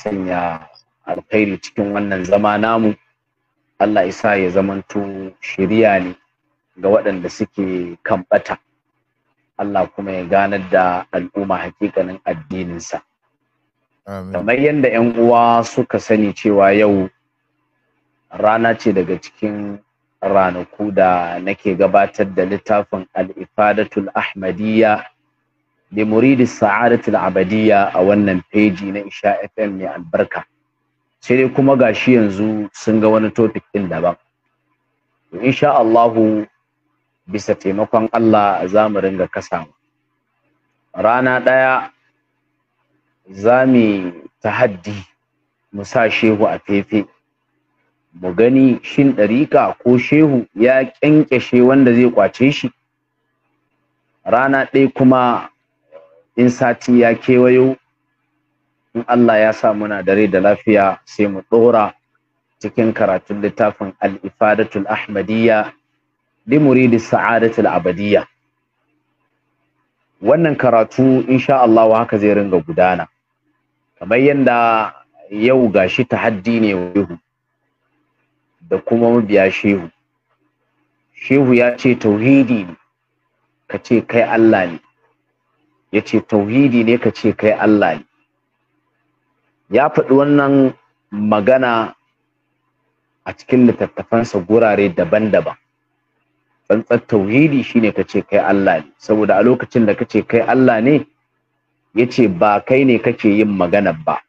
sanya alkhairi cikin wannan zama namu Allah isa ya zamanto shiriya ne ga waɗanda suke kan ɓata Allah kuma ya ganar da al'umma hakikanin addininsa kamar yadda 'yan uwa suka sani cewa yau rana ce daga cikin ranaku da nake gabatar da littafin al'ifadatul ahmadiyya da muridi sa'adatul abadiyya a wannan feji na isha fm mai albarka sai dai kuma gashi yanzu sun ga wani topic din daban insha Allahu bisa taimakon Allah za mu ringa kasa rana ɗaya za mu tahaddi mu sa shehu a fefe mu gani shin ɗarika ko shehu ya ƙyanƙyashe wanda zai ƙwace shi rana ɗaya kuma in sati ya kewayo in Allah ya sa muna dare da lafiya sai mu ɗora cikin karatun littafin al-ifadatul ahmadiyya li muridi sa'adatul abadiyya wannan karatu insha Allah haka zai ringa gudana kamar yadda yau gashi tahaddi ne shehu da kuma mabiya shehu shehu ya ce tauhidi ne ka ce kai Allah ne ya ce tauhidi ne ka ce kai Allah ne ya faɗi wannan magana a cikin littattafansa gurare daban-daban tsantsar tauhidi shine ka ce kai Allah ne saboda a lokacin da ka ce kai Allah ne ya ce ba kai ne kake yin magana ba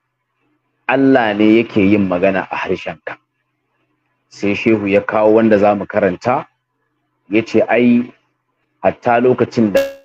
Allah ne yake yin magana a harshen ka sai shehu ya kawo wanda za mu karanta ya ce ai hatta lokacin da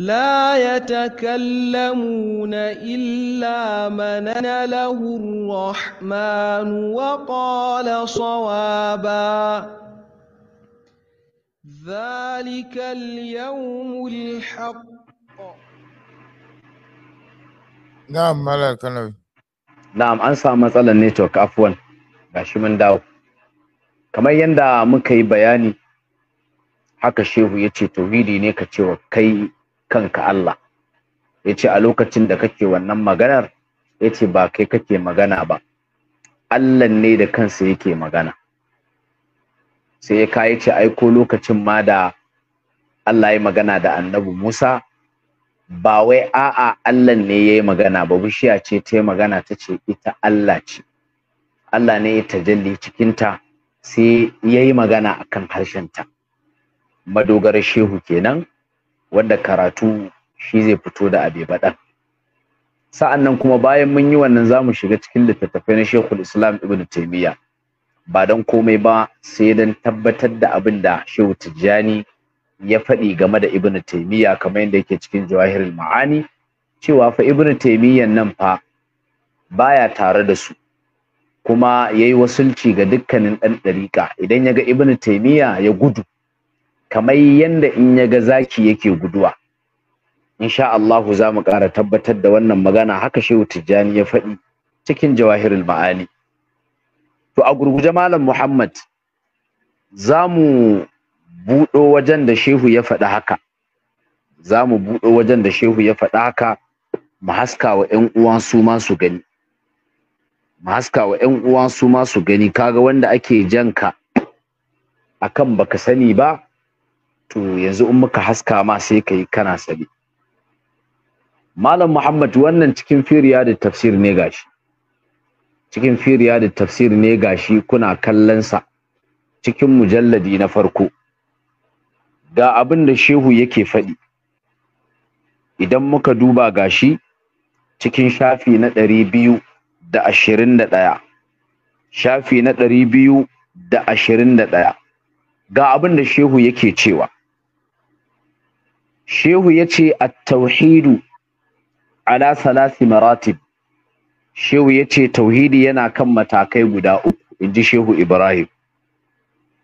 لا يتكلمون إلا من له الرحمن وقال صوابا ذلك اليوم الحق na'am malar kanawi na'am an samu matsalar network afwan gashi mun dawo kamar yadda muka yi bayani haka shehu ya ce tauhidi ne ka cewa kai kanka Allah ya ce a lokacin da kake wannan maganar ya ce ba kai kake magana ba Allah ne da kansa yake magana sai ya kayi ce aiko lokacin ma da Allah ya magana da annabi Musa ba wai a'a Allah ne ya yi magana ba bishiya ce ta yi magana ta ce ita Allah ce Allah ne ya tajalli cikinta sai ya yi magana akan ta. madogarar shehu kenan wanda karatu shi zai fito da abebaɗan sa'annan kuma bayan mun yi wannan za mu shiga cikin littattafai na shekul islam ibn taimiyya ba don komai ba sai don tabbatar da abin da shehu tijjani ya faɗi game da ibn taimiyya kamar yadda yake cikin jawahirul ma'ani cewa fa ibn taimiyyan nan fa baya tare da su kuma yayi wasulci ga dukkanin ɗan ɗariƙa idan ya ga ibn taimiyya ya gudu kamar yanda in ya ga zaki yake guduwa insha Allahu za mu ƙara tabbatar da wannan magana haka Shehu Tijjani ya faɗi cikin Jawahirul Ma'ani to a gurguje Malam Muhammad za mu buɗo wajen da Shehu ya faɗi haka za mu buɗo wajen da Shehu ya faɗi haka mu haska wa ƴan uwan su ma su gani mu haska wa ƴan uwan su ma su gani kaga wanda ake jan janka akan baka sani ba to yanzu in muka haska ma sai ka yi kana sane. malam muhammad wannan cikin firiya da tafsir ne gashi cikin firiya da tafsir ne gashi kuna kallonsa cikin mujalladi na farko ga abin da shehu yake faɗi idan muka duba gashi cikin shafi na ɗari biyu da ashirin da ɗaya shafi na ɗari biyu da ashirin da ɗaya ga abin da shehu yake cewa shehu ya ce a tauhidu ala salasi maratib shehu ya ce tauhidi yana kan matakai guda uku inji shehu ibrahim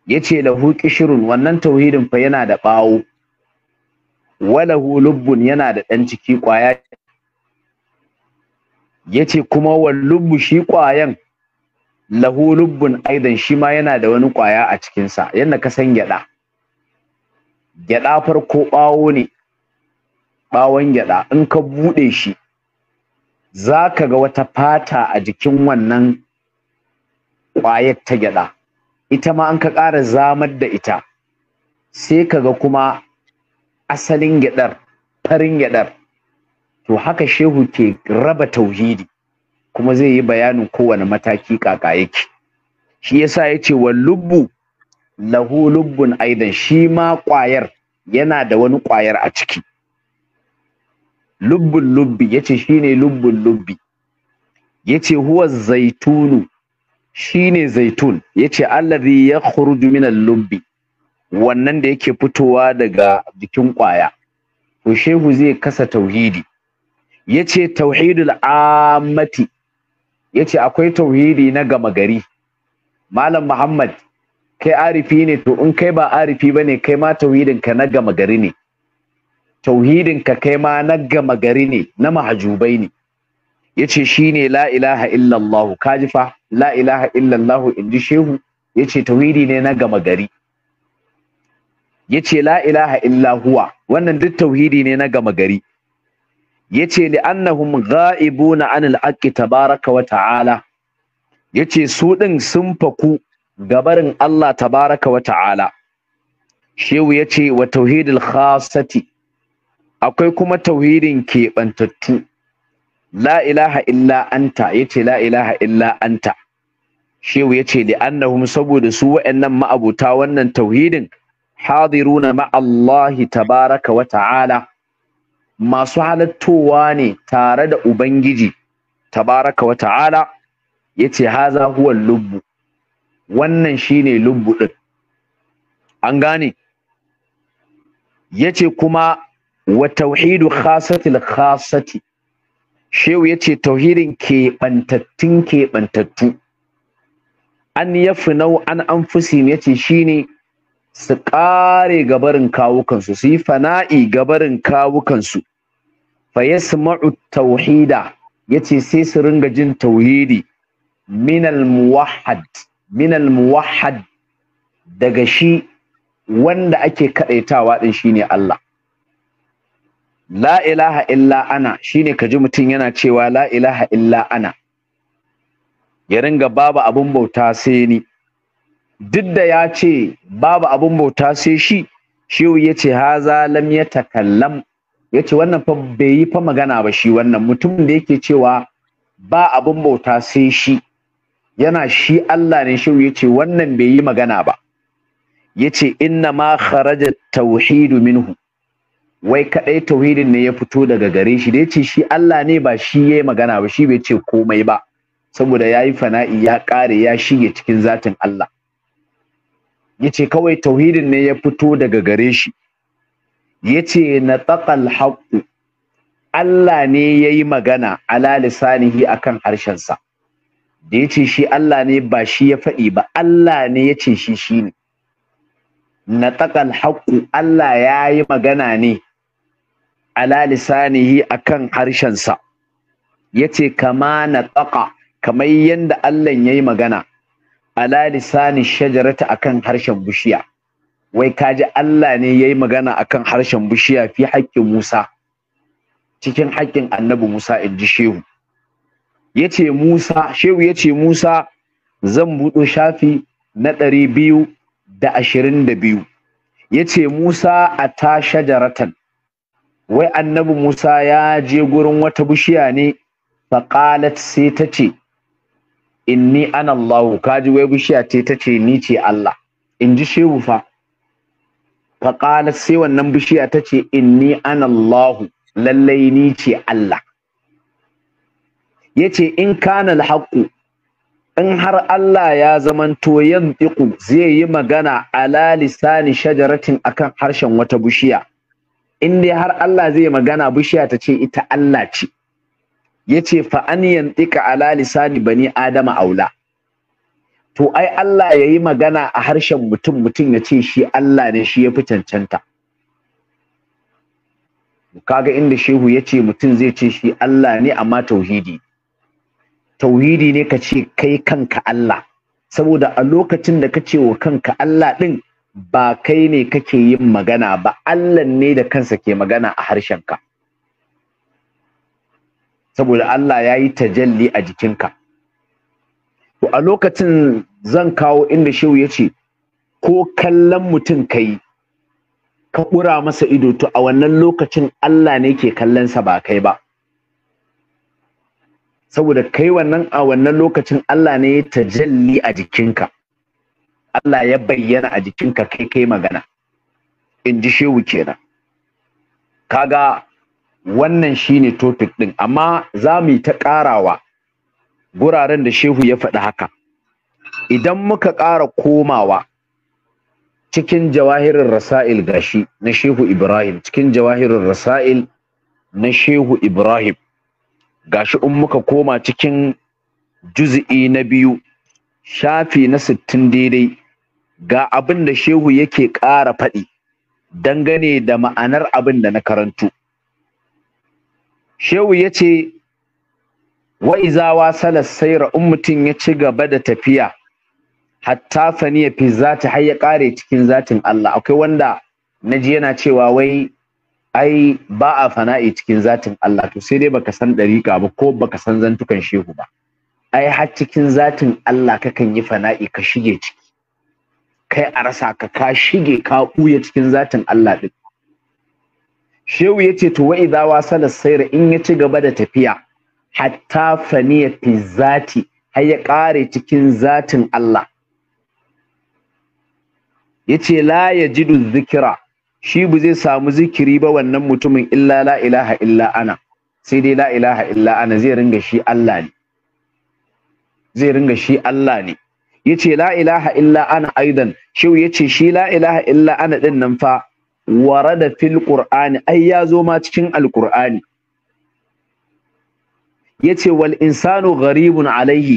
ya ce lahu kishirun wannan tauhidin fa yana da ɓawo walahu lubbun yana da ɗan ciki ƙwaya ya ce kuma wallubbu shi ƙwayan lahu lubbun aidan shi ma yana da wani ƙwaya a cikinsa yadda ka san gyaɗa gyaɗa farko ɓawo ne bawon gyaɗa in ka buɗe shi za ka ga wata fata a jikin wannan ƙwayar ta gyaɗa ita ma an ka ƙara zamar da ita sai ka ga kuma asalin gyaɗar farin gyaɗar to haka shehu ke raba tauhidi kuma zai yi bayanin kowane mataki kaka yake shi yasa ya ce wa lubbu lahu lubbun aidan shi ma ƙwayar yana da wani ƙwayar a ciki lubbun lubbi yace shine Lubbin lubbi yace huwa zaitunu shine zaitun yace allazi yakhruju min al-lubbi wannan da yake fitowa daga jikin kwaya to shehu zai kasa tauhidi yace tauhidul ammati yace akwai tauhidi na gama gari malam muhammad kai arifi ne to in kai ba arifi bane kai ma tauhidin ka na gama gari ne tauhidin ka kai ma na gama gari ne na mahajubai ne yace shine la ilaha illallah kaji fa la ilaha illallah inji shehu yace tauhidi ne na gama gari yace la ilaha illa huwa wannan duk tauhidi ne na gama gari yace li annahum ghaibuna anil haqqi tabaraka wa ta'ala yace su din sun faku gabarin Allah tabaraka wa ta'ala shehu yace wa tauhidil khassati akwai kuma tauhidin keɓantattu la ilaha illa anta yace la ilaha illa anta shehu yace da annahum saboda su wa'annan ma'abuta wannan tauhidin hadiruna ma Allah tabaraka wa ta'ala masu halattowa ne tare da ubangiji tabaraka wa ta'ala yace haza huwa lubbu wannan shine lubbu din an gane yace kuma wa tauhidu khasatil khasati shehu yace tauhidin keɓantattun keɓantattu an yafinau an anfusihim yace shine su kare gabarin kawukansu su yi fana'i gabarin kawukansu fa yasma'u tauhida yace sai su ringa jin tauhidi minal muwahhad minal muwahhad daga shi wanda ake kadaitawa din shine Allah la ilaha illa ana shine kaji mutum yana cewa la ilaha illa ana ya ringa babu abin bauta sai ni duk da ya ce babu abin bauta sai shi shehu ya ce haza lam ya takallam ya ce wannan fa bai yi fa magana ba shi wannan Mutum da yake cewa ba abin bauta sai shi yana shi Allah ne shehu ya ce wannan bai yi magana ba ya ce inna ma kharaja tauhidu minhu wai kaɗai tauhidin ne ya fito daga gare shi da ce shi Allah ne ba shi yayi magana ba shi bai ce komai ba saboda yayi fana'i ya kare ya shige cikin zatin Allah yace kawai tauhidin ne ya fito daga gare shi yace nataqal haqq Allah ne yayi magana ala lisanihi akan harshen sa da yace shi Allah ne ba shi ya faɗi ba Allah ne yace shi shine nataqal haqq Allah yayi magana ne ala lisanihi akan harshensa yace kama na taqa kamar yanda Allah yayi magana ala lisani shajarata akan harshen bishiya wai kaji Allah ne yayi magana akan harshen bishiya fi haƙƙin Musa cikin haƙƙin Annabi Musa inji Shehu yace Musa Shehu yace Musa zan buɗo shafi na ɗari biyu da ashirin da biyu yace Musa a ta shajaratan wai annabi Musa ya je gurin wata bishiya ne Faƙalat sai ta ce inni ana Allah kaji wai bishiya ce ta ce ni ce Allah in ji shehu fa faƙalat sai wannan bishiya ta ce inni ana Allah lallai ni ce Allah Ya ce in kana alhaƙu in har Allah ya zamanto ɗiƙu zai yi magana ala lisani shajaratin akan harshen wata bishiya in dai har Allah zai magana bishiya ta ce ita Allah ce yace fa an yantika ala lisani bani adama aula to ai Allah ya yi magana a harshen mutum mutum ya ce shi Allah ne shi ya fi cancanta kaga inda shehu ya ce mutum zai ce shi Allah ne amma tauhidi tauhidi ne ka ce kai kanka Allah saboda a lokacin da ka ce wa kanka Allah ɗin ba kai ne kake yin magana ba Allah ne da kansa ke magana a harshenka saboda Allah ya yi tajalli a jikinka to a lokacin zan kawo inda shehu ya ce ko kallon mutum ka ka ƙura masa ido to a wannan lokacin Allah ne ke kallonsa ba kai ba saboda kai wannan a wannan lokacin Allah ne ya tajalli a jikinka Allah ya bayyana a jikinka kai kai magana in ji shehu kenan kaga wannan shine topic din amma za mu yi ta ƙarawa guraren da shehu ya faɗi haka idan muka ƙara komawa cikin jawahirin rasail gashi na shehu ibrahim cikin jawahirin rasail na shehu ibrahim gashi in muka koma cikin juz'i na biyu shafi na sittin daidai Ga abin da Shehu yake ƙara faɗi dangane da ma'anar abin da na karantu. Shehu ya ce, Wa'izawa salas sai ra’un mutum ya ci gaba da tafiya, hatta faniya fi zata har ya ƙare cikin zatin Allah. Akwai wanda na ji yana cewa wai ai ba a fana'i cikin zatin Allah to sai dai baka san ɗariƙa ba ko baka san zantukan shehu ba ai har cikin zatin Allah kakan yi fana'i ka shige ciki kai a rasa ka ka shige ka ɓuya cikin zatin Allah ɗin shehu ya ce to wa idza wasala sayra in ya ci gaba da tafiya hatta faniya fi zati har ya ƙare cikin zatin Allah ya ce la ya jidu zikira shi bu zai samu zikiri ba wannan mutumin illa la ilaha illa ana sai dai la ilaha illa ana zai ringa shi Allah ne zai ringa shi Allah ne yace la ilaha illa ana aidan shehu yace shi la ilaha illa ana din nan fa warada fil qur'ani ai ya zo ma cikin alqur'ani yace wal insanu gharibun alaihi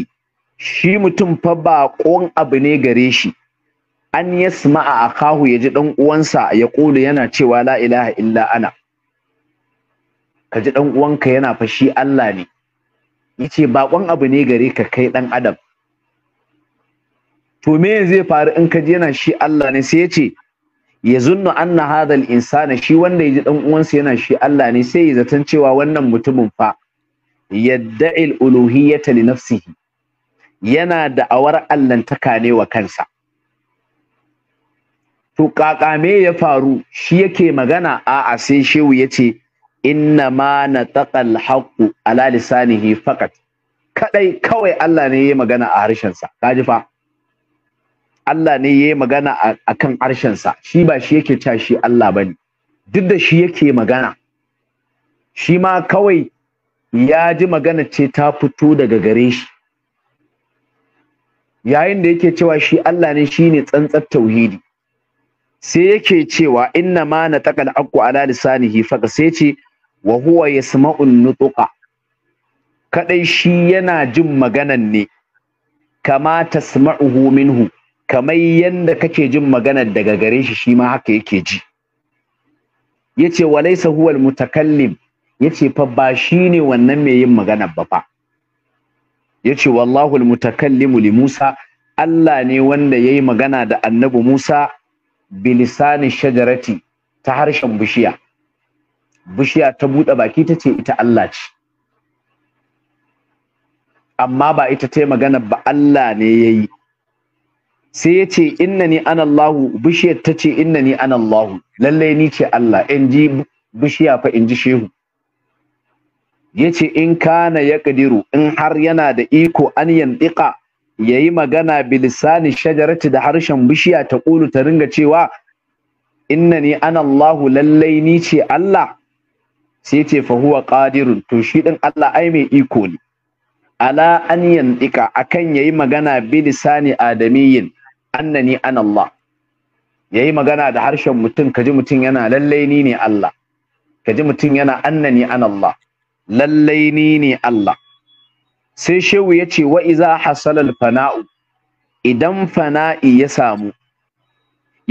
shi mutum fa baƙon abu ne gare shi an yasma'a akahu yaji dan uwansa ya kulu yana cewa la ilaha illa ana kaji dan uwanka yana fashi Allah ne yace baƙon abu ne gare ka kai dan adam to me zai faru in ka yana shi Allah ne sai ya ce ya zunnu anna hadal insana shi wanda ya ji dan uwansa yana shi Allah ne sai ya zaton cewa wannan mutumin fa yadda'i al-uluhiyyata li nafsihi yana da awar allantaka ne wa kansa to kakame ya faru shi yake magana a'a sai shehu yace inna ma nataqal haqqu ala lisanihi faqat kadai kawai Allah ne ya magana a sa, kaji fa Allah ne ya yi magana a kan arshensa shi ba shi yake tashi Allah ba ne duk da shi yake magana shi ma kawai ya ji magana ce ta fito daga gare shi yayin da yake cewa shi Allah ne shi ne tsantsar tauhidi sai yake cewa inna ma na taƙal akku ala lisanihi faka sai ce wa huwa yasma'un nutuqa kadai shi yana jin maganan ne kama tasma'uhu minhu kamar yadda kake jin maganar daga gare shi shi ma haka yake ji yace walaysa huwal mutakallim yace fa ba ne wannan mai yin maganar ba fa yace wallahu al mutakallimu li Musa Allah ne wanda yayi magana da Annabi Musa bilisani shajarati ta harshen bishiya bishiya ta buɗe baki ta ce ita Allah ce amma ba ita ta magana ba Allah ne ya yi sai ya ce ni ana Allahu bishiyar ta ce ni ana Allahu lalle ni ce Allah in ji bishiya fa in ji shehu ya ce in kana ya kadiru in har yana da iko an yantiƙa ya yi magana bilisani shajarati da harshen bishiya ta ƙulu ta ringa cewa ni ana Allahu lalle ni ce Allah sai ce fa huwa to shi din Allah ai mai iko ne ala an yantika akan yayi magana bilisani adamiyin annani an Allah yayi magana da harshen mutum kaji mutum yana lallai ni ne Allah kaji mutum yana annani an Allah lallai ni ne Allah sai shehu ya ce wa iza hasalal fana'u idan fana'i ya samu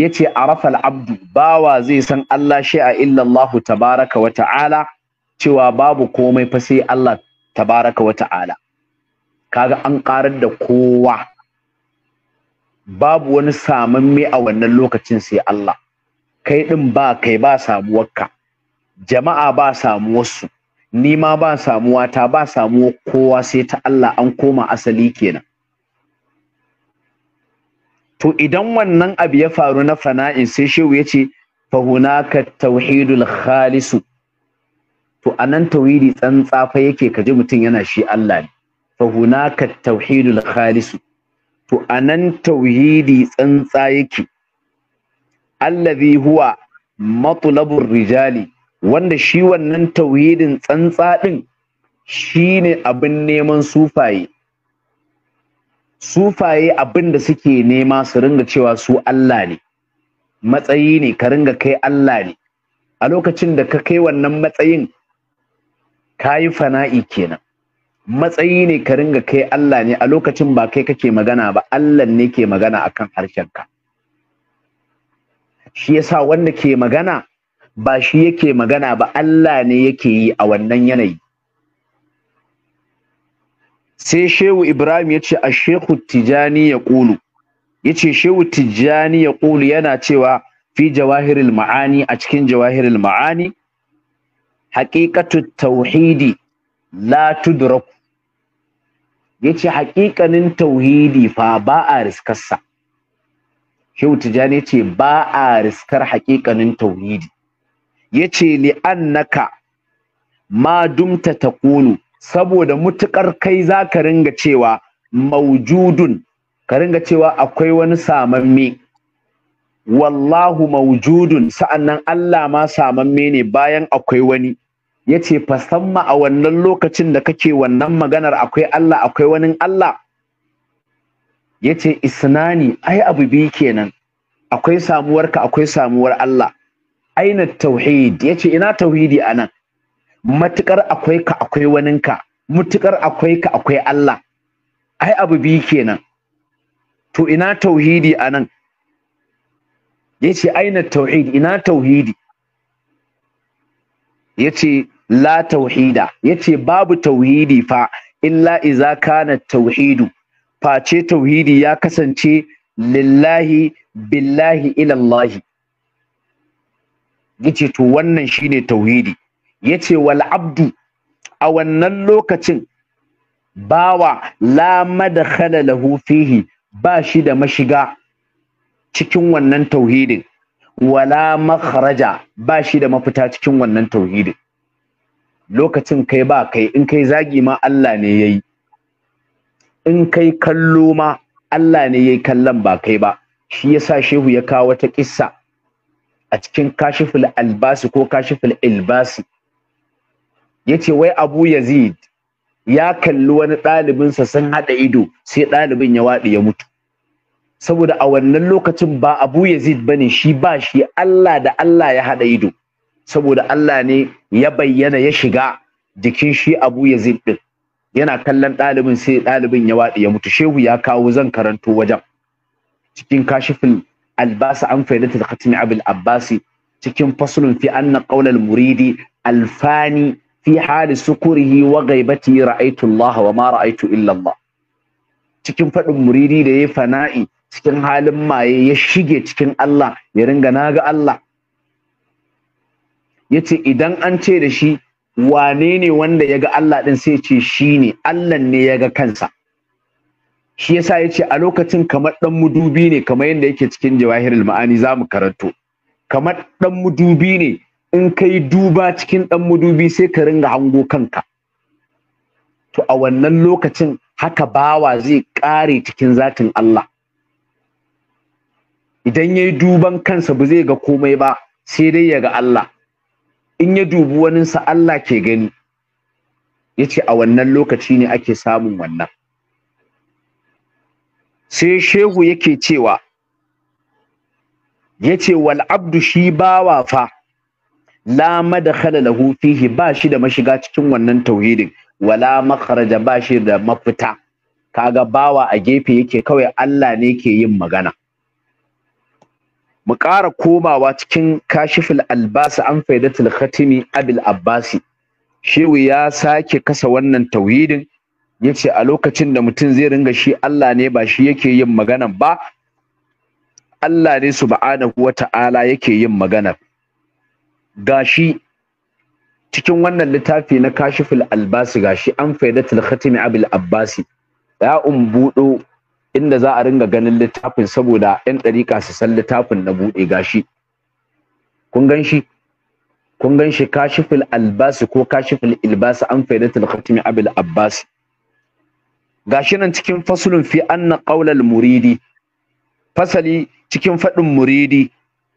ya ce arafal abdu bawa zai san Allah shi a illallahu tabaraka wa ta'ala cewa babu komai fa sai Allah tabaraka wa ta'ala kaga an karar da kowa babu wani samamme a wannan lokacin sai Allah kai din ba kai ba samuwarka jama'a ba samuwarsu nima ba samuwa ta ba samuwar kowa sai ta Allah an koma asali kenan to idan wannan abu ya faru na fana'in sai shehu ya ce fa hunaka tauhidul khalisu to anan tauhidi tsantsafa yake kaji mutum yana shi Allah ne fa hunaka tauhidul khalisu to anan tauhidi tsantsa yake allazi huwa matlabur rijali wanda shi wannan tauhidin tsantsa din shine abin neman sufaye sufaye abin da suke nema su ringa cewa su Allah ne matsayi ne ka ringa kai Allah ne a lokacin da ka kai wannan matsayin ka yi fana'i kenan matsayi ne ka ringa kai Allah ne a lokacin ba kai kake magana ba Allah ne ke magana akan harshenka shi yasa wanda ke magana ba shi yake magana ba Allah ne yake yi a wannan yanayi sai shehu ibrahim ya ce a shehu tijani ya ƙulu ya ce shehu tijani ya ƙulu yana cewa fi jawahiril ma'ani a cikin jawahiril ma'ani haƙiƙatu tauhidi la tudraku yace haƙiƙanin tauhidi fa ba a riskarsa Shehu Tijani ce ba a riskar haƙiƙanin tauhidi yace li annaka ma dumta taqulu saboda mutukar kai zaka ringa cewa maujudun ka ringa cewa akwai wani samamme wallahu maujudun sa'annan Allah ma samamme ne bayan akwai wani ya ce fasamma a wannan lokacin da kake wannan maganar akwai Allah akwai wani Allah ya ce isnani ai abu biyu kenan akwai samuwarka akwai samuwar Allah aina tauhid ya ce ina tauhidi a nan matuƙar akwai ka akwai waninka matuƙar akwai ka akwai Allah ai abu biyu kenan to ina tauhidi a nan ya ce aina tauhid ina tauhidi ya ce la tauhida yace babu tauhidi fa illa iza kana tauhidu face tauhidi ya kasance lillahi billahi ilallahi yace to wannan shine tauhidi yace wal abdu a wannan lokacin bawa la madkhala lahu fihi ba shi da mashiga cikin wannan tauhidin wala makhraja ba shi da mafita cikin wannan tauhidin lokacin kai ba kai in kai zagi ma Allah ne yayi in kai kallo ma Allah ne yayi kallon ba kai ba shi yasa shehu ya kawo wata kissa a cikin kashiful albasi ko kashiful ilbasi yace wai Abu Yazid ya kalli wani ɗalibinsa san haɗa ido sai ɗalibin ya waɗi ya mutu saboda a wannan lokacin ba Abu Yazid bane shi ba shi Allah da Allah ya haɗa ido saboda Allah ne ya bayyana ya shiga jikin shi Abu Yazid din yana kallon ɗalibin sai ɗalibin ya waɗi ya mutu shehu ya kawo zan karanto wajen cikin kashifin albasa an faidata da khatmi abul abbasi cikin fasulun fi anna qaulal muridi alfani fi hali sukurihi wa ghaibati ra'aytu Allah wa ma ra'aytu illa Allah cikin fadin muridi da yayi fana'i cikin halin maye ya shige cikin Allah ya ringa naga Allah Ya ce, idan an ce da shi wane ne wanda ya ga Allah ɗin sai ce shi ne Allah ne ya ga kansa shi yasa ya ce a lokacin kamar ɗan mudubi ne kamar yadda yake cikin jawahirin, ma'ani za mu karanto kamar ɗan mudubi ne in ka yi duba cikin ɗan mudubi sai ka ringa hango kanka to a wannan lokacin haka bawa zai ƙare cikin zatin Allah idan ya yi duban kansa ba zai ga komai ba sai dai ya ga Allah in ya dubi waninsa Allah ke gani ya ce a wannan lokaci ne ake samun wannan sai shehu yake cewa ya ce wal abdu shi bawa fa la madakhala lahu fihi ba shi da mashiga cikin wannan tauhidin wala makharaja ba shi da mafita kaga bawa a gefe yake kawai Allah ne ke yin magana mu ƙara komawa cikin kashiful albasi an faidatul khatimi abil abbasi shehu ya sake kasa wannan tauhidin yace a lokacin da mutum zai ringa shi Allah ne ba shi yake yin magana ba Allah ne subhanahu ta'ala yake yin magana gashi cikin wannan littafi na kashiful albasi gashi an faidatul khatimi abil abbasi ya umbudo inda za a ringa ganin littafin saboda 'yan ɗariƙa su san littafin na buɗe gashi kun gan shi kun gan shi kashifil albasi ko kashifil ilbasi an faidatul khatimi abil abbas gashi nan cikin fasulun fi anna qaulal muridi fasali cikin faɗin muridi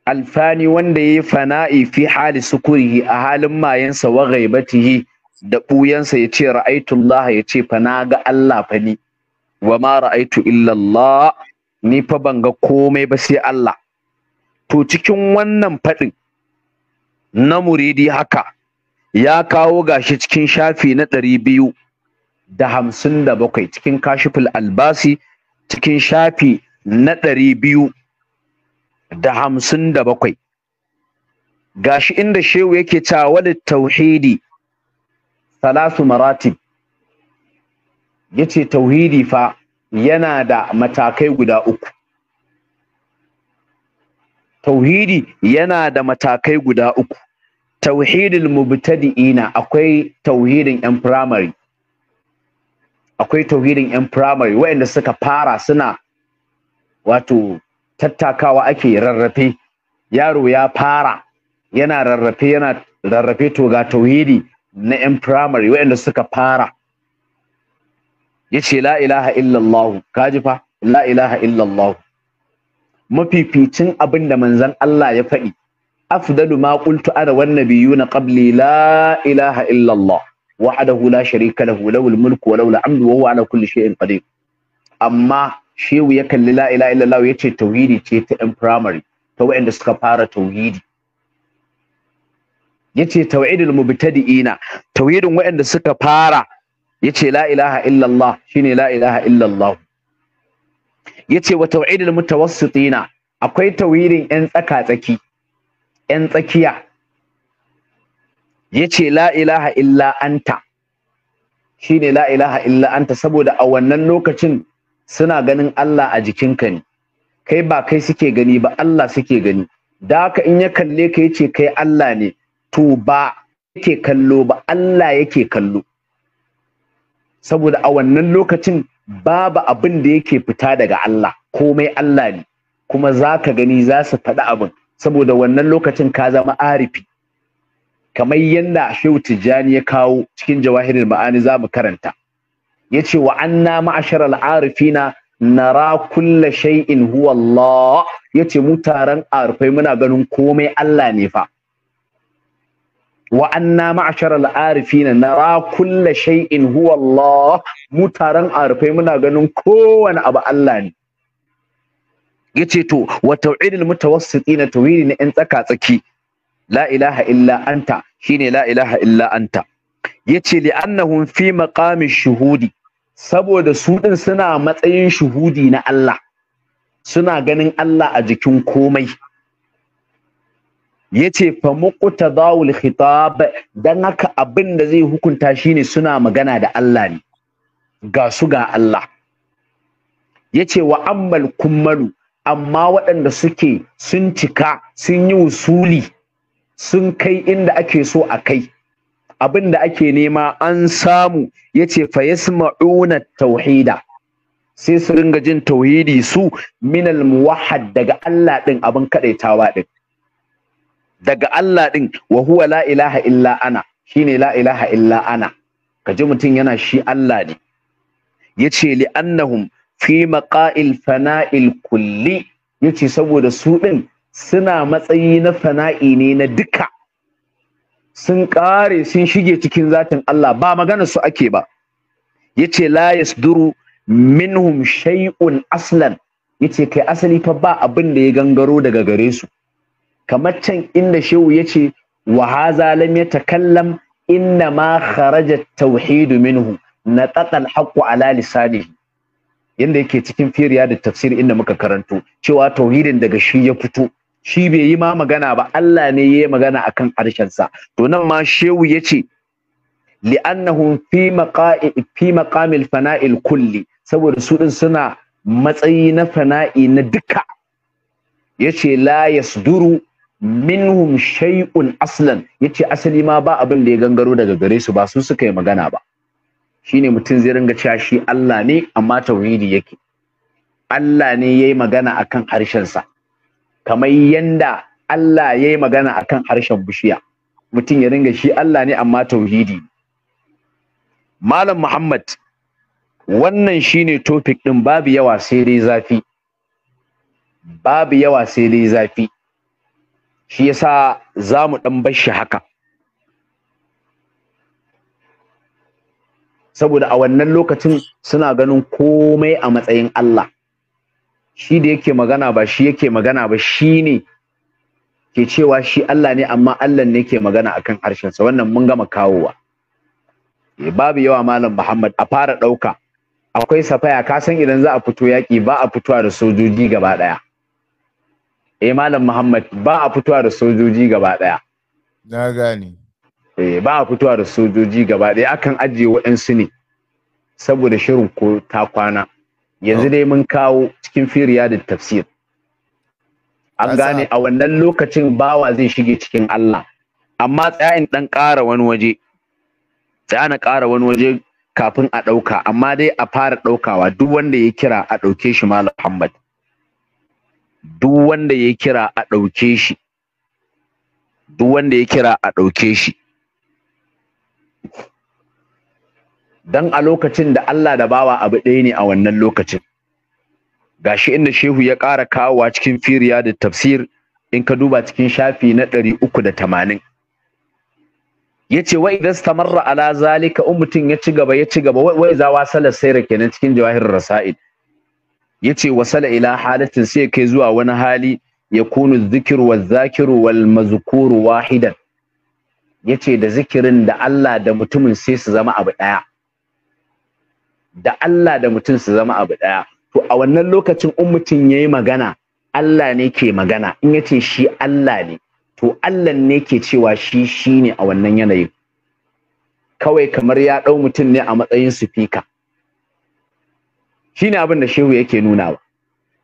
alfani wanda yayi fana'i fi hali sukurihi a halin mayansa wa ghaibatihi da buyansa yace ra'aytu yace fa na ga Allah fa ni wa ma ra'aitu illallah ni fa ban ga komai ba sai Allah to cikin wannan faɗin na muridi haka ya kawo gashi cikin shafi na ɗari biyu da hamsin da bakwai cikin kashiful albasi cikin shafi na ɗari biyu da hamsin da bakwai gashi inda shehu yake cewa wani tauhidi salasu maratib yace tauhidi fa yana da matakai guda uku tauhidi yana da matakai guda uku tauhidul mubtadi'ina akwai tauhidin yan primary akwai tauhidin yan primary waɗanda suka fara suna wato tattakawa ake rarrafe yaro ya fara yana rarrafe yana rarrafe to ga tauhidi na yan primary waɗanda suka fara yace la ilaha illallah kaji fa la ilaha illallah mafificin abin da manzon Allah ya faɗi afdalu ma qultu ana wan nabiyuna qabli la ilaha illallah wahdahu la sharika lahu lahul mulku wa lahul hamdu wa huwa ala kulli shay'in qadir amma shehu ya kalli la ilaha illallah yace tauhidi ce ta in primary ta waɗanda suka fara tauhidi yace tauhidul mubtadi'ina tauhidin waɗanda suka fara yace la ilaha illallah shine la ilaha illallah yace wa tauhidul mutawassitina akwai tauhidin yan tsaka tsaki yan tsakiya yace la ilaha illa anta shine la ilaha illa anta saboda a wannan lokacin suna ganin Allah a jikinka ne kai ba kai suke gani ba Allah suke gani da haka in ya kalle ka yace kai Allah ne to ba yake kallo ba Allah yake kallo saboda a wannan lokacin babu abin da yake fita daga Allah komai Allah ne kuma za ka gani za su faɗi abin saboda wannan lokacin ka zama arifi kamar yadda Shehu Tijjani ya kawo cikin jawahirin ma'ani za mu karanta ya ce wa anna ma'ashar al'arifina nara kulla shay'in huwa Allah ya ce mu taron arifai muna ganin komai Allah ne fa wa anna ma'ashar al'arifin ra kulla shay'in huwa Allah mu taron arifai muna ganin kowane abu Allah ne yace to wa tauhidul mutawassitina tauhidi na yan tsaka tsaki la ilaha illa anta shine la ilaha illa anta yace li annahum fi maqami shuhudi saboda su din suna matsayin shuhudi na Allah suna ganin Allah a jikin komai yace fa muqtadawul khitab dan haka abin da zai hukunta shine suna magana da Allah ne ga su ga Allah yace wa ammal kummalu amma waɗanda suke sun cika sun yi usuli sun kai inda ake so a kai abin da ake nema an samu yace fa yasma'una tauhida sai su ringa jin tauhidi su minal muwahhad daga Allah ɗin abin kadaitawa ɗin. daga Allah ɗin, wa huwa la ilaha illa ana shine la ilaha illa ana kaji mutum yana shi Allah ne yace li annahum fi maqa'il fana'il kulli Ya ce saboda su ɗin suna matsayi na fana'i ne na duka sun ƙare sun shige cikin zatin Allah ba magana su ake ba Ya ce la yasduru minhum shay'un aslan Ya ce kai asali fa ba abin da ya gangaro daga gare su kamar can inda shehu ya ce wa haza lam takallam inna ma kharaja tauhidu minhu nataqa alhaqu ala lisanihi yanda yake cikin firiya da tafsir inda muka karanto cewa tauhidin daga shi ya fito shi bai yi ma magana ba Allah ne ya yi magana akan sa. to nan ma shehu ya ce li'annahum fi maqa'i fi maqamil fana'il kulli saboda su din suna matsayi na fana'i na duka yace la yasduru minhum shay'un aslan yace asali ma ba abin da ya gangaro daga gare su ba su suka yi magana ba shine mutum zai ringa cewa shi Allah ne amma tauhidi yake Allah ne yayi magana akan harshen sa kamar yanda Allah yayi magana akan harshen bishiya mutum ya ringa shi Allah ne amma tauhidi Malam Muhammad wannan shine topic din babu yawa sai dai zafi babu yawa sai dai zafi shi yasa za mu ɗan bar shi haka saboda a wannan lokacin suna ganin komai a matsayin Allah shi da yake magana ba shi yake magana ba shi ne ke cewa shi Allah ne amma Allah ne ke magana akan harshensa wannan mun gama kawowa eh, babu yawa malam Muhammad a fara ɗauka akwai safaya ka san idan za a fito yaƙi ba a fitowa da sojoji gaba ɗaya eh malam muhammad ba a fitowa da sojoji gaba daya na gane eh ba a fitowa da sojoji gaba daya akan ajiye waɗansu ne saboda shirin ko ta kwana yanzu oh. dai mun kawo cikin firiya da tafsir an gane a wannan lokacin bawa zai shige cikin Allah amma tsayin dan ƙara wani waje tsaya na ƙara wani waje kafin a ɗauka amma dai a fara ɗaukawa duk wanda ya kira a ɗauke shi malam Muhammad duk wanda ya kira a ɗauke shi duk wanda ya kira a ɗauke shi dan a lokacin da Allah da bawa abu ɗaya ne a wannan lokacin gashi inda shehu ya ƙara kawowa cikin firiya da tafsir in ka duba cikin shafi na ɗari uku da tamanin ya ce wai idan stamarra ala zalika in mutum ya ci gaba ya ci gaba wai zawa salar saira kenan cikin jawahir rasa'id yace wasala ila halatin sai kai zuwa wani hali ya zikiru wa zakiru wal mazkuru wahidan yace da zikirin da Allah da mutumin sai su zama abu daya da Allah da mutum su zama abu daya to a wannan lokacin in mutum yayi magana Allah ne ke magana in yace shi Allah ne to Allah ne ke cewa shi shine a wannan yanayin kawai kamar ya ɗau mutum ne a matsayin speaker shine abin da shehu yake nunawa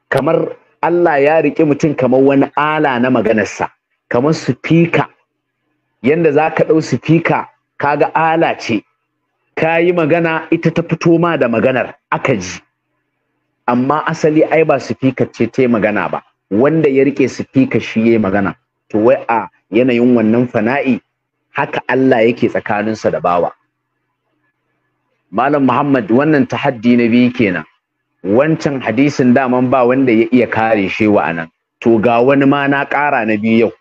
kamar Allah ya riƙe mutum kamar wani ala na maganarsa kamar sufika Yadda za ka ɗau sufika kaga ala ce ka yi magana ita ta fito ma da maganar aka ji amma asali ai ba sufika ce ta yi magana ba wanda ya riƙe sufika shi ya yi magana to wai a yanayin wannan fana'i haka Allah yake tsakaninsa da bawa Malam Muhammad wannan tahaddi na biyu kenan wancan hadisin daman ba wanda ya iya kare shi wa'anan to ga wani ma na ƙara na biyu yau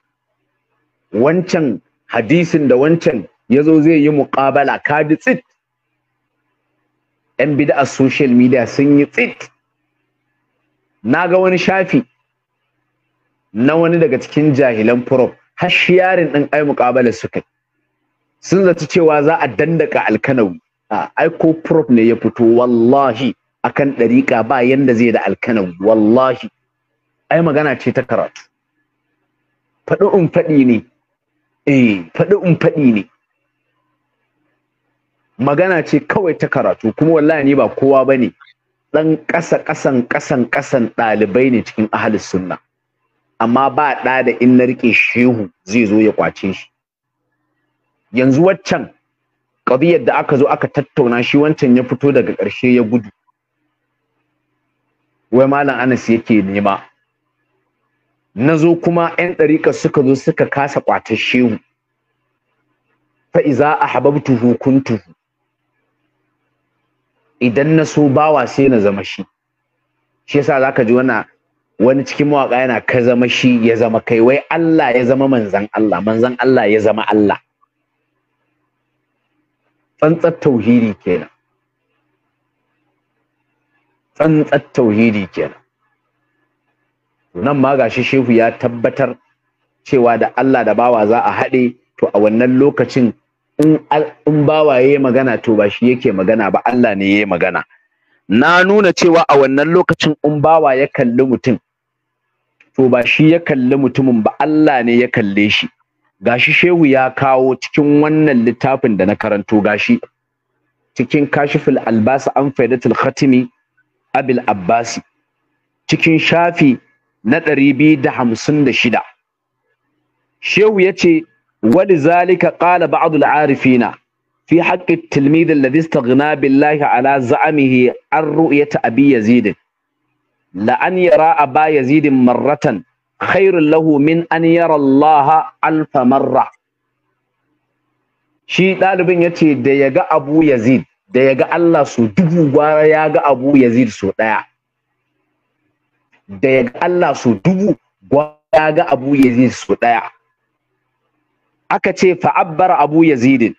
wancan hadisin da wancan ya zo zai yi muƙabala ka ji tsit yan bid'a social media sun yi tsit na ga wani shafi na wani daga cikin jahilan prof. har shiyarin ɗin ai muƙabala suka sun zaci cewa za a dandaka alkanawi a ai ko prof ne ya fito wallahi akan ɗariƙa ba yanda zai da alkanan wallahi ai magana ce ta karatu faɗi in faɗi ne eh faɗi in faɗi ne magana ce kawai ta karatu kuma wallahi ni ba kowa ba ne ɗan ƙasa ƙasan ƙasan ƙasan ɗalibai ne cikin ahalin sunna amma ba ɗa da in na riƙe shehu zai zo ya kwace shi yanzu waccan ƙabiyar da aka zo aka tattauna shi wancan ya fito daga ƙarshe ya gudu wai malam anas yake nema na zo kuma 'yan ɗariƙa suka zo suka kasa ƙwatar shehu fa iza ahbabtuhu kuntuhu idan na so bawa sai na zama shi shi yasa zaka ji wannan wani cikin mawaka yana ka zama shi ya zama kai wai Allah ya zama manzan Allah manzan Allah ya zama Allah tsantsar tauhidi kenan tsantsar tauhidi kenan nan ma gashi shehu ya tabbatar cewa da Allah da bawa za a haɗe to a wannan lokacin in in bawa yayi magana to ba shi yake magana ba Allah ne yayi magana na nuna cewa a wannan lokacin in bawa ya kalli mutum to ba shi ya kalli mutumin ba Allah ne ya kalle shi gashi shehu ya kawo cikin wannan littafin da na karanto gashi cikin kashiful albasa an faidatul khatimi abil abbasi cikin shafi na ɗari biyu da hamsin da shida shehu ya ce wali zalika ƙala ba'adul arifina fi haƙƙin tilmidin da istaghna billahi ala za'amihi an ru'yata abi yazidin la an yara aba yazidin marratan khairun lahu min an yara allaha alfa marra shi ɗalibin ya ce da ya ga abu yazid da ya ga Allah so dubu gwara ya ga Abu Yazid so ɗaya. Da ya ga Allah so dubu gwara ya ga Abu Yazid so ɗaya. Aka ce fa'abbar Abu zirin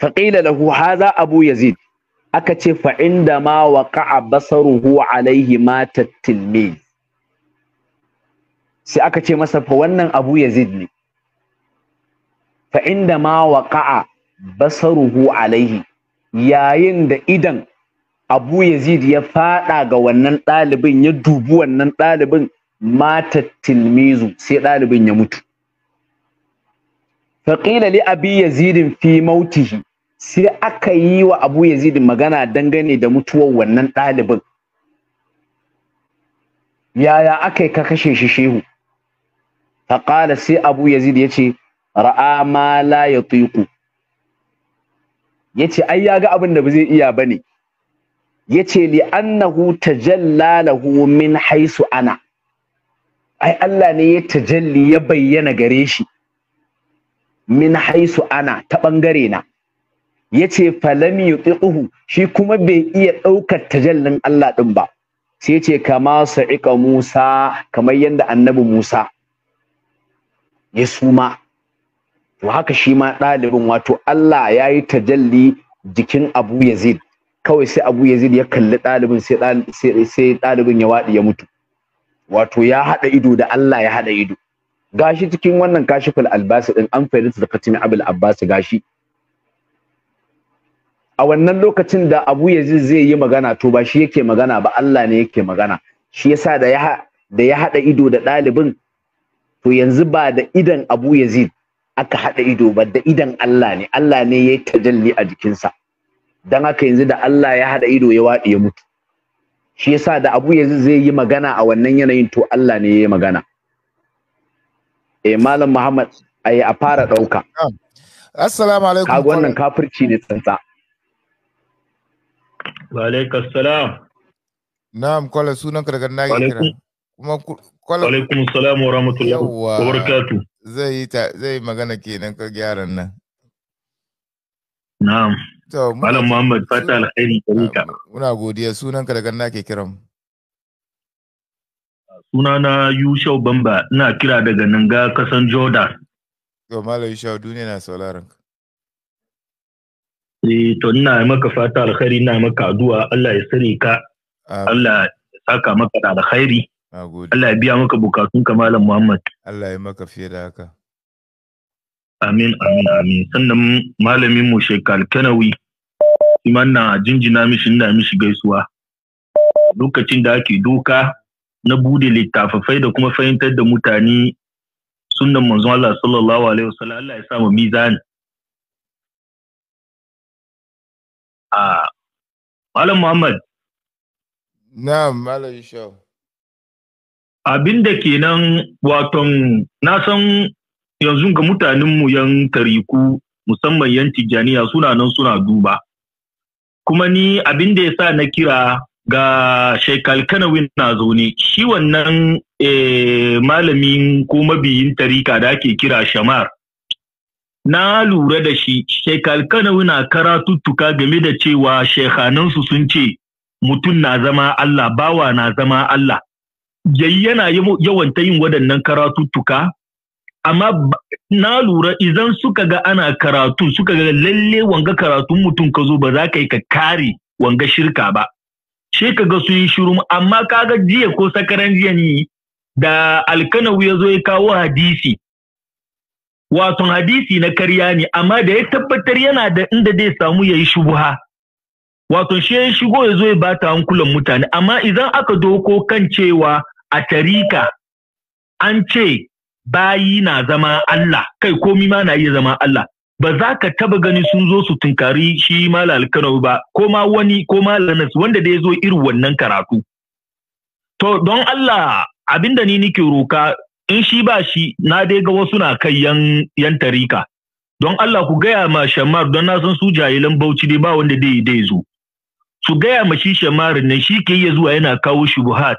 faƙila lahu haza Abu zir aka ce fa'in da ma wa ka'a basaruhu alaihi tilmi. Sai aka ce masa fa wannan Abu Yazid ne. Fa'in da ma wa ka'a basaruhu alaihi yayin da idan Abu Yazid ya faɗa ga wannan ɗalibin ya dubi wannan ɗalibin mata tilmizu sai ɗalibin ya mutu faƙila li abi yazidin fi mautihi sai aka yi wa abu yazidin magana dangane da mutuwar wannan ɗalibin yaya aka yi ka kashe shi shehu faƙala sai abu yazid ya ce ra'a ma la ya tuiku yace ai ya ga abin da ba zai iya bane yace li annahu tajalla min haisu ana ai Allah ne ya tajalli ya bayyana gare shi min haisu ana ta ɓangare na yace falam yutiquhu shi kuma bai iya ɗaukar tajallin Allah ɗin ba sai yace kama sa'iqa Musa kamar yadda annabi Musa ya suma to haka shi ma ɗalibin wato Allah ya yi tajalli jikin Abu Yazid kawai sai Abu Yazid ya kalli ɗalibin sai ɗalibin ya waɗi ya mutu wato ya haɗa ido da Allah ya haɗa ido gashi cikin wannan kashiful albasi din an fayyada da katimi abul abbas gashi a wannan lokacin da Abu Yazid zai yi magana to ba shi yake magana ba Allah ne yake magana shi yasa da ya da ya haɗa ido da ɗalibin to yanzu ba da idan Abu Yazid aka haɗa ido ba da idan Allah ne Allah ne ya yi tajalli a jikinsa don haka yanzu da Allah ya haɗa ido ya waɗe ya mutu shi yasa da abu yanzu zai yi magana a wannan yanayin to Allah ne ya yi magana eh malam Muhammad ai a fara ɗauka assalamu alaikum kaga wannan kafirci ne tsantsa wa alaikum salam na'am kwala sunan ka daga kira kuma kwala wa alaikum salam wa rahmatullahi wa barakatuh zai yi ta zai magana kenan ka gyaran nan na'am to malam muhammad fata alkhairi tarika muna godiya sunan ka daga nake kiran suna na yushau bamba ina kira daga nan ga kasan jordan to malam yushau duniya na sauraron ka Eh, to ina maka fata alkhairi ina maka addu'a Allah ya sani ka Allah ya saka maka da alkhairi Allah ya biya maka bukatun ka Malam Muhammad. Allah ya maka fiye da haka. Amin, amin, amin. Sannan malamin mu shekar Kanawi, iman na jinjina mishi ina mishi gaisuwa. Lokacin da ake doka na bude littafafai da kuma fahimtar da mutane sunan manzon Allah sallallahu alaihi wasallam Allah ya samu mizan. A ah, Malam Muhammad. Na'am, Malam Ishau. abin da ke nan waton na san yanzu ga mutanenmu yan tariku musamman yan tijjaniya suna nan suna duba kuma ni abin da ya sa na kira ga shekal kanawin na zaune shi wannan eh, malamin ko mabiyin tarika da ake kira shamar na lura da shi shekal kanawin na karatuttuka game da cewa shekhanansu sun ce mutum na zama Allah bawa na zama Allah jayi yana yawanta yin waɗannan karatuttuka amma na lura idan suka ga ana karatu suka ga lalle wanga karatun mutum ka zo ba za ka yi ka kare wanga shirka ba she ka ga su yi shiru amma ka ga jiya ko sakaran jiya ne da alkanawu ya zo ya kawo hadisi wato hadisi na karya ne amma da ya tabbatar yana da inda zai samu ya yi shubuha wato shi ya shigo ya zo ya bata hankulan mutane amma idan aka doko kan cewa a tarika an ce bayi na zama Allah kai komi ma na iya zama Allah ba za ka taba gani sun zo su tunkari shi malal Kano ba ko ma wani ko malanas wanda da ya zo irin wannan karatu to don Allah abinda ni nike roka in shi ba shi na dai ga wasu na kai yan yan tarika don Allah ku gaya ma shamar don na san su jayilan Bauchi dai ba wanda dai dai zo su gaya ma shi shamarin nan shi ke iya zuwa yana kawo shubuhat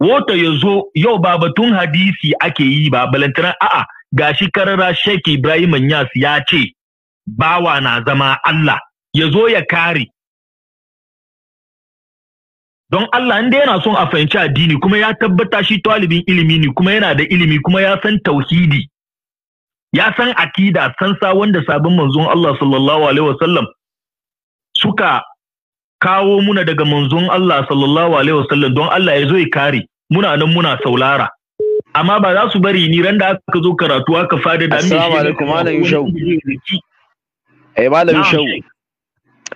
wata ya zo yau ba batun hadisi ake yi ba balantana a'a ga shi karara Sheikh Ibrahim Nyas ya ce bawa na zama Allah ya zo ya kare don Allah inda yana son a fahimci addini kuma ya tabbata shi talibin ilimi ne kuma yana da ilimi kuma ya san tauhidi ya san akida san sa wanda sabon manzon Allah sallallahu alaihi wasallam suka kawo muna daga manzon Allah sallallahu alaihi wasallam don Allah ya zo ya kare muna nan muna saulara amma ba za su bari ni randa da aka zo karatu aka fada da ni assalamu alaikum malam shau eh malam shau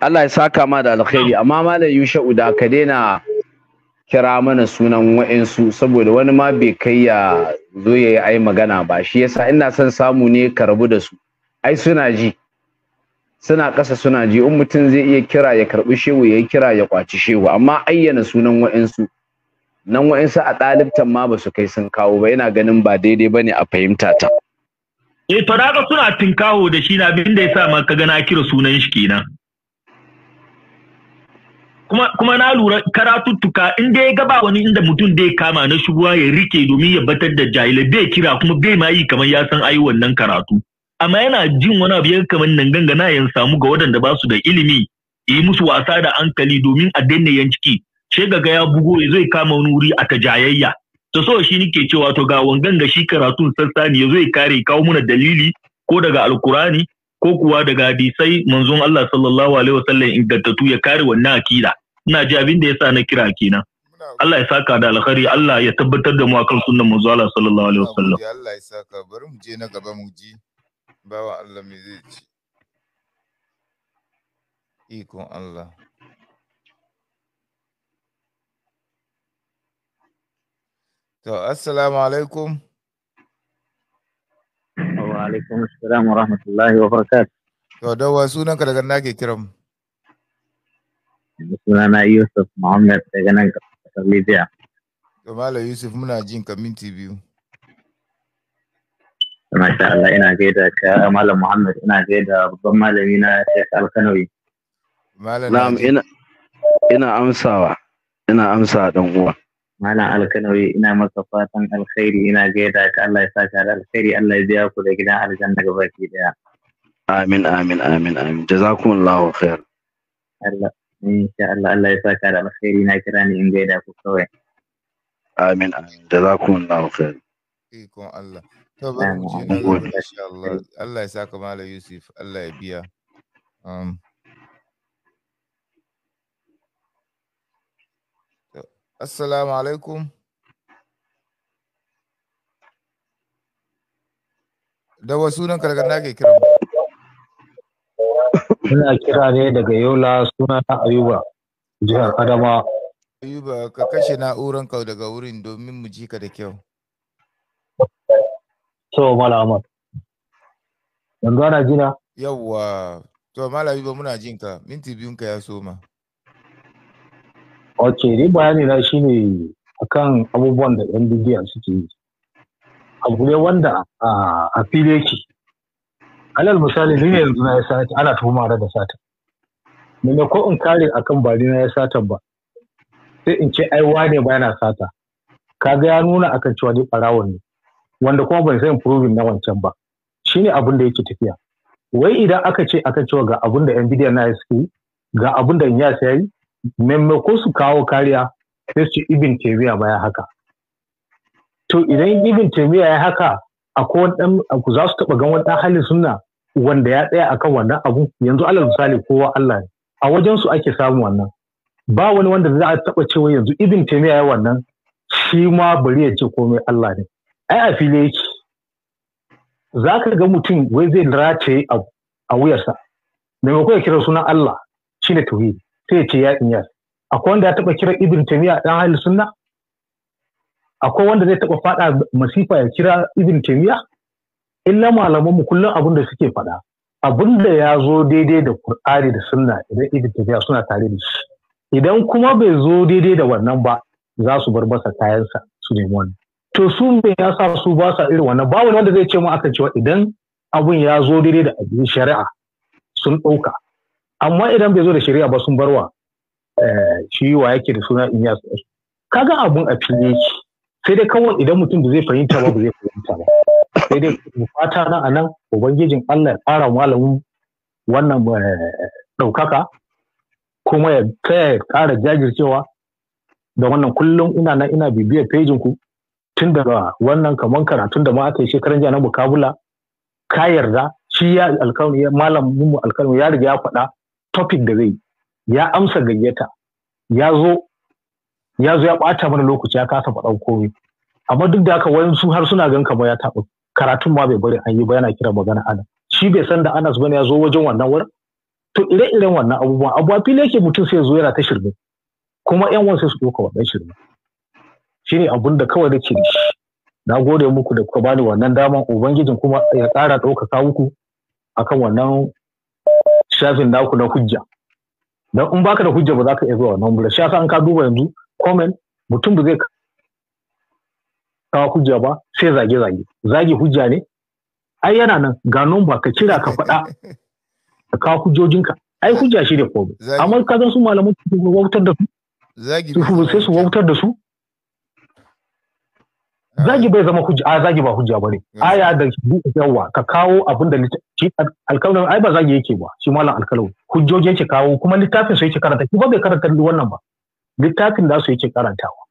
Allah ya saka ma da alkhairi amma malam yushau da ka daina kira mana sunan wa'insu saboda wani ma bai kai ya zo ya yi ai magana ba shi yasa ina son samu ne ka rabu da su ai suna ji suna ƙasa suna ji in mutum zai iya kira ya karɓi shehu ya yi kira ya kwaci shehu amma ayyana sunan wa'insu nan wa'insu a ɗalibtan ma ba su kai sun kawo ba yana ganin ba daidai ba ne a fahimta ta. E to da suna kawo da shi na abin da ya sa ma ka gana kira sunan shi kenan. Kuma, na lura karatuttuka in dai ba wani inda mutum dai kama na shigowa ya rike domin ya batar da jahilai bai kira kuma bai ma yi kamar ya san ayi wannan karatu. amma yana jin wani abu yake kamar nan gangana ya samu ga waɗanda ba su da ilimi yi musu wasa da hankali domin a danne yan ciki sai ya bugo ya zai kama wani wuri a ta jayayya to so shi nake cewa to ga wangan ga shi karatun sassa ne ya zai kare kawo muna dalili ko daga alkurani ko kuwa daga hadisai manzon Allah sallallahu alaihi wasallam ingantattu ya kare wannan akida ina ji abin da yasa na kira kenan Allah ya saka da alkhari Allah ya tabbatar da mu akan sunnan manzo Allah sallallahu alaihi wasallam Allah ya saka bari mu je na gaba mu ji bawa Allah me zai ci ikon Allah to assalamu alaikum wa alaikum assalam wa rahmatullahi wa barakatuh to dawa sunan ka daga nake kiran sunana Yusuf Muhammad daga nan kasar Libya to Malam Yusuf muna jin ka minti biyu masha Allah ina gaida ka malam Muhammad ina gaida babban malami na Sheikh Alkanawi Malam ina ina amsawa ina amsa dan uwa Malam Alkanawi ina maka fatan alkhairi ina gaida ka Allah ya saka da alkhairi Allah ya biya ku da gidan aljanna gabaki daya Amin amin amin amin jazakumullahu khair Allah insha Allah Allah ya saka da alkhairi na kira ni in gaida ku kawai Amin amin jazakumullahu khair Ikon Allah Allah. ya saka Malam Yusuf, Allah ya biya. Um, assalamu alaikum. Da wasu nan karkar ke kira mu. Ina kira ne daga Yola suna na Ayuba, jihar Adama. Ayuba, ka kashe na'uranka daga wurin domin mu ji ka da kyau. so mala ahmad yanzu ana jina yawwa to malami ba muna jinka, minti biyun ka ya soma ok ni bayani na shine akan abubuwan da yan bidiya suke yi abu ne wanda a fili yake alal misali ni yanzu na ya sata ana tuhuma da sata ne ko in kare akan ba ni na ya sata ba sai in ce ai wane ba yana sata kaga ya nuna akan cewa ni barawon ne wanda kuma ban san proving na wancan ba shine abin da yake tafiya wai idan aka ce aka cewa ga abin da Nvidia na suke ga abin da ya yayi maimako su kawo kariya sai su ibin taymiya baya haka to idan ibin taymiya ya haka akwai wani dan za su taba gan wani dan halin sunna wanda ya tsaya akan wannan abu yanzu alal misali kowa Allah ne a wajen su ake samu wannan ba wani wanda za a taba cewa yanzu ibin taymiya ya wannan shi ma bari ya ce komai Allah ne ai a fili yake za ka ga mutum wai zai rataye a wuyarsa maimakon ya kira sunan Allah shi ne tauhidi sai ya ce ya inyar akwai wanda ya taɓa kira ibn taymiya dan ahli sunna akwai wanda zai taɓa faɗa masifa ya kira ibn taymiya illa malaman mu kullum abin da suke faɗa abin da ya zo daidai da qur'ani da sunna idan ibn taymiya suna tare da shi idan kuma bai zo daidai da wannan ba za su bar masa kayansa su nemi wani to su me ya sa su ba sa irin wannan ba wani wanda zai ce mu aka cewa idan abun ya zo daidai da abin shari'a sun ɗauka amma idan bai zo da shari'a ba sun barwa eh, shi wa yake da suna in ya kaga abun a fili yake sai dai kawai idan mutum da zai fahimta ba zai fahimta ba sai dai mu fata na anan ubangijin Allah ya fara malamin wannan eh, ɗaukaka kuma ya kara ƙara jajircewa da wannan kullum ina nan ina bibiyar pejin ku tun daga wannan kaman karatun da ma aka yi shekaran jiya na mukabula ka yarda shi ya alkalmi malamin mu alkalmi ya riga ya faɗa topic da zai ya amsa gayyata ya zo ya zo ya ɓata mana lokaci ya kasa faɗan komai amma duk da haka wayansu har suna gan kamar ya taɓa karatun ma bai bari an yi ba yana kira magana ana shi bai san da anas bane ya zo wajen wannan wurin to ire-iren wannan abubuwan abu a fili yake mutum sai ya zo yana ta shirme kuma yan wasu su ɗauka wannan shirme shine abun da kawai nake da shi na gode muku da kuka bani wannan daman ubangijin kuma ya ƙara ɗaukaka muku akan wannan shafin naku na hujja don in baka da hujja ba za ka iya zuwa wannan wurin shi an ka duba yanzu komen mutum ba zai kawo hujja ba sai zage-zage Zage hujja ne ai yana nan ga nomba ka kira ka faɗa ka kawo hujjojinka ai hujja shi ne komai amma ka zan su malaman su wautar da su sai su wautar da su zagi bai zama hujja a zagi ba hujja bane aya da yawa ka kawo abin da shi alkalin ai ba zagi yake ba shi malam alkalin hujjoji yake kawo kuma littafin su yake karanta shi ba bai karanta wannan ba littafin da su yake karantawa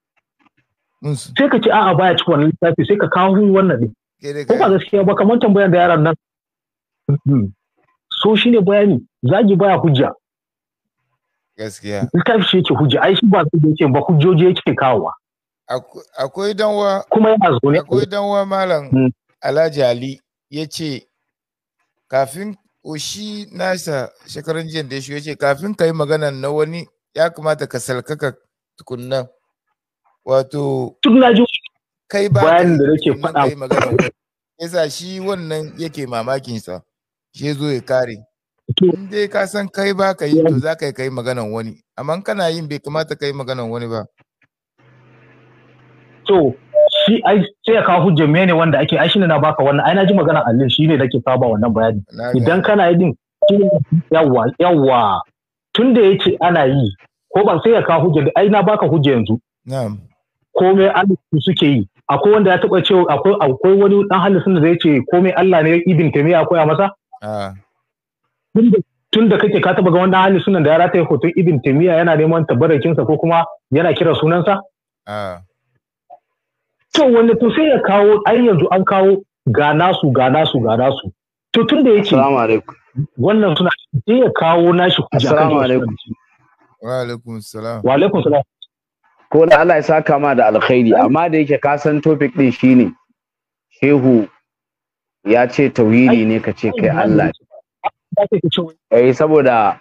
sai ka ce a'a baya cikin wannan littafi sai ka kawo wannan din ko ba gaskiya ba kamar tambayar da yaran nan so shine bayani zagi baya hujja gaskiya littafi shi yake hujja ai shi ba zagi yake ba hujjoji yake kawowa akwai danwa kuma yana akwai danwa malam hmm. Alhaji Ali ya ce kafin oshi nasa shekaran jiya da ya ce kafin ka yi magana na wani ya kamata ka salkaka tukunna wato kai ba bayan da nake faɗa magana yasa shi wannan yake mamakin sa shi zo ya kare in dai ka san kai ba ka yi to za ka yi kai maganan wani amma kana yin bai kamata ka yi maganan wani ba to shi ai sai ya kawo hujjar mene wanda ake ai shine na baka wannan ai na ji magana allin shine nake saba wannan bayani idan kana yi din yawa yawa tun da yace ana yi ko ban sai ya kawo hujjar ai na baka hujje yanzu na'am komai Allah suke yi akwai wanda ya taba cewa akwai akwai wani dan halisun da yace ce komai Allah ne ibn tamiya koya masa tun da kake ka taba ga wannan hali sunan da ya rataye hoton ibn tamiya yana neman tabarakinsa ko kuma yana kira sunansa to wanda to sai ya kawo ai yanzu an kawo ga nasu ga nasu ga nasu to tun da yake assalamu alaikum wannan suna sai ya kawo nashi kuja. assalamu alaikum wa alaikum wa alaikum salam ko da Allah ya saka ma da alkhairi amma da yake ka san topic din shine shehu ya ce tauhidi ne ka ce kai Allah eh saboda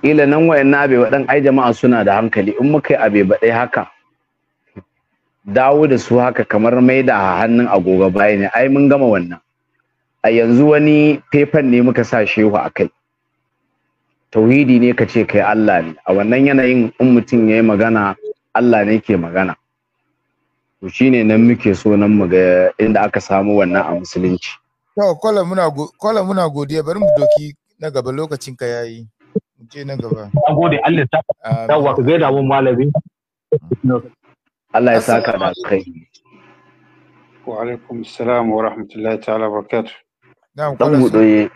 kila nan wayan nabe wadan ai jama'a suna da hankali in muka yi abe baɗai haka dawo da su haka kamar mai da hannun agoga baya ne ai mun gama wannan a yanzu wani fefan ne muka sa shehu a kai tauhidi ne ka ce kai Allah ne a wannan yanayin in mutum ya yi magana Allah ne ke magana to shine nan muke so nan mu ga inda aka samu wannan a musulunci to kola muna kola muna godiya bari mu doki na gaba lokacin ka yayi mu je na gaba gode Allah ta yawa ka gaida mun malami mm. Allah ya saka da kai. Wa alaikum assalam wa rahmatullahi ta'ala wa barakatuh. Dan hudoye.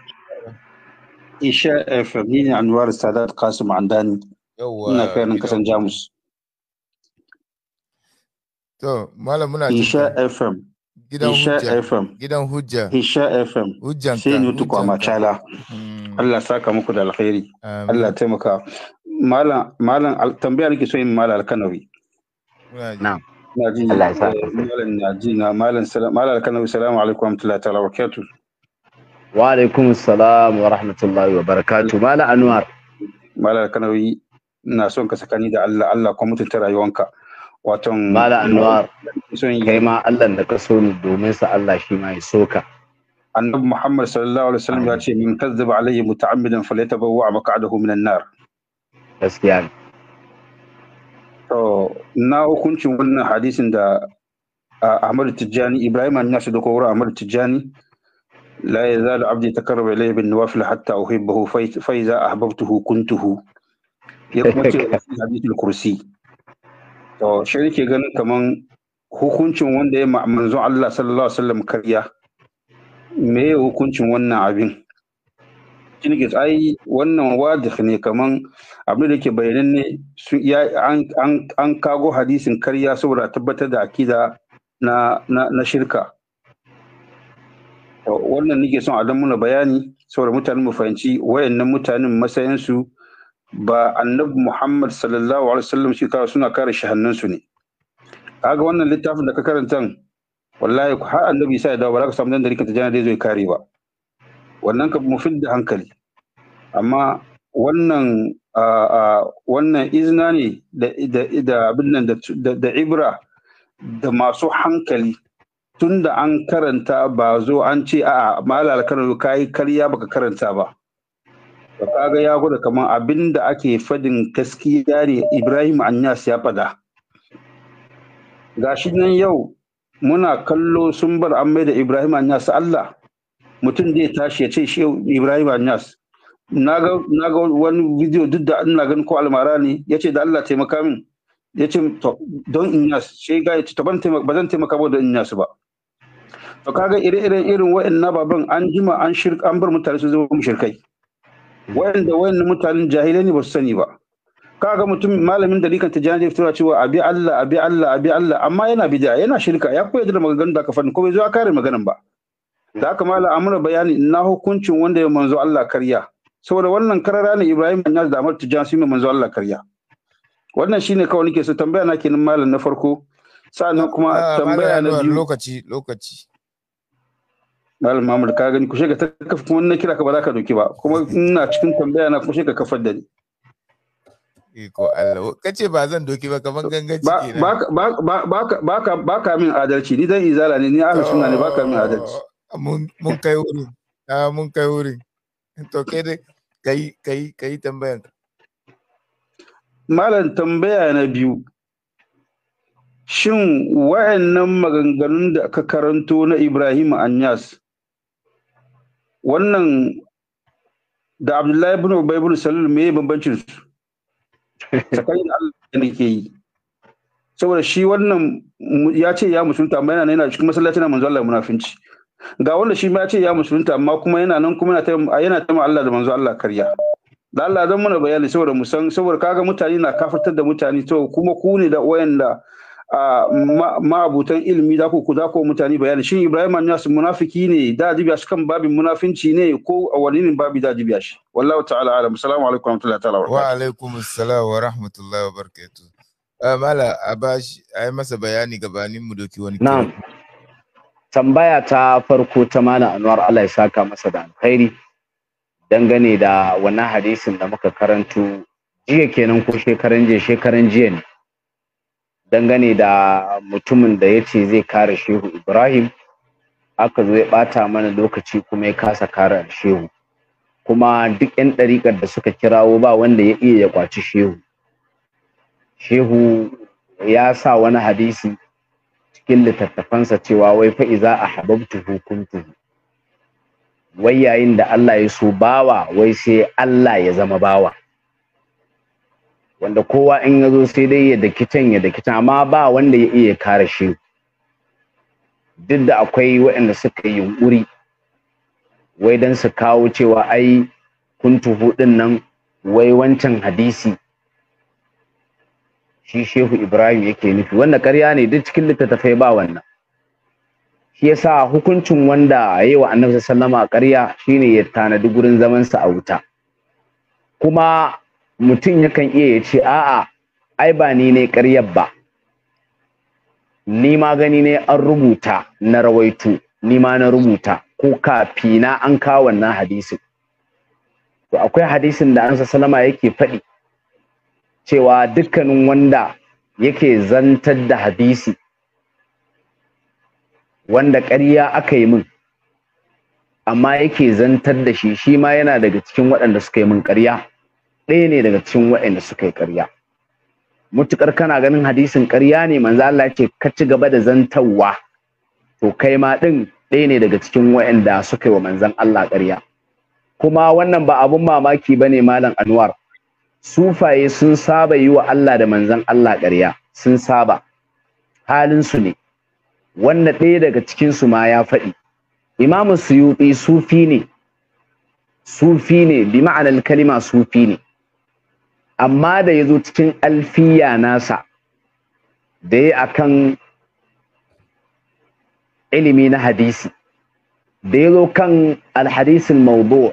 Isha Fabini Anwar Sadat Qasim Andani. Yawwa. Ina kai nan kasan Jamus. To, malam muna cikin. Isha FM. Gidan Hujja. Isha FM. Gidan Hujja. Isha FM. Hujjan ka. Sai ni tukwa macala. Allah saka muku da alkhairi. Allah taimaka. Malam malam tambayar ki so yin malam alkanawi. na'am ina eh, salamu alaikum wa alaikum wa rahmatullahi wa barakatuh malam anwar malam kanawi ina son ka sakani da Allah Allah kuma mutunta rayuwanka waton malam anwar kai ma Allah da ka so ni domin sa Allah shi ma ya soka annabi Muhammad sallallahu alaihi wasallam ya ce min kazzaba alayhi muta'ammidan falyatabawwa maq'adahu minan nar gaskiya ne na hukuncin wannan hadisin da Ahmadu Tijjani, Ibrahim Amina su da kowar Ahmadu Tijjani, la ya zalu abdi ta karba ilai bin nawafil hatta uhibbahu faiza ahbabtuhu kuntuhu. Ya kuma ce hadisul kursi. To, shi ke ganin kaman hukuncin wanda ya ma'amanzu Allah sallallahu alaihi wasallam karya. Me hukuncin wannan abin? Kilgis ai wannan wadih ne kaman abin da ke bayanan ne an kago hadisin karya saboda tabbatar da akida na shirka. Wannan nake son a dan muna bayani saboda mutanen mu fahimci wayannan mutanen matsayinsu ba annabi Muhammad sallallahu alaihi wasallam shi kawo suna kare shahannansu ne. Kaga wannan littafin da ka karanta wallahi har annabi sai ya dawo ba za ka samu dan da rika tijana zai kare ba. wannan ka mu da hankali amma wannan wannan izina ne da abin nan da ibra da masu hankali Tunda an karanta ba zo an ce a malal kano ka yi karya baka karanta ba ba kaga ya gwada kamar abinda da ake fadin gaskiya ne ibrahim anyas ya fada gashi nan yau muna kallo sun bar an mai da ibrahim anyas allah mutum zai tashi ya ce shi ibrahim anyas na ga wani bidiyo duk da ina ganin ko almara ne ya ce da allah taimaka min ya ce don inyas shi ga ya ce ba zan taimaka ba don inyas ba to kaga ire-iren irin na baban an jima an shirka an bar mutane su zama da wa'in na mutanen jahilai ne ba su sani ba kaga mutum malamin da likanta tijani da fitowa cewa abi Allah abi Allah abi Allah amma yana bid'a yana shirka ya koyar da maganganun da aka faɗi ko bai zo a kare maganan ba da aka mala amura bayani na hukuncin wanda ya manzo Allah karya saboda wannan karara ne Ibrahim Anyas da Amar Tijjan su manzo Allah karya wannan shine kawai nake so tambaya na kenan malam na farko sannan kuma ah, tambaya na biyu lokaci lokaci malam Mamur ka gani kushe ka takaf kuma na kira ka ba za ka doki ba kuma ina cikin tambaya na kushe ka kafar da ni Iko Allah, kace ba zan doki ba kaman ganganci ciki Ba ka min adalci, ni dan izala ne, ni ahlus sunna ne ba ka min adalci. mun kai wurin a mun kai wurin to kai dai kai kai kai tambayan malam tambaya na biyu shin wayannan maganganun da aka karanto na Ibrahim Anyas wannan da Abdullahi ibn Ubay ibn Salul me bambancin su tsakanin Allah ne ke yi saboda shi wannan ya ce ya musulunta amma yana cikin masallaci na manzo Allah munafinci ga wanda shi ma ya ce ya musulunta amma kuma yana nan kuma yana taima Allah da manzo Allah karya da Allah zan muna bayani saboda mu san saboda kaga mutane na kafartar da mutane to kuma ku ne da wayanda ma'abutan ilimi da ku za ku mutane bayani shin Ibrahim yasu munafiki ne da dibiya shi kan babin munafinci ne ko a wani ne babi da dibiya shi wallahu ta'ala alam assalamu alaikum rahmatullahi ta'ala wa alaikum assalam wa rahmatullahi wa barakatuh eh, mala abashi ai masa bayani gabanin mu doki wani na'am tambaya ta farko ta mana anwar Allah ya saka masa da alkhairi dangane da wannan hadisin da muka karanto jiya kenan ko shekaran jiya shekaran jiya ne dangane da mutumin da ya ce zai kare shehu ibrahim aka zo ya bata mana lokaci kuma ya kasa kare shehu kuma duk 'yan ɗariƙar da suka kirawo ba wanda ya iya ya kwaci shehu shehu ya sa wani hadisi cikin littattafansa cewa wai fa iza a hababtu hukuntu wai yayin da Allah ya so bawa wai sai Allah ya zama bawa wanda kowa in ya zo sai dai ya daki can ya daki can amma ba wanda ya iya kare shi duk da akwai waɗanda suka yi yunƙuri wai don su kawo cewa ai kuntuhu ɗin nan wai wancan hadisi shi shehu ibrahim yake nufi wannan ƙarya ne duk cikin littattafai ba wannan shi yasa hukuncin wanda yayi wa annabi sallama ƙarya shine ya tanadi gurin zaman sa a wuta kuma mutum yakan iya ya ce a'a ai ba ni ne ƙaryar ba ni ma gani ne an rubuta na rawaito ni ma na rubuta ko kafina an kawo wannan hadisin to akwai hadisin da ansa sallama yake faɗi cewa dukkanin wanda yake zantar da hadisi wanda ƙarya aka yi min amma yake zantar da shi shi ma yana daga cikin waɗanda suka yi min ƙarya ɗaya ne daga cikin waɗanda suka yi ƙarya mutuƙar kana ganin hadisin ƙarya ne manzo Allah ce ka ci gaba da zantarwa to kai ma ɗin ɗaya ne daga cikin waɗanda suka yi wa manzon Allah ƙarya kuma wannan ba abun mamaki bane malam Anwar sufaye sun saba yi wa Allah da manzon Allah ƙarya sun saba halinsu ne wanda ɗaya daga cikinsu ma ya faɗi imamu suyuti sufi ne sufi ne bi ma'anar kalima sufi ne amma da ya zo cikin alfiya nasa da ya akan ilimi na hadisi da ya zo kan alhadisin maudu'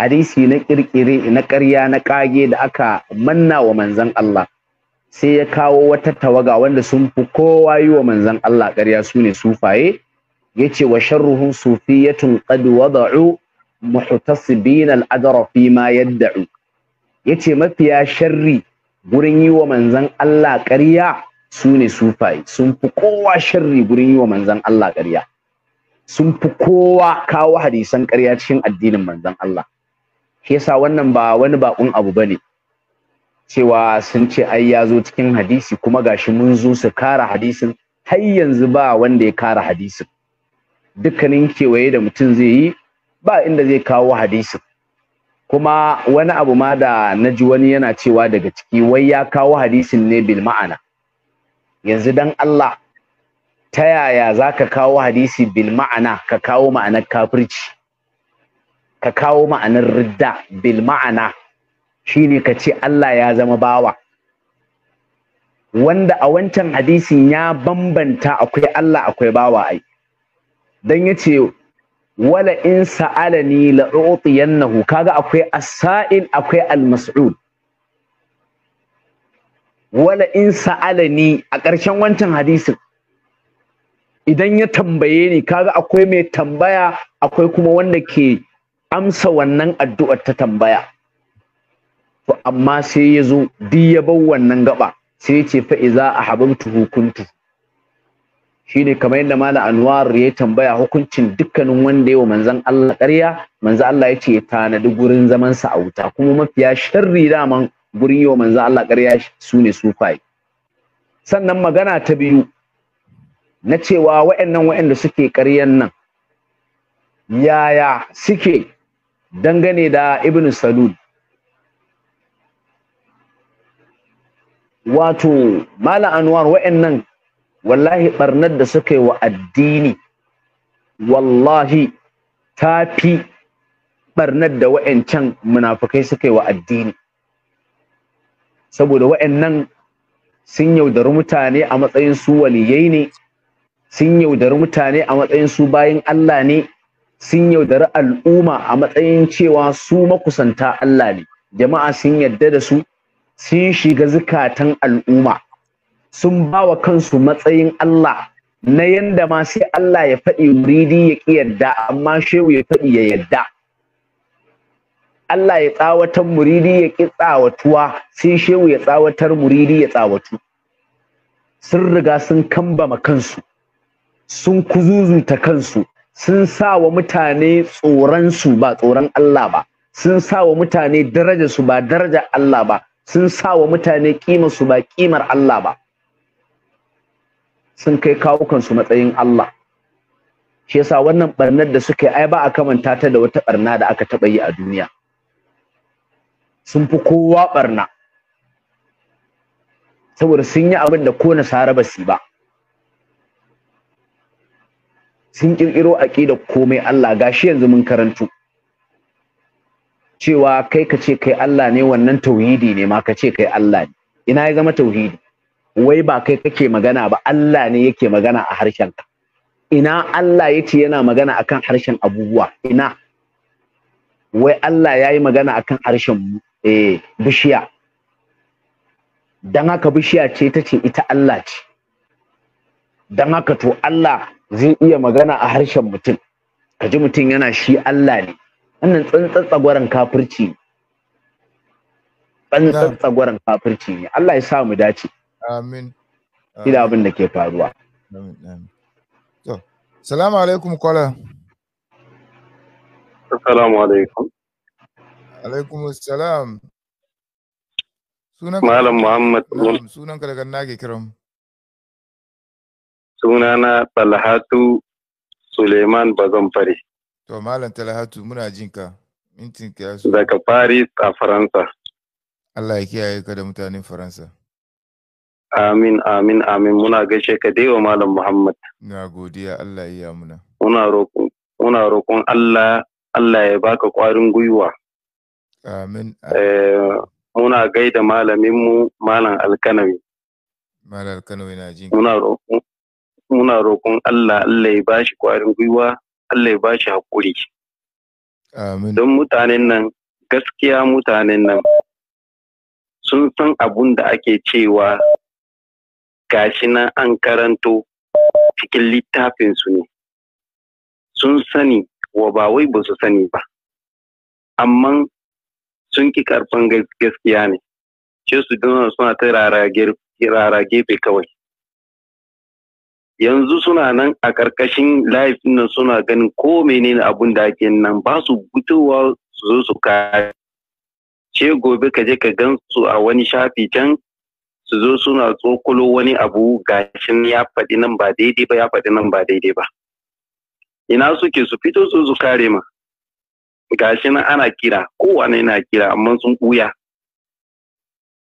hadisi na kirkire na ƙarya na ƙage da aka manna wa manzon Allah sai ya kawo wata tawaga wanda sun fi kowa yi wa manzon Allah ƙarya su ne sufaye yace wa sharruhun sufiyatun qad wada'u muhtasibin al fi ma Ya yace mafiya sharri gurin yi wa manzan Allah ƙarya su ne sufaye sun fi kowa sharri gurin yi wa manzan Allah ƙarya sun fi kowa kawo hadisan ƙarya cikin addinin manzon Allah shi yasa wannan ba wani bakun abu bane cewa sun ce ai ya zo cikin hadisi kuma gashi mun zo su kara hadisin har yanzu ba wanda ya kara hadisin dukkanin kewaye da mutum zai yi ba inda zai kawo hadisin kuma wani abu ma da naji wani yana cewa daga ciki wai ya kawo hadisin ne bil ma'ana yanzu dan Allah ta yaya zaka kawo hadisi bil ma'ana ka kawo ma'anar kafirci ka kawo ma'anar ridda bil ma'ana shine ka ce Allah ya zama bawa wanda a wancan hadisin ya bambanta akwai Allah akwai bawa ai dan yace wala in sa'alani la utiyannahu kaga akwai as akwai al-mas'ul wala in sa'alani a ƙarshen wancan hadisin idan ya tambaye ni kaga akwai mai tambaya akwai kuma wanda ke amsa wannan addu'ar ta tambaya to amma sai ya zo duk ya bar wannan gaba sai ya ce fa iza ahabbtu hukuntu shine kamar yadda malam Anwar ya tambaya hukuncin dukkanin wanda yawa manzon Allah ƙarya manzon Allah ya ce tanadi gurin zaman sa a wuta kuma mafiya sharri daman gurin yawa manzon Allah ƙarya sune sufai sannan magana ta biyu na cewa waɗannan waɗanda suke ƙaryan nan yaya suke dangane da ibn salul wato mala anwar wa'annan wallahi barnar da suka yi wa addini wallahi ta fi barnar da wa'ancan munafukai suka yi wa addini saboda wa'annan sun yaudari mutane a matsayin su waliyai ne sun yaudari mutane a matsayin su bayan Allah ne sun yaudari al'umma a matsayin cewa su makusanta Allah ne jama'a sun yadda da su sun shiga zukatan al'umma sun bawa kansu matsayin Allah na yanda ma sai Allah ya faɗi muridi ya ƙi yadda amma shehu ya faɗi ya yadda Allah ya tsawatar muridi ya ƙi tsawatuwa sai shehu ya tsawatar muridi ya tsawatu sun riga sun kambama kansu sun kuzuzuta kansu sun sa wa mutane tsoronsu ba tsoron Allah ba sun sa wa mutane su ba daraja Allah ba sun sa wa mutane ƙimarsu ba ƙimar Allah ba sun kai kawo kansu matsayin Allah shi yasa wannan barnar da suka ai ba a kamanta ta da wata barna da aka taɓa yi a duniya sun fi kowa barna saboda sun yi abin da ko nasara ba su ba sun kirkiro aqida komai Allah gashi yanzu mun karantu cewa kai ka ce kai Allah ne wannan tauhidi ne ma ka ce kai Allah ne ina ya zama tauhidi wai ba kai kake magana ba Allah ne yake magana a harshen ka ina Allah yace yana magana akan harshen abubuwa ina wai Allah yayi magana akan harshen eh, bishiya dan haka bishiya ce ta ita Allah ce dan haka to Allah zai iya magana a harshen mutum ka ji mutum yana shi Allah ne wannan tsantsan tsagwaron kafirci ne tsantsan tsagwaron kafirci ne Allah ya sa mu dace amin ida abin da ke faruwa to salamu alaikum kwala assalamu alaikum alaikum assalam sunan malam muhammad sunan ka daga nage kiran sunana talhatu suleiman bazan fari to malam talhatu muna jin ka mintin ka yasu daga paris a faransa allah ya kiyaye ka da mutanen faransa amin amin amin muna gaishe ka daiwa malam muhammad na godiya allah ya muna muna roƙon muna roƙon allah allah ya baka ƙwarin gwiwa amin eh, muna gaida malaminmu malam alkanawi malam alkanawi na jin muna roƙon muna roƙon Allah Allah ya bashi ƙwarin gwiwa Allah ya bashi haƙuri don mutanen nan gaskiya mutanen nan sun san abun da ake cewa gashi nan an karanto cikin littafinsu ne sun sani wa ba wai ba su sani ba amma sun ki karfan gaskiya ne ce su suna ta rara gefe kawai yanzu suna nan a ƙarƙashin laifin nan suna ganin ko menene abun da ake nan ba su gutowa su zo su kare ce gobe ka je ka gan su a wani shafi can su zo suna tsokolo wani abu gashin ya faɗi nan ba daidai ba ya faɗi nan ba daidai ba ina suke su fito su su kare ma gashin ana kira kowane na kira amma sun ɓuya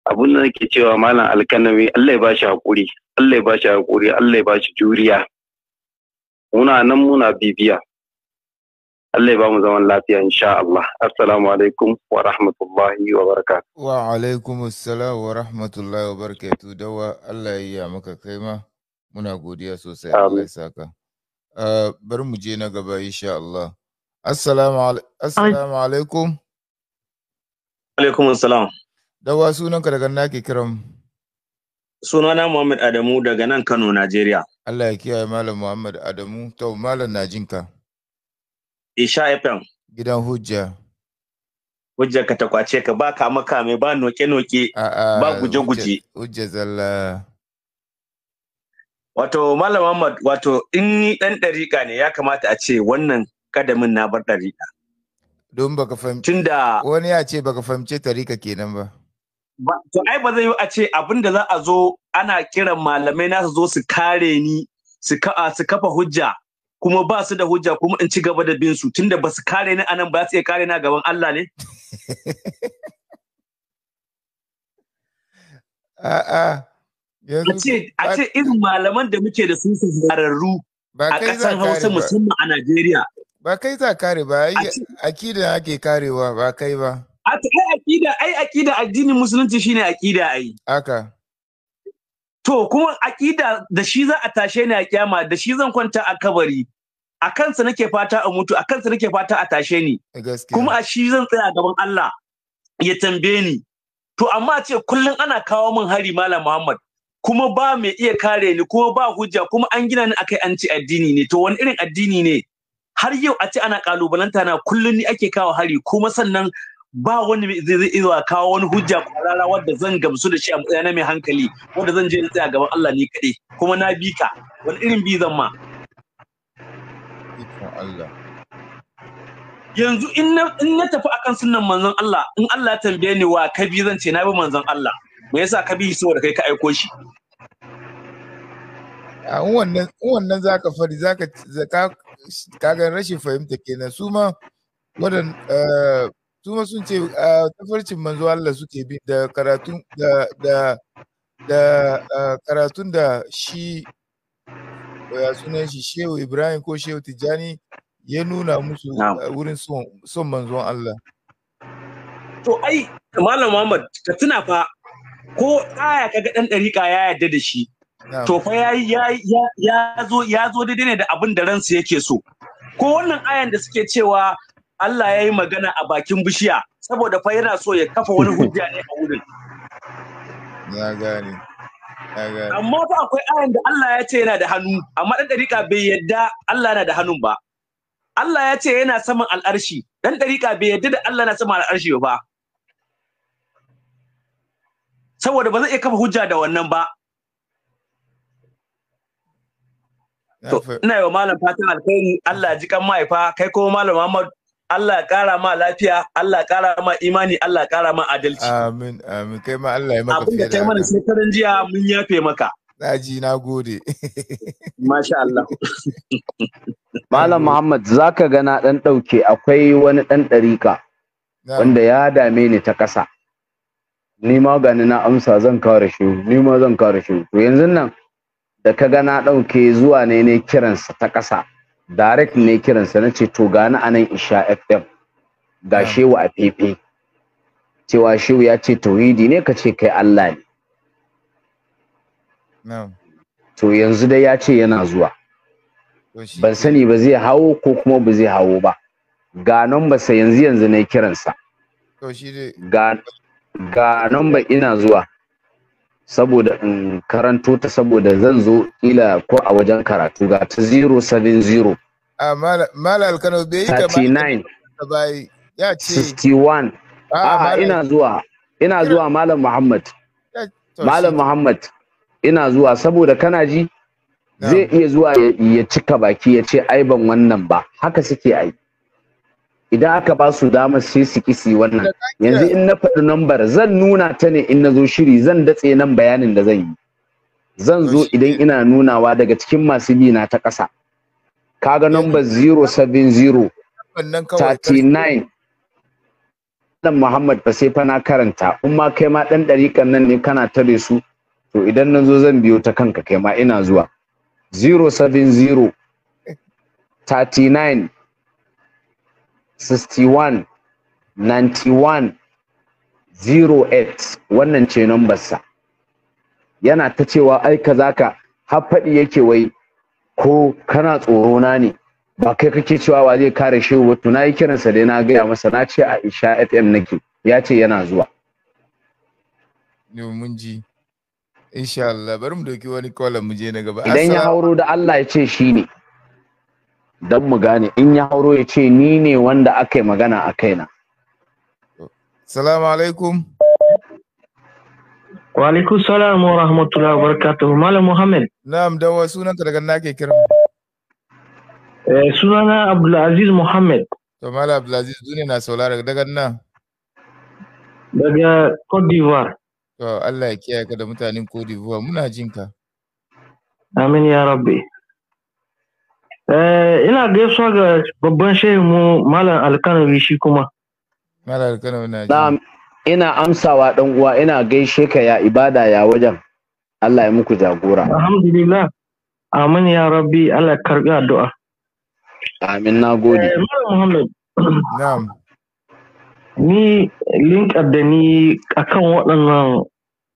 abin da nake cewa malam alkanami Allah ya bashi hakuri Allah ya bashi hakuri Allah ya bashi juriya muna nan muna bibiya Allah ya ba mu zaman lafiya insha Allah assalamu alaikum wa rahmatullahi wa barakatuh wa alaikum assalam wa rahmatullahi wa barakatuh dawa Allah ya yi maka kaima muna godiya sosai Allah ya saka ah, bari mu je na gaba insha Allah assalamu alaikum alaikum assalam Dawa sunanka daga na ke kiran. Sunana Muhammad Adamu daga nan Kano, Najeriya. Allah ya kiyaye Malam Muhammad Adamu. To, Malam na jinka. Isha FM. Gidan hujja. Hujja ka ta kwace ka ba kama kame ba noke-noke ba guje-guje. Hujja zalla. Wato Malam Muhammad wato in ni ɗan ɗariƙa ne ya kamata a ce wannan kadamin na bar ɗariƙa. Don baka fahimci. Tunda. Wani ya ce baka fahimci tarika kenan ba. to ai ba zai yi a ce abin da za a zo ana kiran malamai na su zo su kare ni su kafa hujja kuma ba su da hujja kuma in ci gaba da bin su tunda ba su kare ni anan ba su iya kare na gaban Allah ne a ce irin malaman da muke da su su zararru a ƙasar Hausa musamman a Najeriya ba kai za kare ba akida ake karewa ba kai ba ai akida ai addinin musulunci shine akida ai aka to kuma akida da shi za a tashe ni a kiyama da shi zan kwanta a kabari a kansa nake fata a mutu a kansa nake fata a tashe ni kuma a shi zan tsaya gaban Allah ya tambaye ni to amma a ce kullum ana kawo min hari malam Muhammad kuma ba mai iya kare ni kuma ba hujja kuma an gina ni akai an ci addini ne to wani irin addini ne har yau a ce ana kalubalanta na kullum ni ake kawo hari kuma sannan ba wani zai zai iya kawo wani hujja kwarara wadda zan gamsu da shi a matsayina mai hankali wadda zan je tsaya gaban Allah ni kaɗai kuma na bi ka wani irin bi zan ma Allah yanzu in na tafi akan sunnan manzon Allah in Allah ya tambaye ni wa ka bi zan ce na bi manzon Allah me yasa ka bi shi saboda kai ka aiko shi a wannan wannan zaka fari zaka ka ga rashin fahimta kenan su ma wadan eh, su sun ce tafarcin manzo Allah suke bi da karatun da da da karatun da shi ya sunan shi Shehu Ibrahim ko Shehu Tijjani ya nuna musu wurin son manzon Allah. To ai Malam Muhammad ka tuna fa ko aya ga ɗan ɗarika ya yarda da shi to fa ya zo ya zo daidai ne da abin da ransa yake so ko wannan ayan da suke cewa Allah ya yi magana a bakin bishiya saboda fa yana so ya kafa wani hujja ne a wurin. Na gane. Amma fa akwai ayan da Allah ya ce yana da hannu, amma ɗan ɗariƙa bai yadda Allah yana da hannun ba. Allah ya ce yana saman al'arshi, ɗan ɗariƙa bai yadda da Allah yana saman al'arshi ba. Saboda ba zai iya kafa hujja da wannan ba. To, ina yi wa malam fatan alkhairi Allah ji kan mahaifa, kai kuma malam Muhammad Allah ya ma lafiya, Allah ya ma imani, Allah ya ma adalci. Amin, amin. Kai ma Allah ya maka fiye da Abin da kai mana shekaran jiya mun yafe maka. Daji na gode. Masha Allah. Malam Muhammad za ka gana ɗan ɗauke akwai wani ɗan ɗarika wanda ya dame ni ta ƙasa. Ni ma gani na amsa zan kare shi, ni ma zan kare shi. To yanzu nan da ka gana ɗauke zuwa ne ne kiransa ta ƙasa. direct ne kiransa na nace to gani anan isha fm ga shehu a fefe cewa shehu ya ce tauhidi ne ka ce kai allah ne to yanzu dai ya ce yana zuwa ban sani ba zai hawo ko kuma ba zai hawo ba ga ba sa yanzu yanzu na kiransa ga ba ina zuwa saboda in karanto ta saboda zan zo ila ko a wajen karatu ga ta 070 malal kano bai yi kama 39 ya ce 61 aha ina zuwa ina zuwa malam muhammad malam muhammad ina zuwa saboda kana ji zai iya zuwa ya cika baki ya ce aiban ban wannan ba haka suke aiki. idan aka ba su damar sai su kisi wannan yanzu in na faɗi nambar zan nuna ta ne in na zo shiri zan datse nan bayanin da zan yi zan zo idan ina nunawa daga cikin masu bi na ta ƙasa kaga nambar 070 39 dan Muhammad ba sai fa na karanta in ma kai ma dan ɗariƙan nan ne kana tare su to idan na zo zan biyo ta kanka kai ma ina zuwa 070 39 61 91 08 wannan ce numbarsa yana ta cewa ai za ka har faɗi yake wai ko kana tsoro na ne ba kai kake cewa wa zai kare shi ba tuna yi kiransa dai na gaya masa na ce a Isha FM nake ya ce yana zuwa bari mu doki wani kwallon mu je na gaba idan ya hauro da Allah ya ce shi ne don mu gane in ya hauro ya ce ni ne wanda aka yi magana a kaina salamu alaikum wa alaikum salam wa rahmatullahi wa barakatuhu malam muhammad na'am da wa ka daga nake ke kira eh sunana abdulaziz muhammad to malam abdulaziz dune na saurara daga nan daga cote d'ivoire to Allah ya kiyaye ka da mutanen cote d'ivoire muna jinka amin ya rabbi Eh, ina gaisuwa ga babban shehu mu Malam Alkanawi shi kuma. Malam Alkanawi na ji. ina amsawa dan uwa ina gaishe ka ya ibada ya wajen. Allah ya muku jagora. Alhamdulillah. Amin ya Rabbi Allah karbi addu'a. Amin na gode. Eh, Malam Muhammad. Na'am. Ni linkar da ni akan waɗannan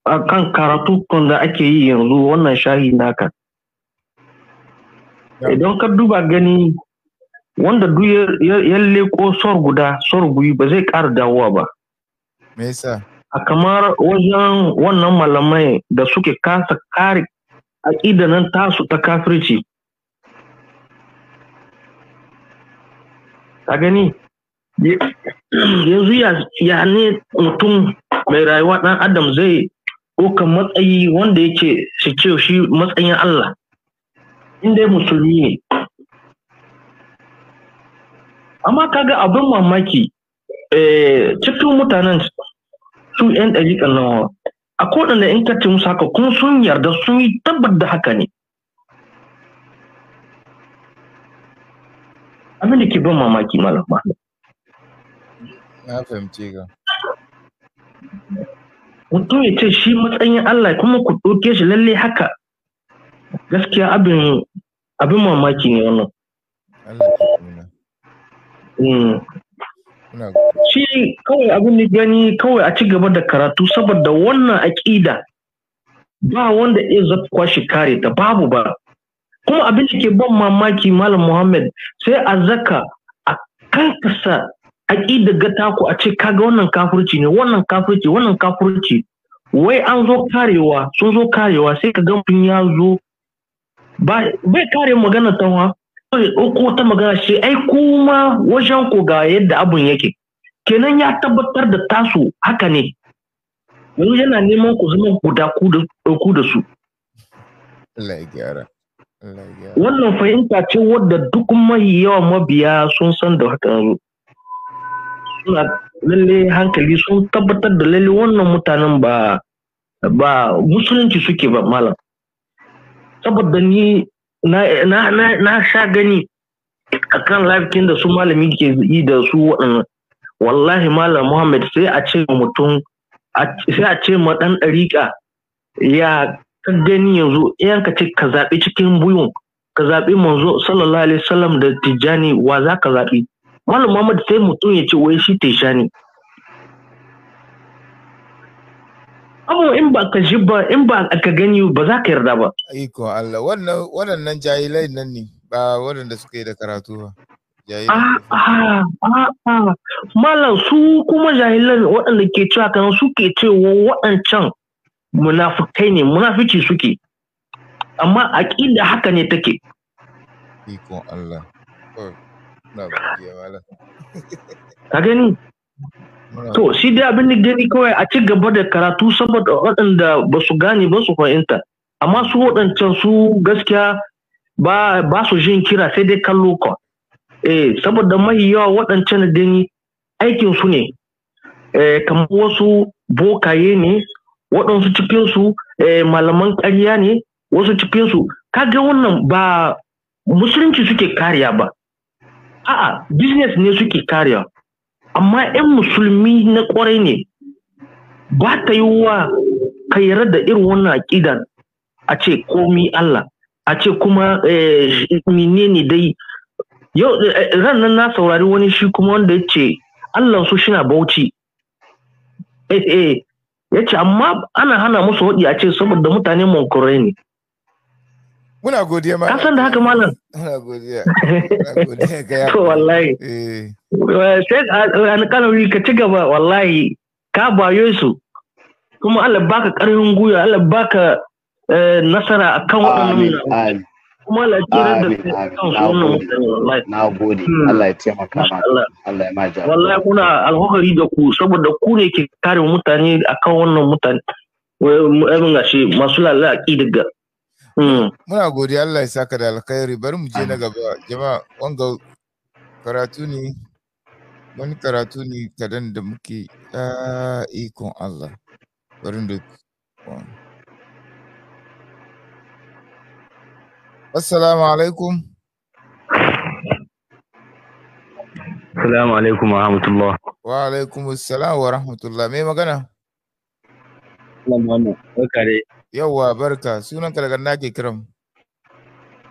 akan karatu da ake yi yanzu wannan shahi naka. idan eh, ka duba gani wanda duk ya leko sor guda sor guyi ba zai ƙara dawowa ba me yasa a kamar wajen wannan malamai da suke kasa kare aƙida nan tasu ta kafirci a gani yanzu ya ne mutum mai rayuwa ɗan adam zai ɗaukan matsayi wanda yake shi ce shi matsayin Allah in dai musulmi ne amma kaga abin mamaki eh, cikin mutanen su yan ɗariƙan nawa a koɗanda in ka ce musu haka kun sun yarda sun yi tabbat da haka ne abin da ke ban mamaki malam na fahimci ga mutum ya ce shi matsayin Allah kuma ku ɗauke shi lalle haka gaskiya abin abin mamaki ne wannan hmm. shi kawai abin da gani kawai a ci gaba da karatu saboda wannan aƙida ba wanda iya zakwa shi kare ta babu ba kuma abin da ke ban mamaki malam muhammad sai a zaka a kankasa aƙida ga taku a ce kaga wannan kafurci ne wannan kafurci wannan kafurci wai an zo karewa sun zo karewa sai ka gan ya zo bai kare magana ta wa ko ta magana shi? ai kuma wajen ko ga yadda abun yake kenan ya tabbatar da tasu haka ne yanzu yana neman ku zama guda ku da su wannan fahimta ce wadda duk mai yawa mabiya sun san da haka yanzu suna lalle hankali sun tabbatar da lalle wannan mutanen ba ba musulunci suke ba malam saboda ni na sha gani a kan lafikin da su malami ke yi da su waɗannan wallahi malam muhammad sai a ce mutum sai a ce ma ɗan ɗariƙa ya ka gani yanzu in ka ce ka zaɓi cikin buyun ka zaɓi manzo sallallahu alaihi wasallam da tijjani wa za ka zaɓi malam muhammad sai mutum ya ce wai shi tijjani abu in ba ka ji ba in ba ka gani ba za ka yarda ba iko Allah wannan waɗannan jahilai nan ne ba waɗanda suka yi da karatu ba Malam su kuma jahilan waɗanda ke cewa kan suke cewa waɗancan munafukai ne munafici suke amma aƙida haka ne take ikon Allah oh, ka gani To, shi dai abin da gani kawai a ci gaba da karatu saboda waɗanda ba su gane ba su fahimta. Amma su waɗancan su gaskiya ba su jin kira sai dai kallo kan. Eh, saboda mahi yawa waɗancan gani aikin su ne. Eh, kamar wasu bokaye ne, waɗansu cikinsu eh, malaman ƙarya ne, wasu cikinsu. Kaga wannan ba musulunci suke kariya ba. A'a, business ne suke kariya. amma 'yan musulmi na kwarai ne ba ta yi wa ka yarda da irin wannan aƙidan a ce komi Allah a ce kuma eh, menene dai yau zan eh, na saurari wani shi kuma wanda ya ce Allah su shina bauchi eh, ya ce amma ana hana musu waɗi a ce saboda mutane monkurai ne Muna godiya ma. Kasan da haka malam. Muna godiya. To wallahi. Eh. Sai an kalori ka ci gaba wallahi ka bayo su. Kuma Allah baka karfin gwiwa, Allah baka eh, nasara a akan waɗannan kuma tsira da na gode hmm. Allah ya taimaka ma Allah ya maja wallahi kuna alhokari da ku saboda ku ne ke kare mutane akan wannan mutane wai mun gashi masu ki daga Hmm. Muna godiya Allah ya saka da alkhairi bari mu je na gaba jama'a wanga karatu ne wani karatu ne kadan da muke ya ikon Allah bari da Assalamu alaikum. Assalamu alaikum wa rahmatullah. Wa alaikum assalam wa rahmatullah. Me magana? Allah mu barka dai. Yawwa barka, sunan ka daga na ke kiran?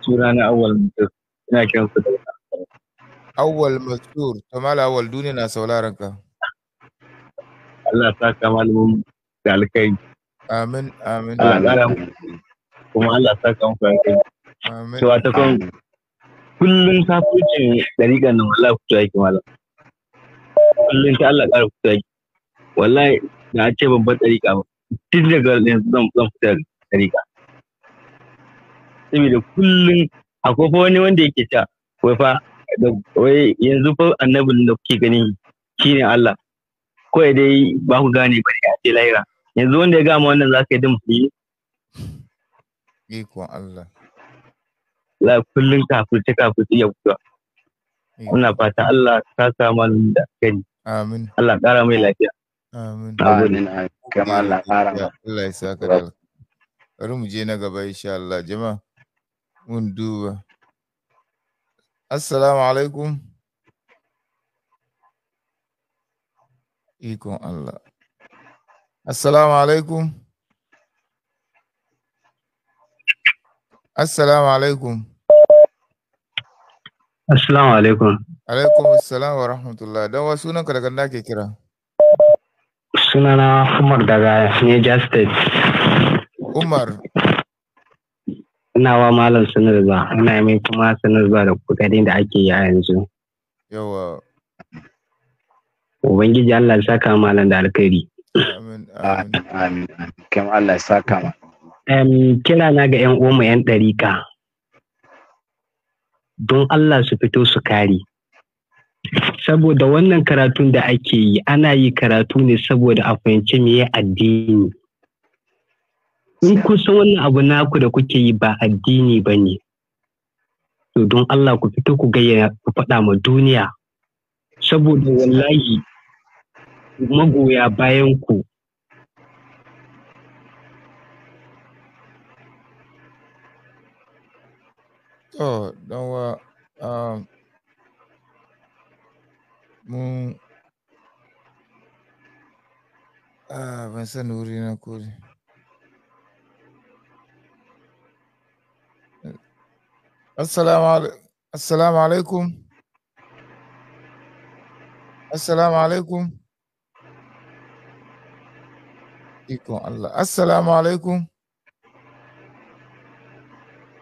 Sura na Awal Masur, ina kiran ku daga Awal Masur, Tamala Awal duniya na sauraron ka. Allah ta ka malamin da alkai. Amin, amin. Kuma Allah ta ka muku alkai. Amin. Cewa ta kan kullum safuci dariƙa nan wallahi ku yake malam. Kullum ta Allah ƙara ku yake. Wallahi da a ce babban dariƙa ba. yanzu zan zan fita saboda kullum akwai wani wanda yake cewa wai fa wai yanzu fa annabin da kuke gani shine Allah kawai dai ba ku gane ba ne a ce lahira yanzu wanda ya gama wannan za ka yi da musulmi ikon Allah la kullum kafirce kafirce ya fito muna fata Allah ta samu da gani amin Allah ƙara mai lafiya Amin. Amin. Allah ya saka da Bari mu je na gaba insha Allah jama'a. Mun duba. Assalamu alaikum. Ikon Allah. Assalamu alaikum. Assalamu alaikum. Assalamu alaikum. Alaikum assalam wa rahmatullah. Dan wasu nan ka daga ke kira. sunana Umar daga Niger State. Umar. Ina wa Malam Sanarba, ina mai kuma Sanarba da kokarin da ake yi a yanzu. Yawa. Ubangiji Allah ya saka malam da alkari. Amin, Allah saka na ga 'yan uwanmu 'yan ɗarika. Don Allah su fito su kare. saboda wannan karatun da ake yi ana yi karatu ne saboda a fahimci meye addini in san wannan abu naku da kuke yi ba addini ba ne to don Allah ku fita ku gayyana ku faɗa ma duniya saboda wallahi magoya bayan ku don't worry. Um... mun a ban sani wuri na kori assalamu alaikum assalamu alaikum ikon Allah assalamu alaikum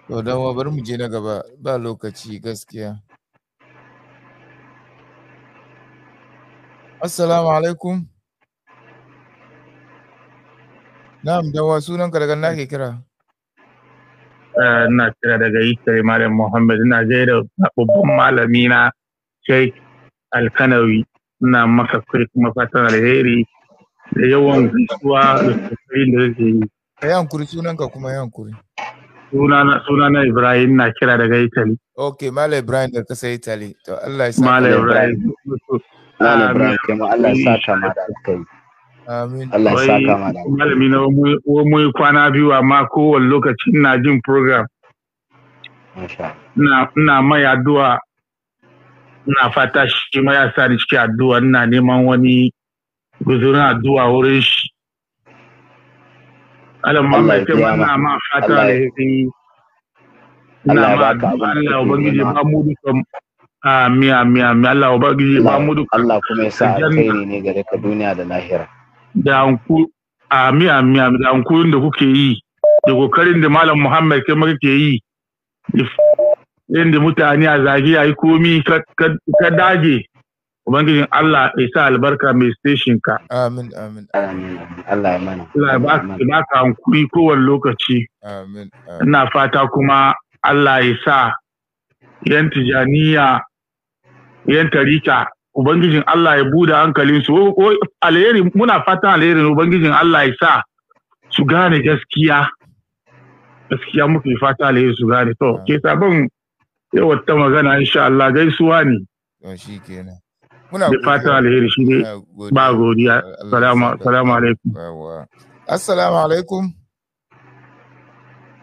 to dawo bari mu je na gaba ba lokaci gaskiya Assalamu alaikum. Na'am, dawa ka daga na ke kira. Eh, ina kira daga Yusuf Malam Muhammad, ina da babban malami na Sheikh Alkanawi, ina maka kuri kuma fatan alheri da yawan gaisuwa da kokari da zai yi. Ka yi hankuri sunanka kuma yi hankuri. Suna na Ibrahim na kira daga Italy. Ok, Malam Ibrahim da kasa Italy. To Allah ya sa. Malam Ibrahim. Malam Ibrahim ma Malami na mu kwana biyu amma kowane lokacin na jin program. Ina mai addu'a fata shi ma ya sa ni cikin addu'a ina neman wani guzurin addu'a wurin shi. Allah ma mai ma ma fata alheri. Allah ya Allah ya Amin amin amin Allah ubangiji Mahmudu Allah kuma ya sa alkhairi ne gare ka duniya da lahira. Da ku amin amin amin da ankurin da kuke yi da kokarin da Malam Muhammad kai kake yi yadda mutane a zage a yi komi ka dage Ubangijin Allah ya sa albarka mai station ka. Amin, amin. Allah ya mana. Allah ya ba ka hankuri kowane lokaci. Amin. Ina fata kuma Allah ya sa yan tijaniya yan tarika ubangijin Allah ya bude hankalin su alheri muna fatan alherin ubangijin Allah ya sa su gane gaskiya gaskiya muke fata alheri su gane to ke sabon yawa ta magana insha Allah gaisuwa ne to shi kenan muna fata alheri shi ne ba godiya salamu alaikum assalamu alaikum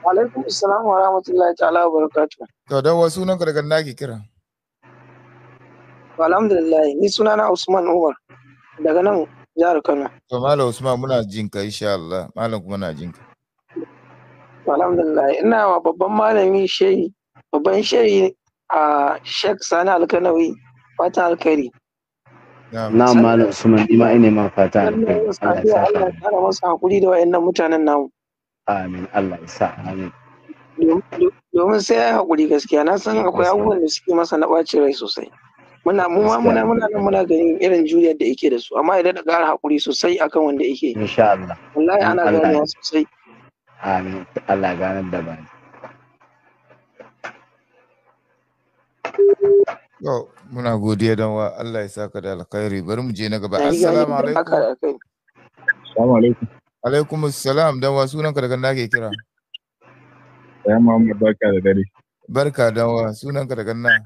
alaikum assalamu wa rahmatullahi ta'ala wa barakatuh to dan wasu nan daga nake kira alhamdulillah ni suna na Usman Umar daga nan jihar Kano. To Malam Usman muna jin ka insha Allah. Malam kuma na jin ka. Alhamdulillah ina wa babban malami shehi babban shehi a Sheikh Sani Alkanawi fata alkari. Na Malam Usman ima ina ma fata alkari. Allah ya kara masa hakuri da wayannan mutanen namu. Amin Allah ya sa amin. Domin sai ya haƙuri gaskiya na san akwai abubuwan da suke masa na ɓacin rai sosai. muna mu ma muna muna nan muna ganin irin juriyar da yake da su amma idan da ƙara hakuri sosai akan wanda yake insha Allah wallahi ana ganewa sosai amin Allah ganar da bani Yau, muna godiya dan wa Allah ya saka da alkhairi bari mu je na gaba assalamu alaikum assalamu alaikum alaikum assalam dan wa sunanka daga nake kira ya Muhammad barka da dare barka dan wa sunanka daga nan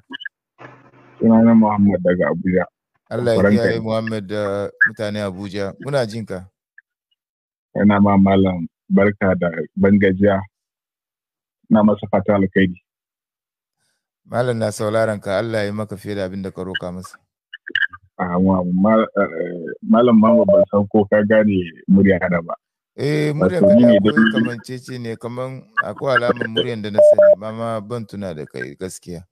sunana Muhammad daga Abuja. Allah ya kiyaye Muhammad da mutane Abuja. Muna jin ka. Yana ma malam barka da bangajiya. Na masa fata alkhairi. Malam na sauraron ka Allah ya maka fiye da abin da ka roka masa. Eh, malam Muhammad ban san ko ka gane murya da ba. Eh muryar ka ne akwai kamancece ne kaman akwai alamar muryar da na sani ma ban tuna da kai gaskiya.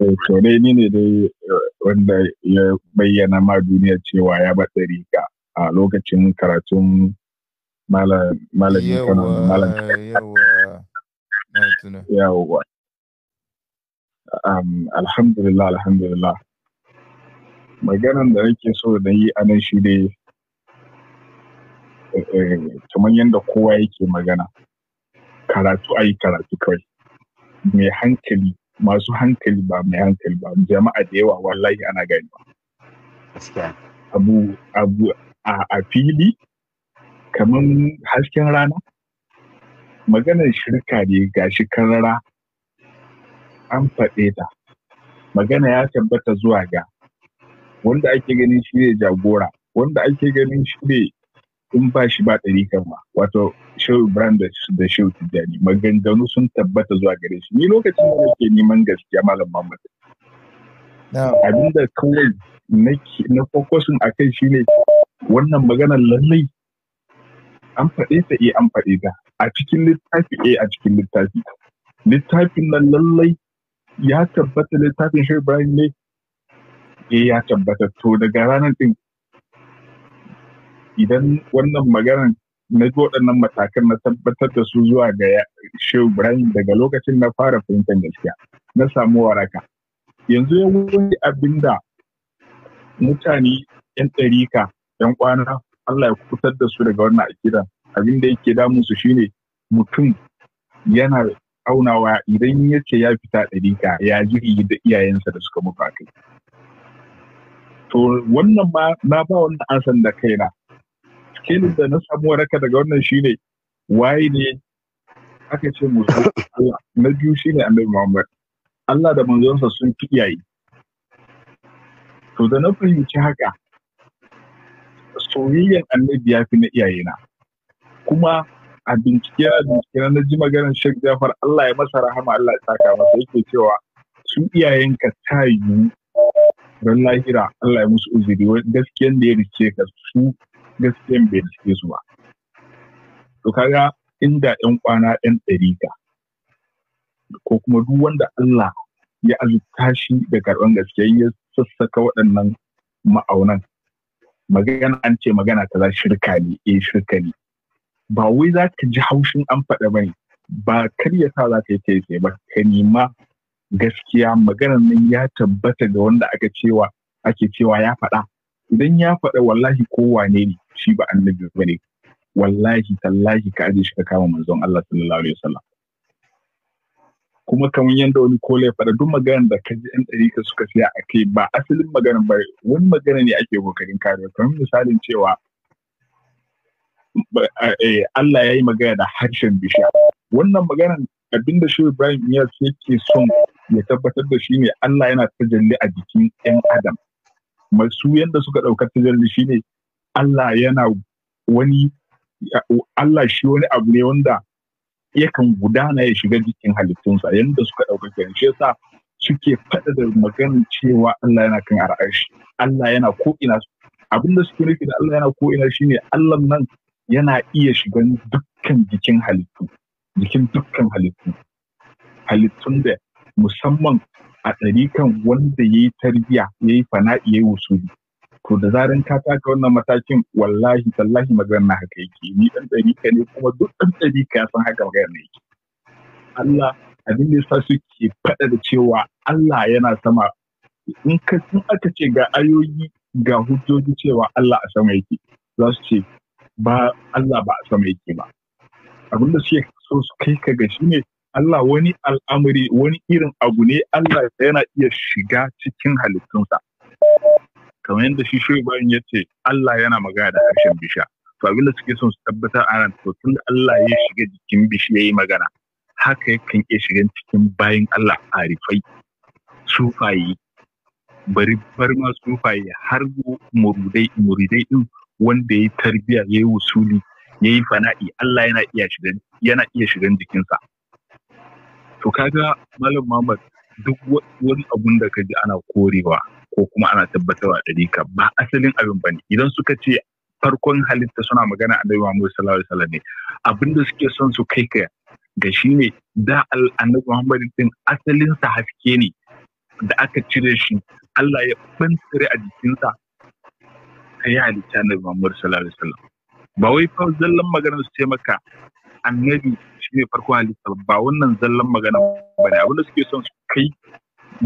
Eh, to dai ni ne dai eh, wanda ya bayyana ma duniya cewa ya bar riga a lokacin karatun malam kano malam yawa alhamdulillah alhamdulillah maganan da nake so da yi a nan shi dai eh, kamar yadda kowa yake magana karatu ayi karatu kawai mai hankali masu hankali ba mai hankali ba jama'a da yawa wallahi ana gani abu abu a, a fili kamar hasken rana maganar shirka ne ga shi karara an faɗe ta magana ya tabbata zuwa ga wanda ake ganin shi ne jagora wanda ake ganin shi ne in ba shi ba ɗari kan ba wato shehu ibrahim da shehu tijjani maganganu sun tabbata zuwa gare shi ni lokacin da nake neman gaskiya malam muhammad abinda kawai na fokusin a kai ne. wannan maganar lallai an faɗe ta eh an faɗe ta a cikin littafi eh a cikin littafi littafin nan lallai ya tabbata littafin shirin ibrahim ne eh ya tabbata to daga ranar din idan wannan maganar na ji waɗannan matakan na tabbatar da su zuwa ga Shehu Ibrahim daga lokacin na fara fahimtar gaskiya na samu waraka. Yanzu ya wani abin da mutane 'yan ɗarika 'yan kwana Allah ya kutar da su daga wannan akidan abin da yake damun su shine mutum yana aunawa idan ya ya fita ɗarika ya ji da iyayensa da suka mutu a kai. To wannan ma na ba wannan ansan da kaina kilin da na samu waraka daga wannan shine waye ne aka ce mu na biyu shine Annabi Muhammad Allah da manzonsa sun fi iyaye to da na fahimci haka soyayyen annabi ya fi na iyayena kuma a bincike a bincike na ji maganar Sheikh Jafar Allah ya masa rahama Allah ya saka masa yake cewa su iyayenka ta yiwu ran lahira Allah ya musu uzuri gaskiyan da ya rike ka su gaskiyan bai cike su ba to kaga inda yan kwana yan ka, ko kuma duk wanda Allah ya azurta shi da karɓan gaskiya ya sassaka waɗannan ma'aunan magana an ce magana ta za shirka ne eh shirka ne ba wai za ka ji haushin an faɗa ne? ba karya sa za ka yi taifai ba ka nema gaskiya maganar nan ya tabbata ga wanda aka cewa ake cewa ya faɗa idan ya faɗa wallahi ko wane ne shi ba annabi ne wallahi tallahi ka aje shi ka kama manzon Allah sallallahu alaihi wasallam kuma kamar yadda wani kola ya faɗa duk maganar da ka ji ɗan ɗarika suka siya a kai ba asalin maganar ba wani magana ne ake kokarin kare kamar misalin cewa eh, Allah ya yi magana da harshen bishiya wannan maganar abinda shi Ibrahim Iyas yake son ya tabbatar da shi ne Allah yana tajalli a jikin 'yan Adam masu yadda suka ɗaukar tajalli shi ne Allah yana wani Allah shi wani abu ne wanda yakan gudana ya shiga jikin halittunsa yadda suka ɗaukaka shi yasa suke faɗa da maganin cewa Allah yana kan ar'ashi Allah yana ina abin da suke nufi da Allah yana ko'ina shine Allah nan yana iya shiga dukkan jikin halittu jikin dukkan halittu halittun da musamman a ɗarikan wanda ya yi tarbiya ya yi fana'i ya yi to da zaran ka taka wannan matakin wallahi tallahi magana na haka yake ni dan ka ne kuma duk dan ɗarika san haka magana na yake Allah abin da yasa suke faɗa da cewa Allah yana sama in ka sun aka ce ga ayoyi ga hujjoji cewa Allah a sama yake za su ce ba Allah ba a sama yake ba abin da suke so su kai ka ga shine Allah wani al'amari wani irin abu ne Allah yana iya shiga cikin halittunsa kamar yadda shi shi bayan ya ce Allah yana magana da harshen bisha to abin da suke son su tabbatar a ran to tun da Allah ya shiga jikin bishi ya yi magana haka yakan iya shiga cikin bayan Allah arifai sufayi bari bar ma sufayi har muridai muridai din wanda ya yi tarbiyya ya yi wusuli ya yi fana'i Allah yana iya shiga jikinsa to kaga malam Muhammad duk wani abun da ka ji ana korewa ko kuma ana tabbatarwa ɗari ka ba asalin abin ba ne idan suka ce farkon halitta suna magana a Annabi Muhammadu salawar alaihi ne abin da suke son su kai ka ga shi ne da Annabi Muhammadu din asalin sa haske ne da aka cire shi Allah ya bantare a jikinsa yi halitta Annabi Muhammadu salawar alaihi ba wai fa zallan maganar su ce maka annabi shi ne farko halitta ba wannan zallan magana ba ne abinda suke son su kai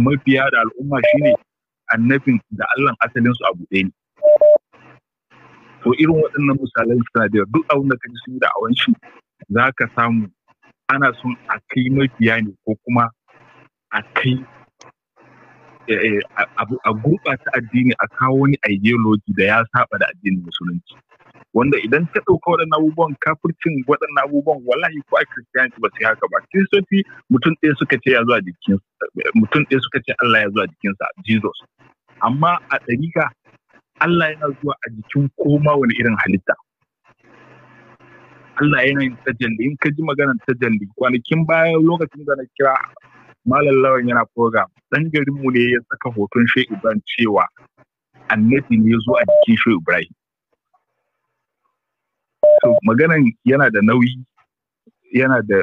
mafiya da al'umma shi ne annabin da Allah asalin su abu ɗaya ne to irin waɗannan misalan suna da duk abin da kaji sun yi da awanci za ka samu ana son a kai mafiya ne ko kuma a kai eh, eh, a gurɓata addini a kawo wani ideology da ya saba da addinin musulunci wanda idan ka ɗauka waɗannan abubuwan kafircin waɗannan abubuwan wallahi ko a kiristiyanci ba su yi haka ba kiristoci mutum ɗaya suka ce ya zuwa jikin mutum ɗaya suka ce Allah ya zuwa jikinsa Jesus amma a dariƙa Allah yana zuwa a jikin koma wani irin halitta Allah yana yin tajalli in ka ji maganar tajalli kwanakin baya lokacin da na kira Malam Lawan yana program garin garinmu ne ya saka hoton Shehu Ibrahim cewa annabi ne ya zo a jikin Shehu Ibrahim so maganan yana da nauyi yana da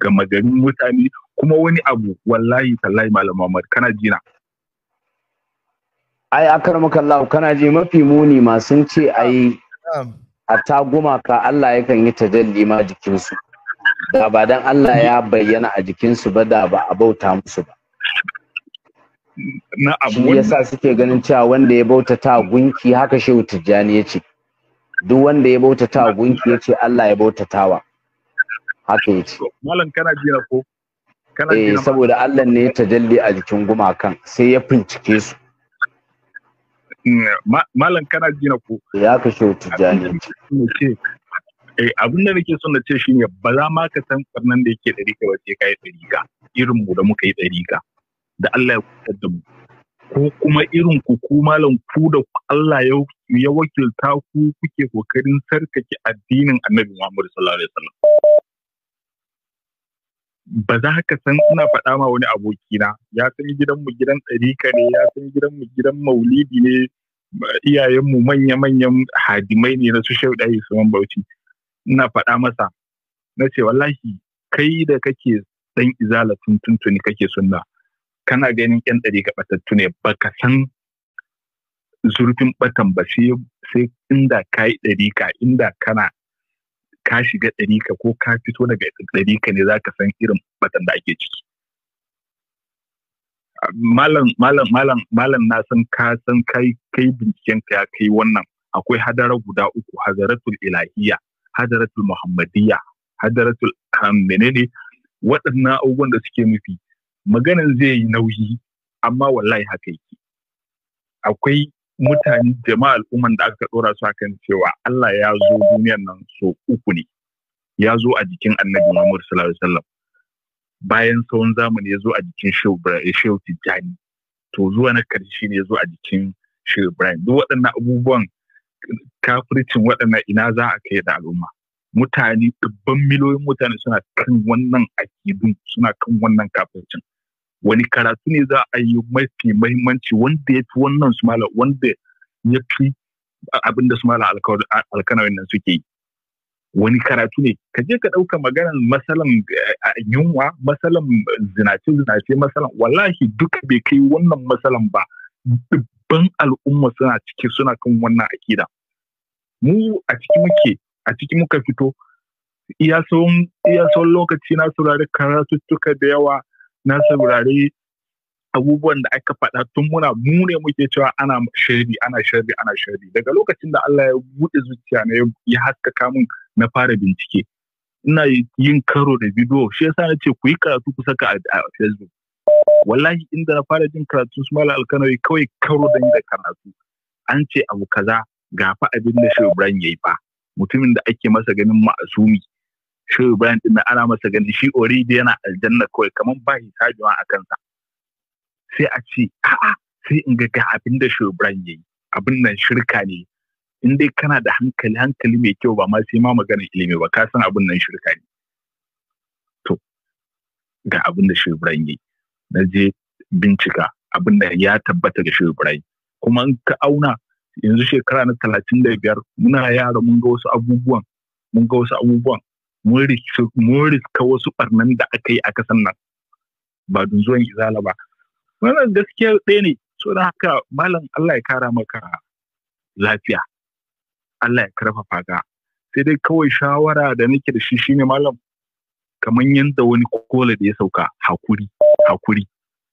ga magarin mutane kuma wani abu wallahi tallahi malam Muhammad kana jina ai akar kana ji mafi muni ma sun ce ai a ta gumaka Allah yakan yi tajalli ma jikinsu da ba dan Allah ya bayyana a jikinsu ba da ba a bauta musu ba na abu shi yasa suke ganin cewa wanda ya bauta ta gunki haka shehu tijjani ya ce duk wanda ya bautata gunki ce Allah ya wa haka ce malam kana jira ko kana jira eh saboda Allah ne ya tajalli a jikin gumakan sai ya fincike su mm, malam kana jira ko ya ka shi tijani eh abin da nake son na ce shi ne, ba za ma ka san karnan da yake dari ka ba sai yi dari ka irin mu da muka yi dari ka da Allah ya kutar da mu ko kuma irin ku ku malam ku da Allah ya ya wakilta ku kuke kokarin sarkake addinin Annabi Muhammad sallallahu alaihi wasallam ba za ka san ina faɗa ma wani abokina ya san gidan mu gidan tsarika ne ya san gidan mu gidan maulidi ne iyayen mu manya-manyan hadimai ne na su su man Bauchi ina faɗa masa na ce wallahi kai da kake dan izala tuntuntuni tuntuni kake sunna kana ganin yan ɗari ɓatattu ne ba ka san zurfin batan ba sai inda ka yi ka, inda kana ka shiga ka, ko ka fito daga ka ne za ka san irin batan da ake ciki. Malam, malam, malam, malam na san ka san kai kai binciken ka kai wannan akwai hadara guda uku hadaratul ilahiyya hadaratul muhammadiyya hadaratul ah, menene waɗannan abubuwan da suke nufi Maganar zai yi nauyi amma wallahi haka yake akwai mutane jama'a al'umman da aka ɗora su kan cewa Allah ya zo duniyar nan so uku ne ya zo a jikin annabi Muhammad sallallahu alaihi wasallam bayan tsawon zamani ya zo a jikin eh, Shehu Tijjani to zuwa na ƙarshe ne ya zo a jikin Shehu Ibrahim duk waɗannan abubuwan kafircin waɗannan ina za a kai da al'umma mutane dubban miliyoyin mutane suna kan wannan akidun suna kan wannan kafircin wani karatu ne za a yi mafi mahimmanci wanda ya fi wannan su mala wanda ya fi abin su mala nan suke yi wani karatu ne ka je ka ɗauka maganar masalan eh, yunwa masalan zinace zinace masalan wallahi duka bai kai wannan masalan ba dubban al'umma suna ciki suna kan wannan akida mu a ciki muke a ciki muka fito iya tsawon lokaci na saurari karatuttuka da yawa na saurari abubuwan da aka faɗa tun muna mune muke cewa ana sharri ana sharri ana sharri daga lokacin da Allah ya buɗe zuciya na ya haskaka mun na fara bincike ina yin karo da bidiyo shi yasa na ce ku yi karatu ku saka a Facebook wallahi inda na fara jin karatu su mala alkanawi kawai karo da da karatu an ce abu kaza ga fa abin da shi Ibrahim yayi ba mutumin da ake masa ganin ma'asumi shehu ibrahim din ana masa ganin shi oridi yana aljanna kawai kamar ba hisabi ma a kansa sai a ce a'a sai in ga abin da shehu ibrahim yayi abin nan shirka ne in dai kana da hankali hankali mai kyau ba ma sai ma magana ilimi ba ka san abin nan shirka ne to ga abin da shehu ibrahim yayi na je bincika abin da ya tabbata ga shehu ibrahim kuma in ka auna yanzu shekara na talatin da biyar muna yara mun ga wasu abubuwan mun ga wasu abubuwan mun riska wasu barnan da aka yi a kasan nan ba don zuwan izala ba wannan gaskiya ɗaya ne so da haka malam Allah ya kara maka lafiya Allah ya karfafa ka sai dai kawai shawara da nake da shi shine malam kamar yadda wani kola da ya sauka hakuri hakuri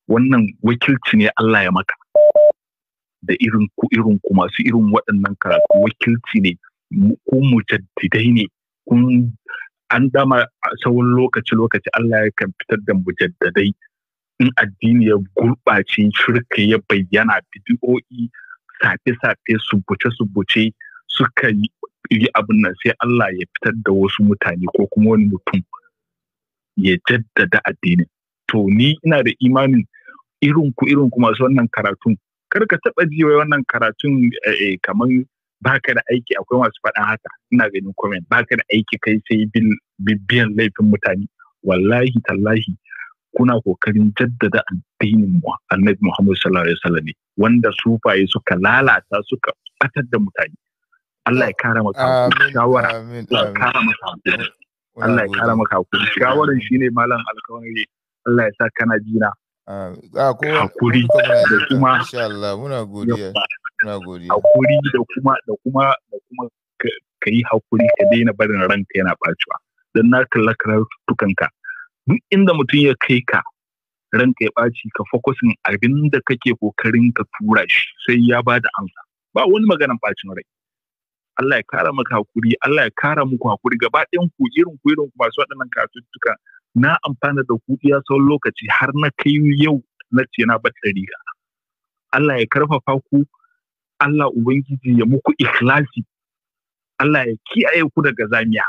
wannan wakilci ne Allah ya maka da irin ku irin ku masu irin waɗannan karatu wakilci ne ku mujaddidai ne kun an dama tsawon lokaci-lokaci Allah ya kan fitar da mujaddadai in addini ya gurɓace shirka ya bayyana bidiyo'i safe-safe su subuce-subuce suka yi abin nan sai Allah ya fitar da wasu mutane ko kuma wani mutum ya jaddada addinin. To ni ina da imanin irinku irinku masu wannan karatun kar ka taɓa jiwa wannan karatun eh, eh, kamar baka da aiki akwai masu faɗin haka ina ganin comment baka da aiki kai sai bibiyan laifin mutane wallahi tallahi kuna kokarin jaddada addinin mu annabi Muhammad sallallahu alaihi wasallam wanda sufaye suka lalata suka fatar da mutane Allah ya kara maka shawara Allah ya kara maka Allah ya kara maka shawaran shine malam alkawari Allah ya sa kana jina a ah, ah, kowa hakuri da kuma insha Allah muna godiya muna godiya hakuri da kuma da kuma da kuma ka yi hakuri ka daina barin ranka yana bacewa dan na kalla karatukanka duk inda mutum ya kai ka ranka ya ɓaci ka fokusin abin da kake kokarin ka tura shi sai ya ba da amsa ba wani maganan ɓacin rai Allah ya kara maka hakuri Allah ya kara muku hakuri gaba ɗayan ku irin ku irin ku masu waɗannan kasuwantuka na amfana da ku iya tsawon lokaci har na kai yau na ce na bar riga. Allah ya karfafa ku Allah ubangiji ya muku ikhlasi Allah ya kiyaye ku daga zamiya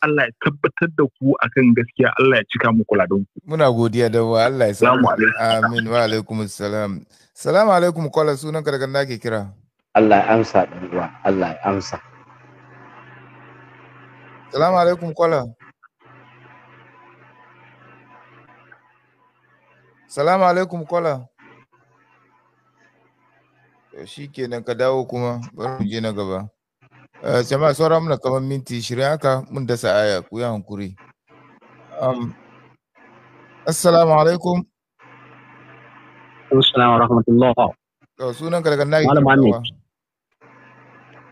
Allah ya tabbatar da ku akan gaskiya Allah ya cika muku ladan ku muna godiya da wa Allah ya samu amin wa alaikum salam. salamu alaikum kwallon sunan ka daga ke kira Allah ya amsa ɗan uwa Allah ya amsa salamu alaikum kwallon. Salamu alaikum kola. Shi kenan ka dawo kuma bari mu je na gaba. Eh, jama'a saura muna kamar minti shirin haka mun dasa aya ku yi hankuri. Um, assalamu alaikum. Assalamu rahmatullah. To sunan ka daga nagi. yi Ahmed.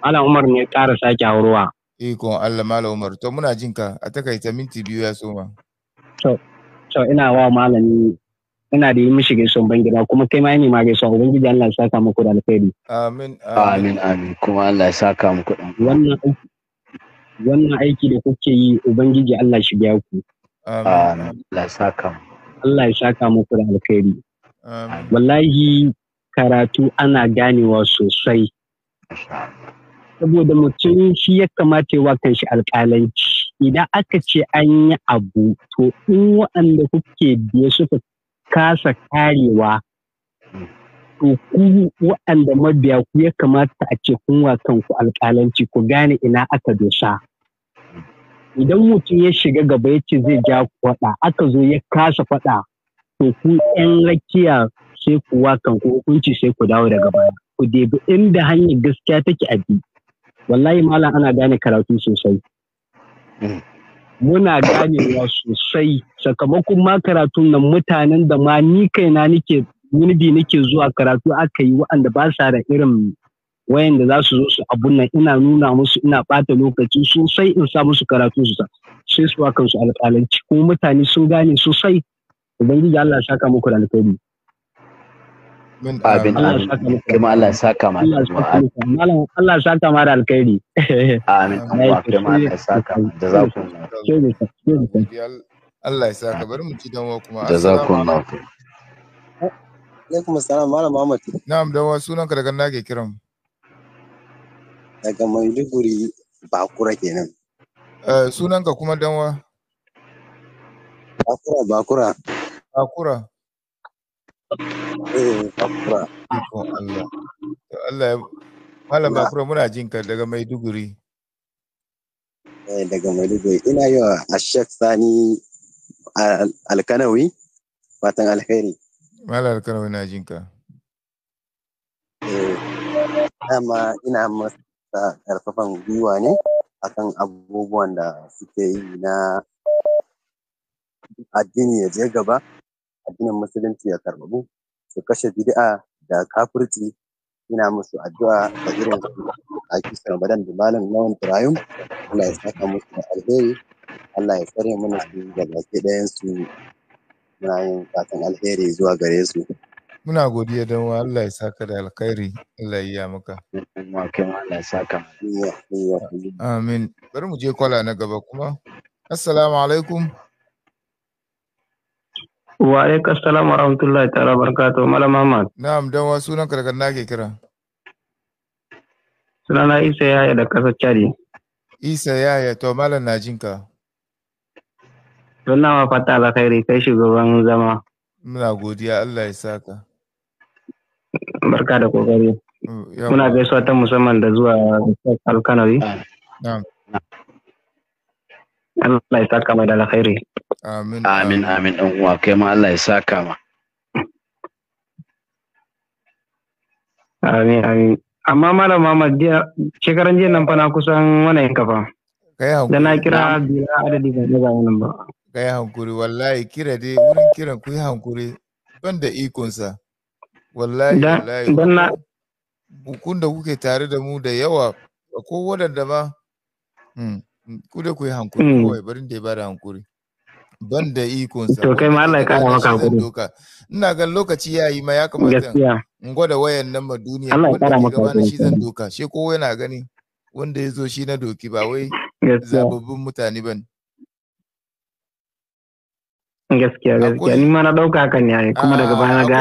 Malam Umar ne ƙara sake aurewa. ko Allah Malam Umar. To muna jin ka a takaita minti biyu ya soma. To, to ina wa malami ina da yi mishi gaisuwan ban gida kuma kai ma ne ma gaisuwa ubangiji Allah ya saka muku da alkhairi amin amin amin kuma Allah ya saka muku da wannan wannan aiki da kuke yi ubangiji Allah shi biya ku amin Allah ya saka Allah ya saka muku da alkhairi wallahi karatu ana ganewa sosai saboda mutum shi ya kamata wa kan shi alƙalanci idan aka ce an yi abu to in waɗanda kuke biye suka kasa karewa to ku waɗanda mabiya ku ya kamata a ce kun wasan kanku alƙalanci ku gane ina aka dosa idan mutum ya shiga gaba ya ce zai ja ku faɗa aka zo ya kasa faɗa to ku yan rakiya sai ku wa ku hukunci sai ku dawo daga baya ku debi inda hanyar gaskiya take a bi wallahi malam ana gane karatu sosai muna ganewa sosai sakamakon ma karatun nan mutanen da ma ni kaina nake wani nake zuwa karatu aka yi waɗanda ba sa da irin wayanda za su zo su abun nan ina nuna musu ina bata lokaci sosai in sa musu karatu su sai su kansu alƙalanci kuma mutane sun gane sosai ubangiji Allah ya saka muku da alƙalanci abin amin kuma Allah ya saka ma malam Allah ya saka ma da alkhairi amin kuma Allah ya saka jazakum Allah ya saka bari mu ci danwa kuma jazakum Allah alaikum assalam malam Muhammad na'am danwa sunanka daga na ke kiran daga Maiduguri Bakura kenan eh, sunanka kuma danwa Bakura Bakura Bakura Eh, Allah. Malam muna daga Maiduguri. Eh, daga Maiduguri. Ina yi wa Ashek Sani Alkanawi fatan alheri. Malam Alkanawi na eh, dama ina masa karfafan gwiwa ne akan abubuwan da suke yi na addini ya je gaba. addinin musulunci ya karbabu su kashe bid'a da kafirci ina musu addu'a da irin a kisan ramadan da malam lawan turayum Allah ya saka musu da alheri Allah ya tsare mana su da baki ɗayan su muna yin fatan alheri zuwa gare su muna godiya don wa Allah ya saka da alkhairi Allah ya yi maka Allah ya saka amin bari mu je kwala na gaba kuma assalamu alaikum Wa alaikum assalam wa rahmatullahi ta'ala barakatuh. Malam Muhammad. Na'am, dan wa sunan ka daga na ke kira. Sunana Isa Yaya da kasa Chadi. Isa Yaya to malam na jin ka. Don wa fata alkhairi kai shugaban zama. Muna godiya Allah ya saka. Barka da kokari. Muna gaisuwa ta musamman da zuwa Alkanawi. Na'am. Allah ya saka mai da alkhairi. Amin. Amin amin dan uwa kai ma Allah ya saka ma. Amin amin. Amma malam Muhammad jiya shekaran jiya nan fa na kusan wannan fa. Kai hakuri. Da na kira bila adadi ban ga nan ba. Kai hankuri wallahi kira dai wurin kiran ku yi hankuri ban da ikonsa. Wallahi wallahi. Dan na kun da kuke tare da mu da yawa ko wadanda ba. Hmm, ku da ku yi hankuri hmm. kawai barin da ya bada hankuri. ban da ikon sa to kai ma Allah ya kara maka hakuri ina ga lokaci ya yi ma ya kamata in gwada wayan nan ma duniya Allah ya kara maka hakuri shi zan doka shi ko yana gani wanda ya zo shi na doki ba wai zababbin mutane ba. gaskiya gaskiya ni ma na dauka hakan ne kuma daga ah, baya na ga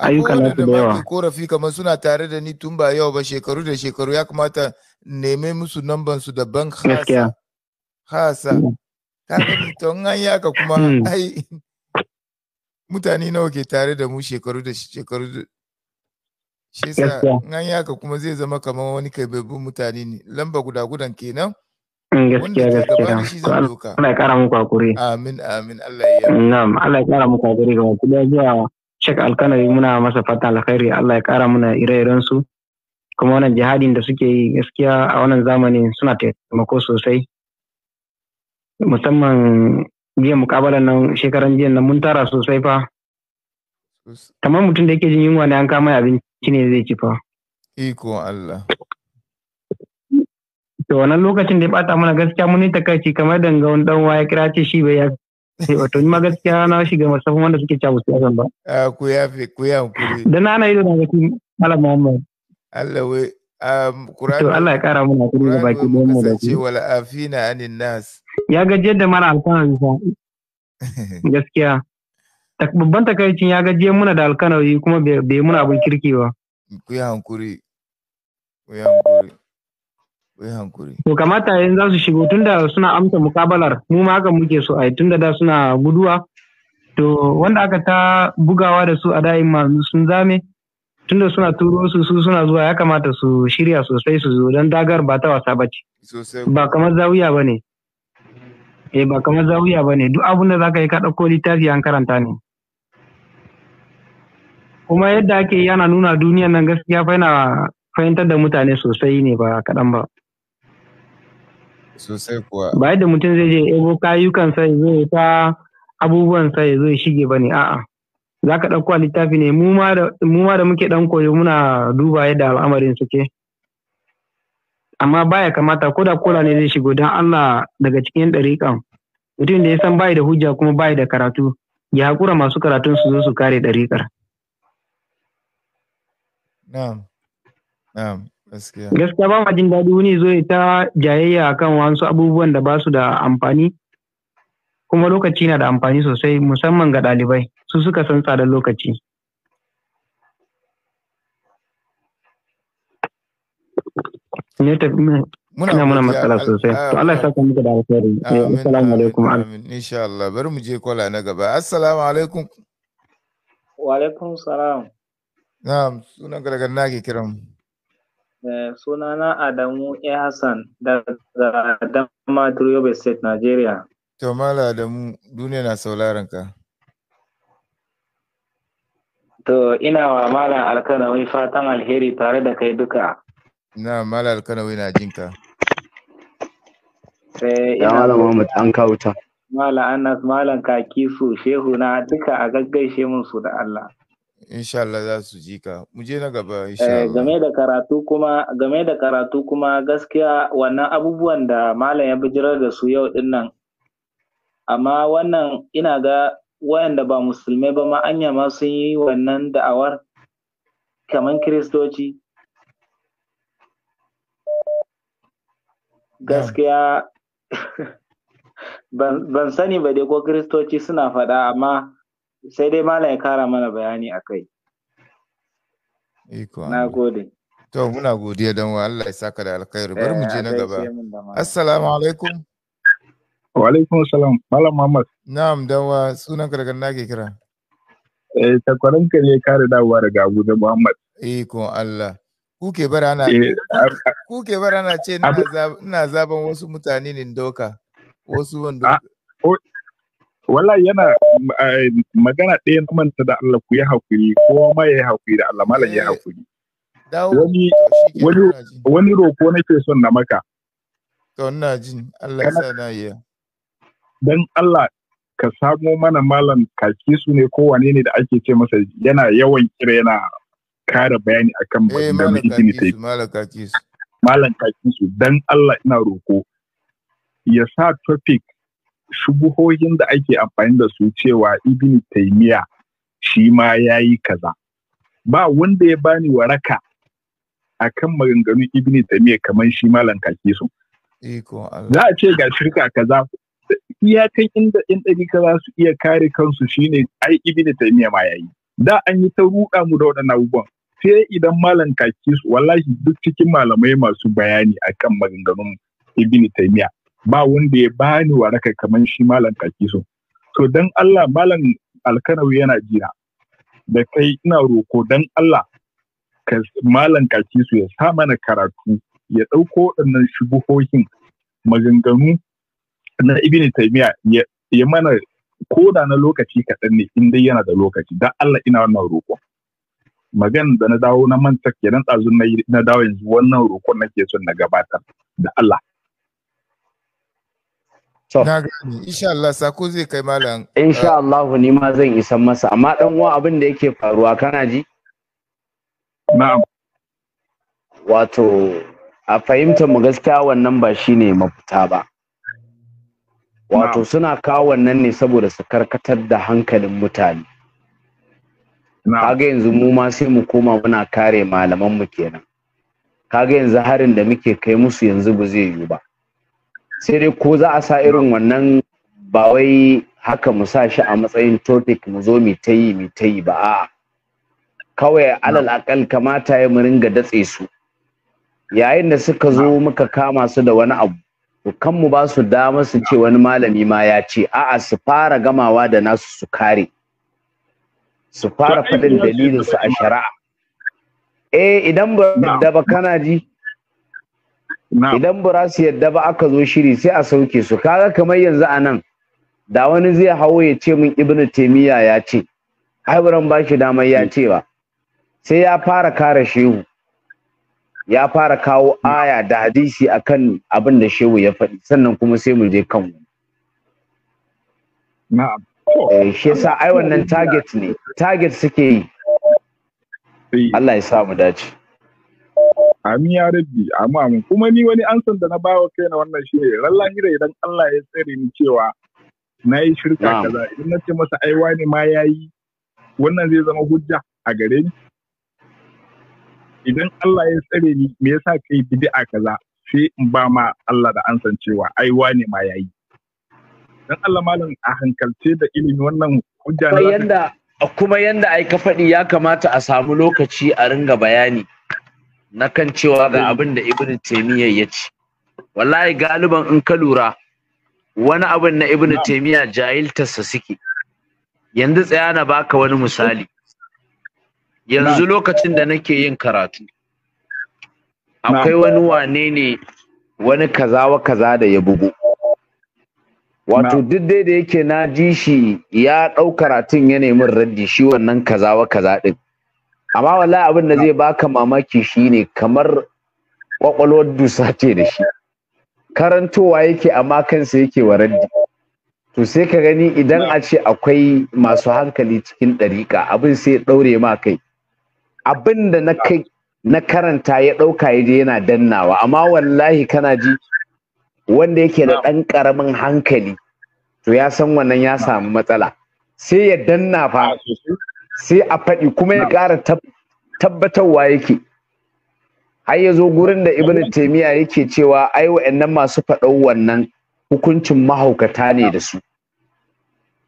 ayyuka na da yawa korafi kamar suna tare da ni tun ba yau ba shekaru da shekaru ya kamata neme musu namban su daban hasa hasa mm. ta gani to an yaka kuma hmm. ai mutane nawa ke tare da mu shekaru da shekaru shi sa in an yaka kuma zai zama kamar wani kaibabin mutane ne lamba guda gudan kenan hmm, gaskiya gaskiya Allah ya kara muku hakuri amin amin Allah ya na'am Allah ya kara muku hakuri ga ku da zuwa Sheikh Alkanari muna masa fata alkhairi Allah ya kara muna ire-iren su kuma wannan jihadin da suke yi gaskiya a wannan zamanin suna taimako sosai musamman jiya mukabalan nan shekaran jiya nan mun tara sosai fa kamar mutum da yake jin yunwa ne an kama abinci ne zai ci fa iko Allah to wannan lokacin da ya bata mana gaskiya mun yi takaici kamar danga wani dan waya kira ce shi bai ya sai wato ma gaskiya na shiga masafin wanda suke cabu su yasan ba ah, ku ya fi ku ya hankuri da na na yi da na ga malam Muhammad Allah wai Um, Allah ya kara muna kuri da baki don mu da shi. Wal afina anin nas. Ya gajiyar da mara alfahari fa. Gaskiya. Babban takaicin ya gajiyar muna da alkanawi kuma bai muna abin kirki ba. Ku yi hankuri. Ku yi hankuri. Ku yi hankuri. To kamata yanzu za su shigo tunda suna amsa mukabalar mu ma haka muke so ai tunda da suna guduwa. To wanda aka ta bugawa da su a ma sun zame. tunda suna turo su su suna zuwa ya kamata su shirya sosai su zo don dagar ba ta wasa bace ba kamar zawiya ne eh ba kamar zawiya ne duk abin da ka yi ka littafi an karanta ne kuma yadda ake yana nuna duniyan nan gaskiya fa yana fahimtar da mutane sosai ne ba kaɗan ba sosai kuwa ba yadda mutum zai je ebo kayukan sai zai ta abubuwan sai zai shige bane a'a za ka ɗauko littafi ne mu ma da muke ɗan koyo muna duba yadda al'amarin suke amma baya kamata ko da kola ne zai shigo don Allah daga cikin ɗariƙan mutum da ya san bayi da hujja kuma bayi da karatu ya haƙura masu karatun su zo su kare ɗariƙar. Gaskiya ba ma jin daɗi wuni zo ta jayayya kan wasu abubuwan da ba su da amfani kuma lokaci na da amfani sosai musamman ga ɗalibai. su suka san tsadar lokaci ne tafi muna muna matsala sosai to Allah ya saka muku da alheri eh, assalamu alaikum amin insha Allah bari mu je kwala na gaba assalamu alaikum wa alaikum salam na'am sunan gargar na ke kiran eh, sunana Adamu E Hassan daga Adama Yobe State Nigeria to mala Adamu duniya na sauraron ka To ina wa Malam Alkanawi fatan alheri tare da kai duka. Na Malam Alkanawi na jinka. Eh, ya Malam Muhammad an kawuta. Malam Anas, Malam Kakisu, Shehu na duka a gaggaishe mun su da Allah. Insha Allah za su ji ka. Mu je na gaba insha eh, Allah. Game da karatu kuma game da karatu kuma gaskiya wannan abubuwan da malam ya bijirar da su yau din nan. Amma wannan ina ga waɗanda ba musulmai ba ma anya ma sun yi wannan da'awar kamar kiristoci gaskiya ban sani ba dai ko kiristoci suna faɗa amma sai dai malam ya kara mana bayani a kai na gode to muna godiya don wa Allah ya saka da alkhairi bari mu je eh, na gaba assalamu alaikum Wa salam, Malam Muhammad. Na'am, wa sunan daga na ke kira. Eh, ka ne kare dawowa daga Abuja Muhammad. Eh, ko Allah. Kuke bara ana kuke bara na ce ina zaben wasu mutane ne doka. Wasu wanda ah, Wala yana eh, magana ɗaya na manta da Allah ku yi hakuri, kowa ma ya yi hakuri da Allah, malam ya eh, hakuri. Wani wani wani roko nake son na maka. To na jin Allah ya sa na yi. dan Allah ka samo mana malam kaki su ne ko wane ne da ake ce masa yana yawan kira yana kara bayani akan kan izini ta yi. Malam kaki su dan Allah ina roko ya sa topic shubuhohin da ake amfani da su cewa ibn taimiya shi ma ya yi kaza. Ba wanda ya bani waraka akan maganganun ibn taimiya kamar shi malam kaki su. Za a ce ga shirka kaza iyakan inda in ka za su iya kare kansu shine ai da taymiya ma yayi da an yi ta ruɗa mu da waɗannan abubuwan sai idan malam kaki su wallahi duk cikin malamai masu bayani akan maganganun ibn taymiya ba wanda ya bani waraka kamar shi malam kaki su to dan Allah malam alkanawi yana jira da kai ina roko dan Allah malam kaki su ya sa mana karatu ya ɗauko waɗannan shubuhohin maganganu na ibn taymiya ya mana ko da na lokaci kaɗan ne in dai yana da lokaci dan Allah ina wannan roƙon magan da na dawo na manta kenan ɗazun na na dawo yanzu wannan roƙon nake son na gabatar da Allah Na gani, insha Allah sako zai kai malam. Insha Allah ni ma zan isa masa, amma ɗan uwa abin da yake faruwa kana ji? Na'am. Wato a fahimtar mu gaskiya wannan ba shi ne mafita ba. wato suna kawo wannan ne saboda su karkatar da hankalin mutane kaga yanzu mu ma sai mu koma muna kare malaman mu kenan kaga yanzu harin da muke kai musu yanzu ba zai yiwu ba sai dai ko za a sa irin wannan ba wai haka mu sa shi a matsayin topic mu zo mu ta yi mu ta ba a'a kawai alal akal kamata ya mu ringa datse su yayin da suka zo muka kama su da wani abu kan mu ba su dama su ce wani malami ma ya ce a'a su fara gamawa da nasu su kare su fara faɗin dalilin su a shari'a eh idan ba da ba kana ji idan ba su yadda ba aka zo shiri sai a sauke su kaga kamar yanzu a nan da wani zai hawo ya ce min ibnu taymiya ya ce ai ba shi damar ya ce ba sai ya fara kare shehu ya fara kawo aya da hadisi akan abin da shehu ya faɗi sannan kuma sai mu je kan na'am eh, shi yasa ai wannan target ne target suke yi eh. Allah ya sa mu dace amin ya rabbi amma kuma ni wani ansan da na bawa na wannan shi ne, ran lahira idan Allah ya tsare ni cewa na yi shirka kaza idan na ce masa ai wani ma yayi wannan zai zama hujja a gare ni idan Allah ya tsare ni me yasa kai bid'a kaza sai in ba ma Allah da ansan cewa ai wane ma yayi dan Allah malam a hankalce da ilimi wannan hujja ne yanda kuma yanda ai ka faɗi ya kamata a samu lokaci a ringa bayani na kan cewa ga mm. abin da Ibn Taymiyyah ya ce wallahi galiban in ka lura wani abin na Ibn jahilta sa suke yanzu tsaya na baka wani misali yanzu lokacin da nake yin karatu akwai wani wane ne wani kazawa kaza da ya bugu wato duk dai da yake na ji shi ya ɗau karatun ya nemi raddi shi wannan kazawa kaza ɗin amma wallahi abin da zai baka mamaki shine kamar kwakwalwar dusa ce da shi karantowa yake amma kansa yake wa raddi to sai ka gani idan a ce akwai masu hankali cikin ɗariƙa abin sai ya ɗaure ma kai abin da na karanta ya ɗauka ya je yana dannawa amma wallahi kana ji wanda yake da ɗan ƙaramin hankali to ya san wannan ya samu matsala sai ya danna fa sai a faɗi kuma ya ƙara tabbatarwa yake har ya zo gurin da ibn taimiya yake cewa ai wa'annan masu faɗau wannan hukuncin mahaukata ne da su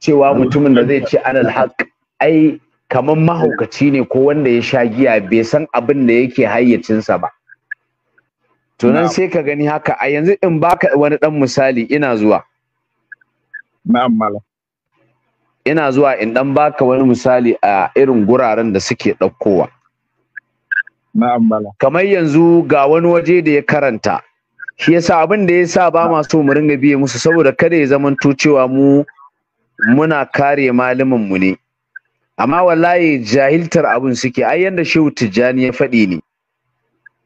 cewa mutumin da zai ce anal alhaq ai kamar mahaukaci ne ko wanda ya sha giya bai san abin da yake hayyacinsa ba to nan sai ka gani haka a yanzu in baka wani dan misali ina zuwa na'am ina zuwa in dan baka wani misali a irin guraren da suke ɗaukowa na'am kamar yanzu ga wani waje da ya karanta shi yasa abin da sa ba ma so mu ringa biye musu saboda kada ya zamanto cewa mu muna kare malamin mu ne amma wallahi jahiltar abun suke ai yanda shehu tijjani ya faɗi ne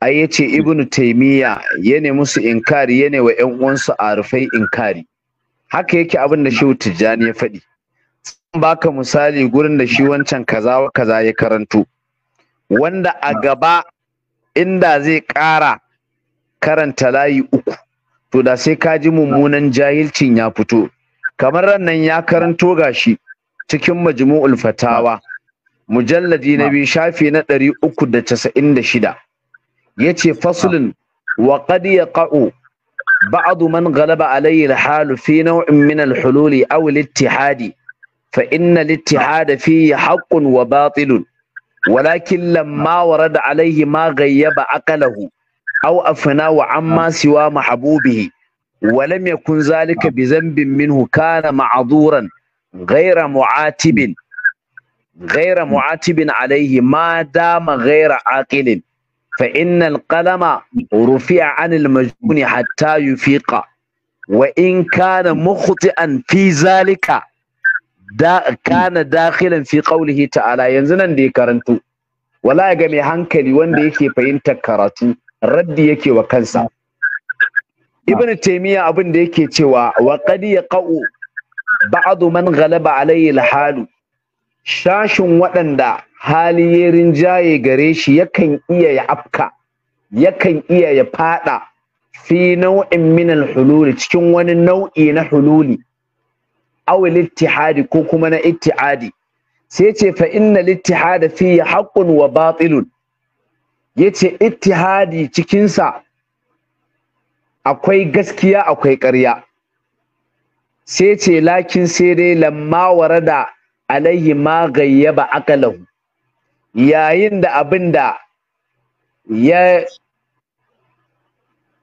ai ya ce ibnu taimiya ya musu inkari ya ne wa ƴan uwansu arufai inkari haka yake abin da shehu tijjani ya faɗi zan baka misali gurin da shi wancan kaza kaza ya karanto wanda a gaba inda zai ƙara karanta layi uku to da sai ka ji mummunan jahilcin ya fito kamar ran nan ya karanto gashi cikin majmu'ul fatawa mujalladi na biyu shafi na ɗari uku da casa'in da shida ya ce fasulin wa qad yaqa'u ba'du man ghalaba alayhi al-hal fi naw'in min al-hululi aw al-ittihadi fa inna al-ittihada fihi haqqun wa batilun ولكن لما ورد عليه ما غيب عقله أو أفناه عما سوى محبوبه ولم يكن ذلك بذنب منه كان معذورا Gaira mu'atibin ghaira alaihi ma dama ghaira aqilin fa innal qalama rufi'a anil majnuni hatta yufiqa wa in kana mukhti'an fi zalika da kana dakhilan fi qawlihi ta'ala yanzu nan da ya karanto wala ga mai hankali wanda yake fahimtar karatu raddi yake wa kansa ibn taymiya abin yake cewa wa qad yaqa'u ba'adu man ghalaba alayhi sashin shashin waɗanda hali ya rinjaye gare shi yakan iya ya afka yakan iya ya fada fi nau'in min hululi cikin wani nau'i na hululi aw ittihadi ko kuma na ittihadi sai ce fa inna ittihada fi haqqun wa batilun yace ittihadi cikin sa akwai gaskiya akwai ƙarya sai ce lakin sai dai lamma da alaihi ma gayyaba akalahu yayin da abin da ya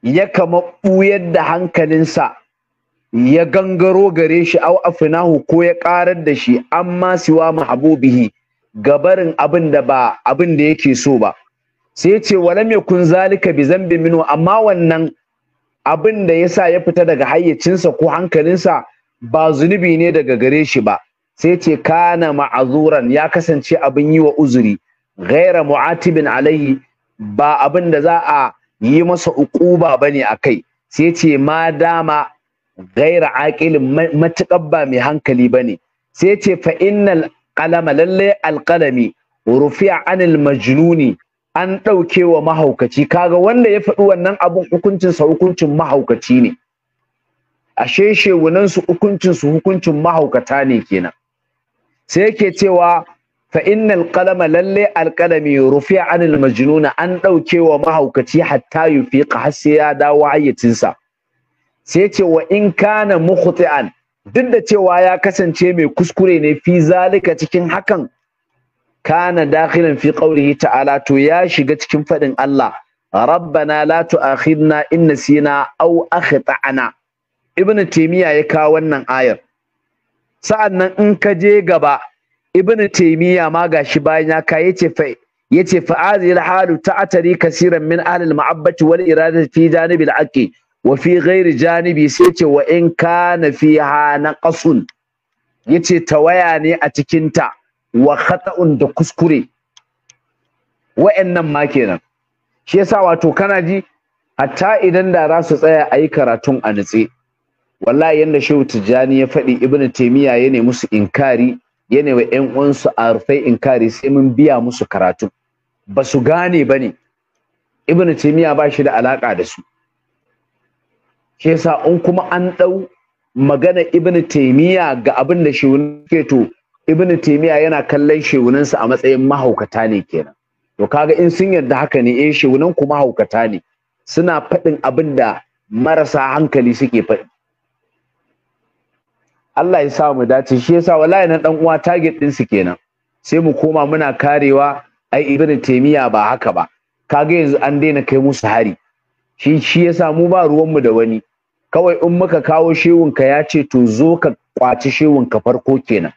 ya kama ɓuyar da hankalinsa ya gangaro gare shi au afinahu ko ya ƙarar da shi amma siwa mahabubihi gabarin abin da ba abin da yake so ba sai ce wala me kun zalika bi zambi minu amma wannan abin da ya sa ya fita daga hayyacinsa ko hankalinsa ba zunubi ne daga gare shi ba sai ce kana ma'azuran ya kasance abin yi wa uzuri Gaira mu'atibin alaihi ba abin da za a yi masa uquba bane akai sai ce ma dama gaira aqilin matuƙar ba mai hankali bane sai ce fa innal qalama lalle alqalami rufi'a anil majnuni an ɗauke wa mahaukaci kaga wanda ya faɗi wannan abun hukuncinsa hukuncin mahaukaci ne ashe shewunansu hukuncinsu hukuncin mahaukata ne kenan sai yake cewa fa innal qalama lalle alqalami rufi'a anil majnuna an ɗauke wa mahaukaci hatta yufiqa har sai ya dawo hayyacinsa sai ce wa in kana mukhti'an duk da cewa ya kasance mai kuskure ne fi zalika cikin hakan kana dakhilan fi qawlihi ta'ala to ya shiga cikin fadin Allah rabbana la tu'akhidna in nasina aw akhtana ibn taymiya ya kawo wannan ayar sa'annan in ka je gaba ibn taymiya ma gashi bayan ya ka yace fa yace fa hadhihi halu ta'tari kaseeran min ahli al-ma'abbati wal iradati fi janibi al-aqi wa fi ghairi janibi sai yace wa in kana fiha naqasun yace tawaya ne a cikin ta wa khata'un da kuskure wa'annan ma kenan shi yasa wato kana ji hatta idan da za su tsaya a yi karatun a nutse wallahi yanda shehu tijjani ya faɗi ibnu taymiya ya ne musu inkari ya wa ƴan uwansu a rufe inkari sai mun biya musu karatu ba su gane ba ne ibnu taymiya ba shi da alaka da su shi yasa in kuma an dau magana ibnu taymiya ga abin da shehu ke to ibnu taymiya yana kallon shehunansa a matsayin mahaukata ne kenan to kaga in sun yarda haka ne eh shehunan ku mahaukata ne suna faɗin abin da marasa hankali suke faɗi Allah ya sa mu dace shi yasa wallahi nan dan uwa target din su kenan sai mu koma muna karewa ai ibnu taymiya ba haka ba kaga yanzu an daina kai musu hari shi shi yasa mu ba ruwan mu da wani kawai in muka kawo shehunka ya ce to zo ka kwaci shehunka farko kenan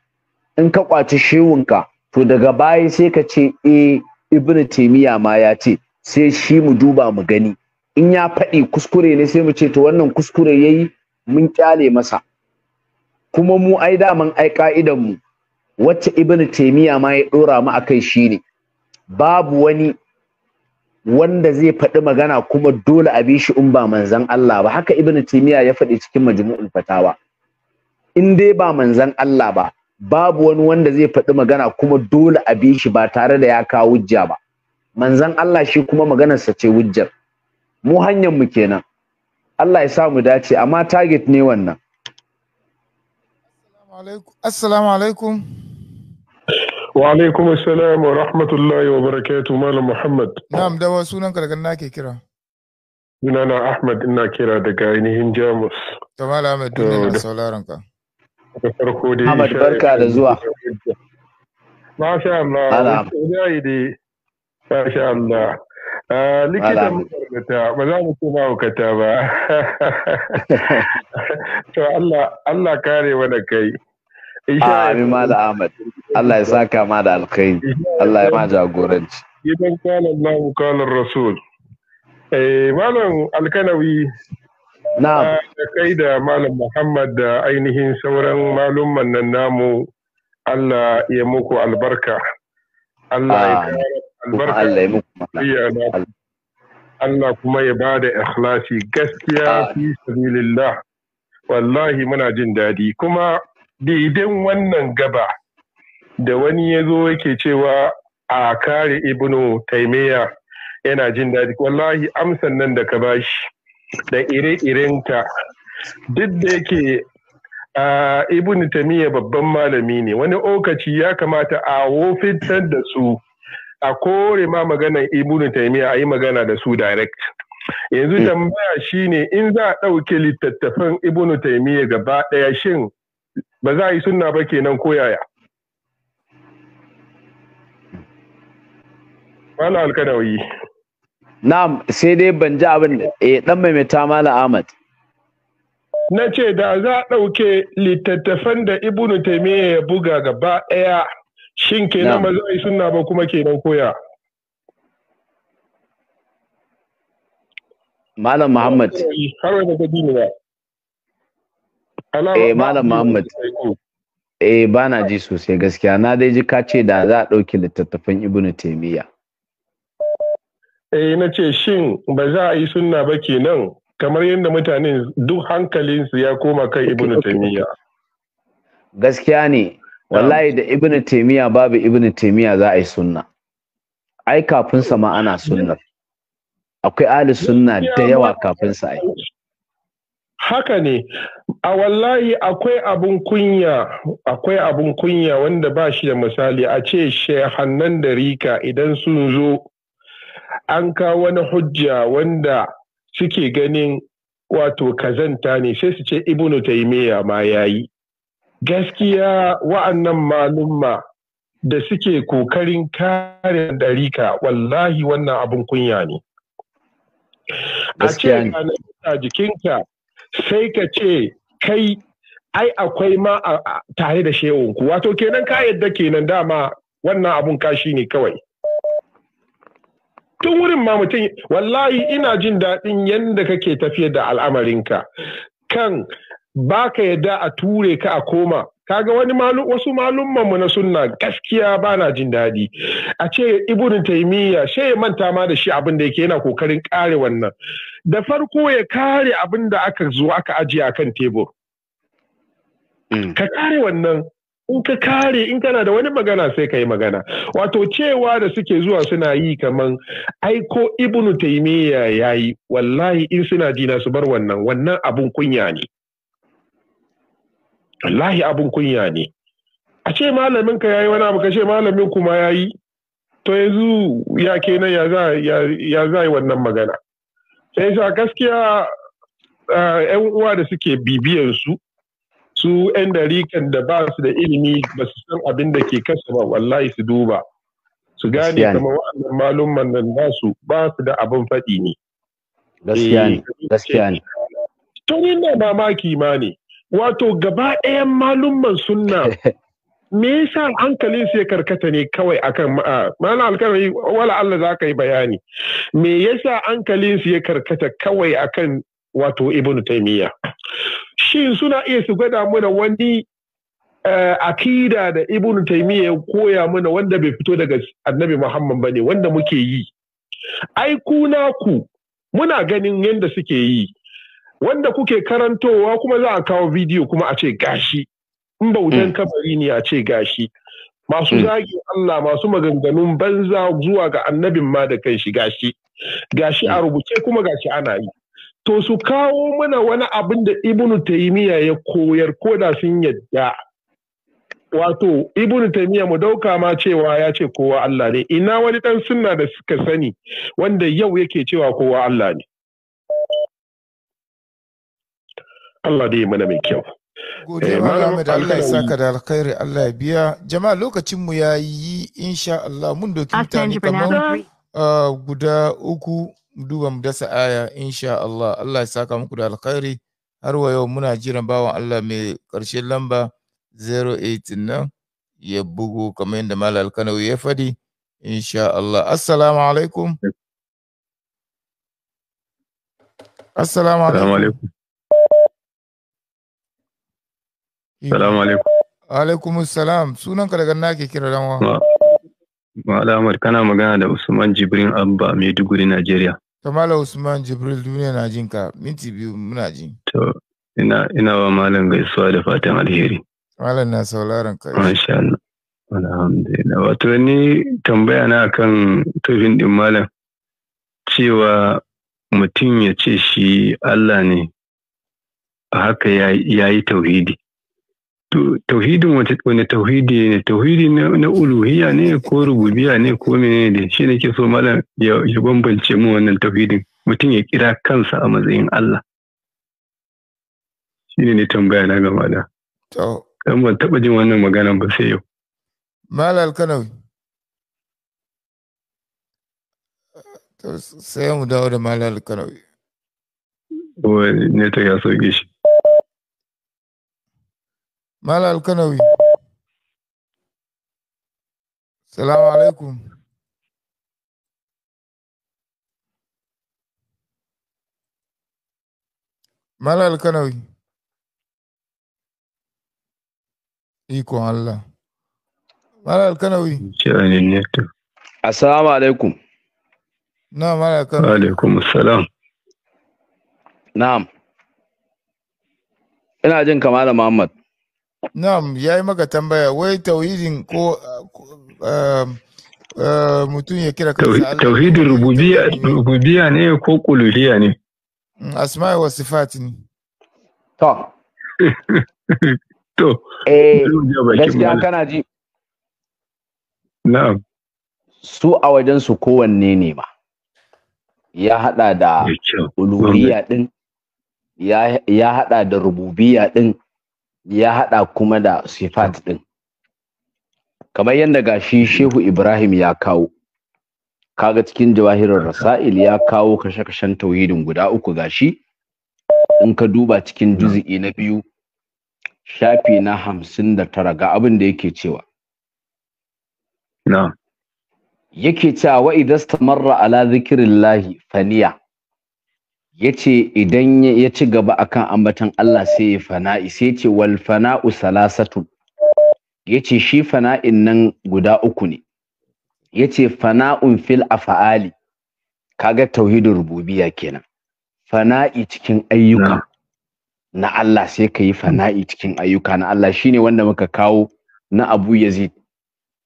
in ka kwaci ka to daga baya sai ka ce e eh, ibnu taymiya ma ya ce sai shi mu duba mu gani in ya faɗi kuskure ne sai mu ce to wannan kuskure yayi mun kyale masa kuma mu ai daman ai ka'idan mu wacce ibn taymiya ma ya dora mu akai shine babu wani wanda zai faɗi magana kuma dole a bi shi in ba manzan Allah ba haka ibn taymiya ya faɗi cikin majmu'ul fatawa in dai ba manzan Allah ba babu wani wanda zai faɗi magana kuma dole a bi shi ba tare da ya kawo hujja ba manzon Allah shi kuma maganarsa ce hujjar mu hanyar mu kenan Allah ya sa mu dace amma target ne wannan assalamu alaikum wa alaikum assalam wa rahmatullahi wa barakatuh malam muhammad na'am da sunan ka daga nake kira sunana ahmad ina kira daga ainihin jamus to malam ahmad duniya sauraron ka da farko dai Ahmad barka da zuwa Masha Allah dai dai Masha Allah ah, likita makarata ba za mu ce mahaukata ba to Allah Allah kare mana kai Amin Mala Ahmad Allah ya saka ma da alkhairi Allah ya ma jagoranci Idan kana Allah kana Rasul eh, malam alkanawi Ah, da kai da malam muhammad da ainihin sauran malumman nan namu allah ya muku albarka allah ya Allah kuma ya ba da ikhlasi gaskiya fi sabilillah wallahi muna jin daɗi kuma daidan wannan gaba da wani ya zo yake cewa a kare ibnu taimiyya yana jin daɗi wallahi amsan nan da ka bashi da ire-irenta duk da yake ibn tamiya babban malami ne wani okaci ya kamata a wofitar da su a kore ma maganar ibn tamiya a yi magana da su direct yanzu hmm. tambaya shine in za a ɗauke littattafan ibn tamiya gaba ɗaya shin ba za a yi sunna ba kenan ko yaya Malam Alkanawi. Na'am, sai dai ban ji abin da eh dan maimaita Malam Ahmad. Na ce da za a ɗauke littattafan da Ibnu Taimiyya ya buga gaba ɗaya shin kenan ba za yi sunna ba kuma kenan koya. Malam Muhammad. Har wani gadi ne ba. Eh Malam Muhammad. Eh ba na ji sosai gaskiya na dai ji ka ce da za a ɗauke littattafan Ibnu Taimiyya. eh na ce shin ba za a yi sunna ba kenan kamar yadda mutane duk hankalinsu ya koma kan ibn taimiyya gaskiya ne wallahi da ibn taimiyya babu ibn taimiyya za a yi sunna ai kafin sa ma ana sunna akwai ahli sunna da yawa kafin sa ai haka ne a wallahi akwai abun kunya akwai abun kunya wanda ba shi da misali a ce shehannan da rika idan sun zo an kawo wani hujja wanda suke ganin wato kazanta ne sai su ce ibnu taimiyya ma ya yi gaskiya wa'annan malumma da suke kokarin kare ɗarika wallahi wannan abin kunya ne a ce a jikinka sai ka ce kai ai akwai ma tare da shehunku wato kenan ka yadda kenan dama wannan abun kashi ne kawai tun wurin ma mutum wallahi ina jin daɗin yadda kake tafiyar da al'amarinka kan baka yadda a ture ka a koma kaga wani malu, wasu malumman mu na sunna gaskiya ba na jin daɗi a ce ibnu taimiyya she ya manta ma da shi abin da yake yana kokarin kare wannan da farko ya kare abin da aka zo aka ajiye a kan tebur mm. ka kare wannan in ka kare in kana da wani magana sai ka yi magana wato cewa da suke zuwa suna yi kaman aiko ibnu taimiyya ya yi wallahi in suna jina su bar wannan wannan abun kunya ne wallahi abun kunya ne a ce malamin ka yayi wani abu ka ce malamin kuma ya yi? to yanzu ya ke ya za ya za yi wannan magana sai sa gaskiya yan ah, uwa da suke bibiyansu. su su 'yan dariƙan da ba su da ilimi ba su san abin da ke kasa ba wallahi su duba su gane kama wa'annan malumman nan su ba su da abin faɗi ne gaskiya ne eh, gaskiya ne to ni na mamaki ma ne wato gaba ɗayan malumman sunna me yasa hankalin sai karkata ne kawai akan ma'ana alkarai wala Allah za ka yi bayani me yasa hankalin ya karkata kawai akan wato Ibn taimiyya shin suna iya su gwada mana wani eh, akida da Ibn taimiyya ya koya mana wanda bai fito daga annabi muhammad ba ne wanda muke yi ai kuna ku muna ganin yadda suke yi wanda kuke karantowa kuma za a kawo bidiyo kuma a ce gashi in bautan mm. kabari ne a ce gashi masu mm. zagin Allah masu maganganun banza zuwa ga annabin ma da kan shi gashi gashi a mm. rubuce kuma gashi ana yi to su kawo mana wani abin da ibnu taimiyya ya koyar ko da sun yadda wato ibnu taimiyya mu dauka ma cewa ya ce kowa Allah ne ina wani dan sunna da suka sani wanda yau yake cewa kowa Allah ne Allah da mana mai kyau Godiya eh, Muhammad Allah ya saka da alkhairi Allah ya biya jama'a lokacin mu yayi insha Allah mun doki mutane kamar ah, guda uku duba mu dasa aya insha Allah Allah ya saka muku da alkhairi har wa yau muna jiran bawan Allah mai ƙarshen lamba 08 nan ya bugu kamar yadda Malam Alkanawi ya fadi insha Allah assalamu alaikum assalamu alaikum Assalamu alaikum. Alaikum salam. Sunan ka daga nake kira dan wa. Malam Ahmad kana magana da Usman Jibrin Abba Maiduguri Najeriya. To Malam Usman Jibril duniya na jin ka minti biyu muna ji. To ina ina wa malam gaisuwa da fatan alheri. Malam na sauraron ka. Masha Allah. Alhamdulillah. Wato ni tambaya na kan tofin din malam cewa mutum ya ce shi Allah ne haka ya yi tauhidi. tauhidin wani tauhidi ne tauhidi na uluhiyya ne ko rububiya ne ko mene ne shi ne ke so malam ya bambance mu wannan tauhidin mutum ya kira kansa a matsayin Allah shi ne ne tambaya na gama da dan ban taba jin wannan magana ba sai yau malal kanau sai mu dawo da malal kanau ne ta ya sauke shi Mala Alkanawi. Salamu alaikum. Mala Alkanawi. Iko Allah. Mala Alkanawi. Sha'anin neto. Assalamu alaikum. Na Mala Alkanawi. Alaikum assalam. Na'am. Ina jin kamala Muhammad. Na'am, ya yi maka tambaya, wai tauhidin ko ah, ah, ah, mutum ya kira kansa Tauhidin rububiya ne ko kuluhiya ne? Mm, asma'i wa sifati ne. To. To. Eh, gaskiya kana ji. Na'am. Su a wajen su kowanne ne ba. Ya hada da uluhiya din, ya hada da rububiya din, ya haɗa kuma da sifat ɗin kamar yadda gashi shehu ibrahim ya kawo kaga cikin jawahirar rasa'il ya kawo kashe-kashen tauhidin guda uku gashi in ka duba cikin juzi'i na biyu shafi na hamsin da tara ga abin da yake cewa yake cewa wa idan marra ala zikirillahi faniya yace idan ya ci gaba akan ambatan Allah sai ya fana'i sai ce wal fana'u salasatu yace shi fana'in nan guda uku ne yace fana'un fil af'ali kaga tauhidin rububiyya kenan fana'i cikin ayyuka na Allah sai ka yi fana'i cikin ayyuka na Allah shine wanda muka kawo na Abu Yazid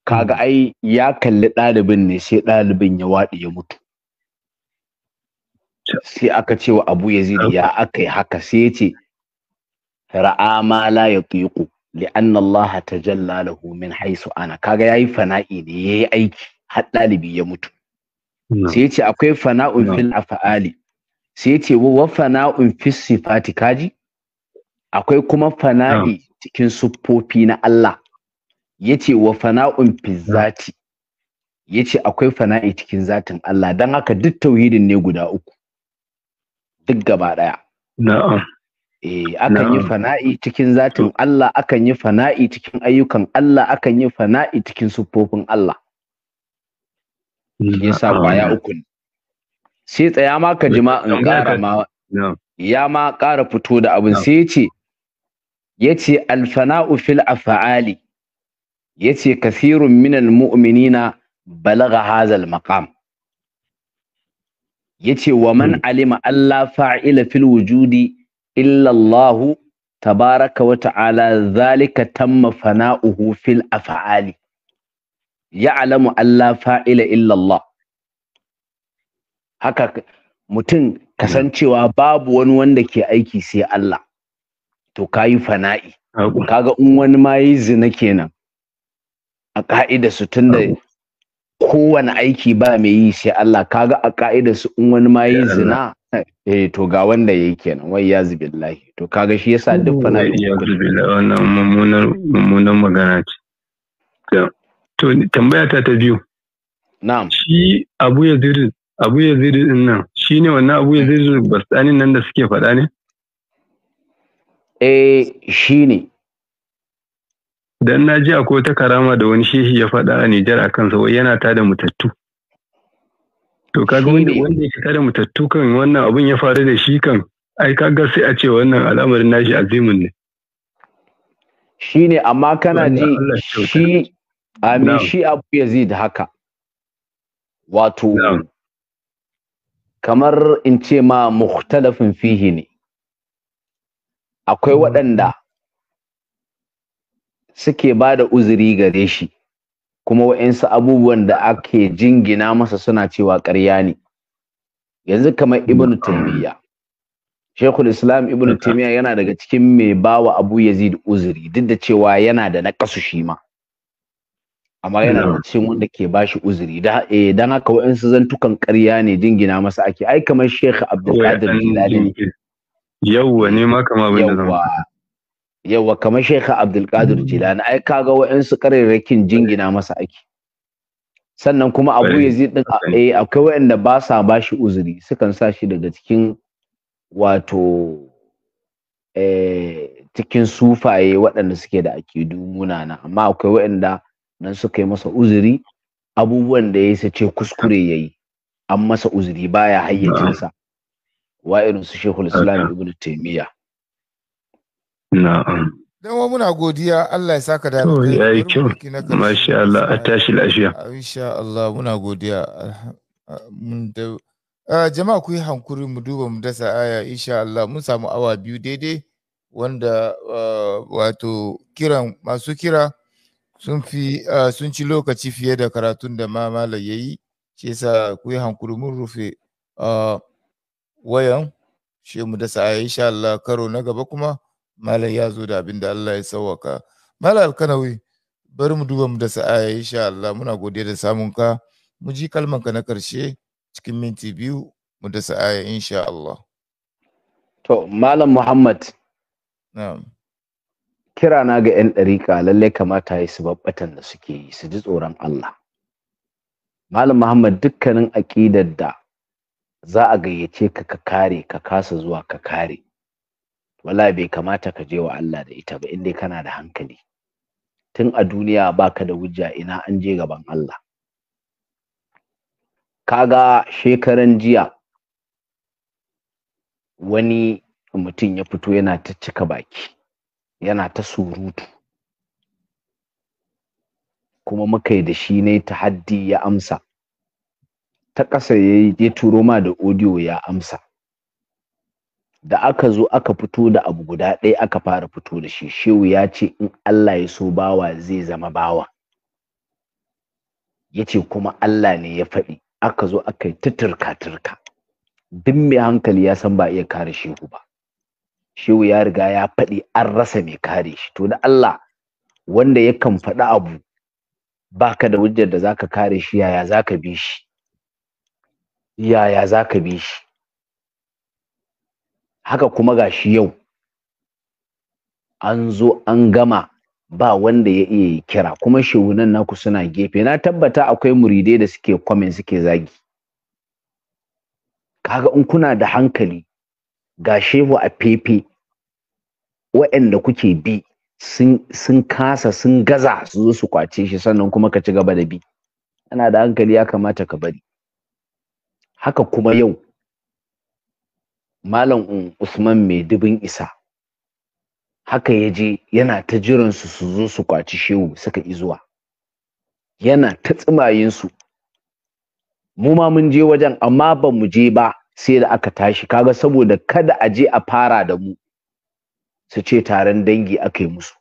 kaga ai ya kalli ɗalibin ne sai ɗalibin ya waɗi ya mutu sai aka ce wa abu yazid ya aka yi haka sai yace, ce ra'a ma la yatiqu li'an Allah tajalla lahu min haisu ana kaga yayi fana'i ne yayi aiki har ɗalibi ya mutu sai ya ce akwai fana'un fil af'ali sai ya ce wa fana'un fis sifati kaji akwai kuma fana'i cikin siffofi na Allah ya ce wa fana'un fil zati ya akwai fana'i cikin zatin Allah don haka duk tauhidin ne guda uku duk gaba ɗaya. Na'am. Eh, akan yi fana'i cikin zatin Allah, akan yi fana'i cikin ayyukan Allah, akan yi fana'i cikin siffofin Allah. Ya sa kwaya uku ne. Sai tsaya ma ka jima in ƙara ma, ya ma ƙara fito da abin sai ya ce, ya ce alfana'u fil afa'ali, ya ce kasirun minan mu'minina balaga hazal maqam. yace wa man hmm. alima Allah fa'ila fil wujudi illa Allah tabaraka wa ta'ala zalika tamma fana'uhu fil af'ali ya'lamu Allah fa'ila illa Allah haka mutum kasancewa hmm. babu wani wanda ke aiki sai Allah to kayi fana'i kaga in wani ma yi zina kenan a ka'ida su tunda kowane aiki ba mai yi sai Allah kaga a ka'ida su in wani ma yi zina eh to ga wanda yake kenan wai ya zubillahi to kaga shi yasa duk fana wannan mummunar mummunar magana ce to tambaya ta ta biyu na'am shi Abu Yazid Abu Yazid din nan shine wannan Abu Yazid bastani nan da suke faɗa ne eh shine Dan na ji akwai wata karama da wani shehi ya faɗa a Nijar a kansa wai yana tada mutattu. To kaga wanda wanda ya tada mutattu kan wannan abun ya faru da shi kan ai kaga sai a ce wannan al'amarin nashi azimin ne. Shi ne amma kana ji shi amin shi Abu da haka. Wato kamar in ce ma mukhtalafin fihi ne. Akwai mm. waɗanda suke ba da uzuri gare shi kuma wa'insu abubuwan da ake jingina masa suna cewa ƙarya ne yanzu kamar ibnu taymiya shekul islam ibnu taymiya yana daga cikin mai bawa abu yazid uzuri duk da cewa yana da naƙasu shi ma amma yana da cikin wanda ke ba shi uzuri don eh, haka wa'insu zantukan ƙarya ne jingina masa ake ai kamar shekh abdulkadir jilani yauwa ne ma kama abin da zama yawa kamar Sheikh Abdulkadir hmm. na ai kaga wa'ansu kararrakin jingina masa ake sannan kuma Abu Yazid din eh akwai waɗanda ba sa bashi uzuri sukan sa shi daga cikin wato eh, cikin sufaye waɗanda suke da akidu na amma akwai waɗanda nan suka yi masa uzuri abubuwan da ya yi kuskure ya yi an masa uzuri baya hayyacinsa wa irin su shekul islam ibn taimiyya Na'am. Dan muna godiya Allah ya saka da alheri. Ya yi kyau. Masha Allah a tashi lafiya. Ah, insha Allah muna godiya. Ah, mun da ah, jama'a ku yi hankuri mu duba mu dasa aya insha Allah mun samu awa biyu daidai wanda wato kiran masu kira sun fi sun ci lokaci fiye da karatun da ma ya yi shi yasa ku yi hankuri mun rufe wayan shi mu dasa aya insha Allah karo na gaba kuma malam ya zo da abin da Allah ya sauwaka malam alkanawi bari mu duba mu da sa'aya insha Allah muna godiya da samun ka mu ji kalman ka na karshe cikin minti biyu mu da sa'aya insha Allah to malam Muhammad na'am kira na ga yan dariƙa lallai kamata ya su babbatan da suke yi su ji tsoron Allah malam Muhammad dukkanin aƙidar da za a gayyace ka ka kare ka kasa zuwa ka kare wala bai kamata ka je wa Allah da ita ba in dai kana da hankali tun a duniya baka da hujja ina an je gaban Allah kaga shekaran jiya wani mutum ya fito yana ta cika baki yana ta surutu kuma muka yi da shi ne ta haddi ya amsa ta ƙasa ya turo ma da odiyo ya amsa da aka zo aka fito da abu guda ɗaya aka fara fito da shi shehu ya ce in Allah ya so bawa zai zama bawa ya ce kuma Allah ne ya faɗi aka zo aka yi ta turka-turka duk mai hankali ya san ba iya kare shehu ba shehu ya riga ya faɗi an rasa mai kare shi to da Allah wanda yakan faɗi abu baka da hujjar da zaka kare shi yaya zaka bi shi yaya zaka bi shi haka kuma ga shi yau an zo an gama ba wanda ya iya kira kuma shehunan naku suna gefe na tabbata akwai muridai da suke kwamen suke zagi kaga in kuna da hankali ga shehu a fefe waɗanda kuke bi sun kasa sun gaza su zo su kwace shi sannan kuma ka ci gaba da bi ana da hankali ya kamata ka bari haka kuma yau malam usman mai dubin isa haka ya je yana ta jiransu su zo su kwaci shehu suka izuwa yana ta tsimayinsu mu ma mun je wajen amma ba mu je ba sai da aka tashi kaga saboda kada a je a fara da mu su ce taron dangi aka musu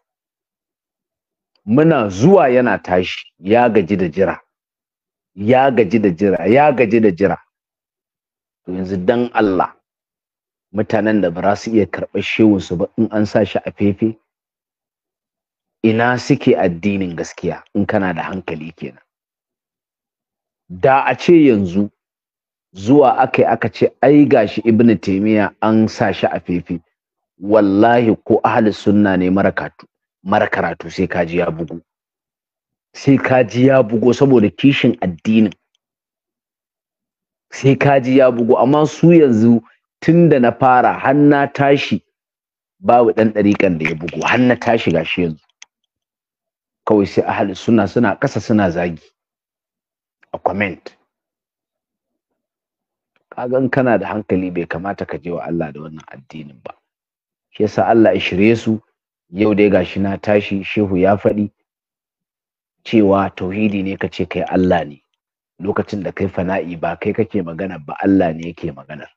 muna zuwa yana tashi ya gaji da jira ya gaji da jira ya gaji da jira to yanzu dan Allah mutanen da ba su iya karɓar su ba in an sa shi a fefe ina suke addinin gaskiya in kana da hankali kenan da a ce yanzu zuwa aka yi aka ce ai gashi ibnu taimiya an sa shi a fefe wallahi ko ahli sunna ne mara karatu sai kaji ya bugu sai kaji ya bugo saboda kishin addinin sai kaji ya bugu amma su yanzu tun da na fara har na tashi babu ɗan ɗariƙan da ya bugu har na tashi gashi yanzu kawai sai ahali suna suna ƙasa suna zagi a comment kagan kana da hankali bai kamata ka je wa Allah da wannan addinin ba shi yasa Allah ya shirye su yau dai gashi na tashi shehu ya faɗi cewa tauhidi ne kace kai Allah ne lokacin da kai fana'i ba kai kake magana ba Allah ne yake maganar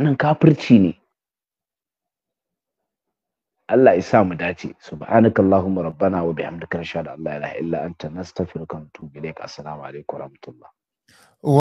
wannan kafirci ne Allah ya sa mu dace subhanakallahumma rabbana wa bihamdika nashhadu an la ilaha illa anta nastaghfiruka wa natubu ilaik assalamu alaikum wa rahmatullah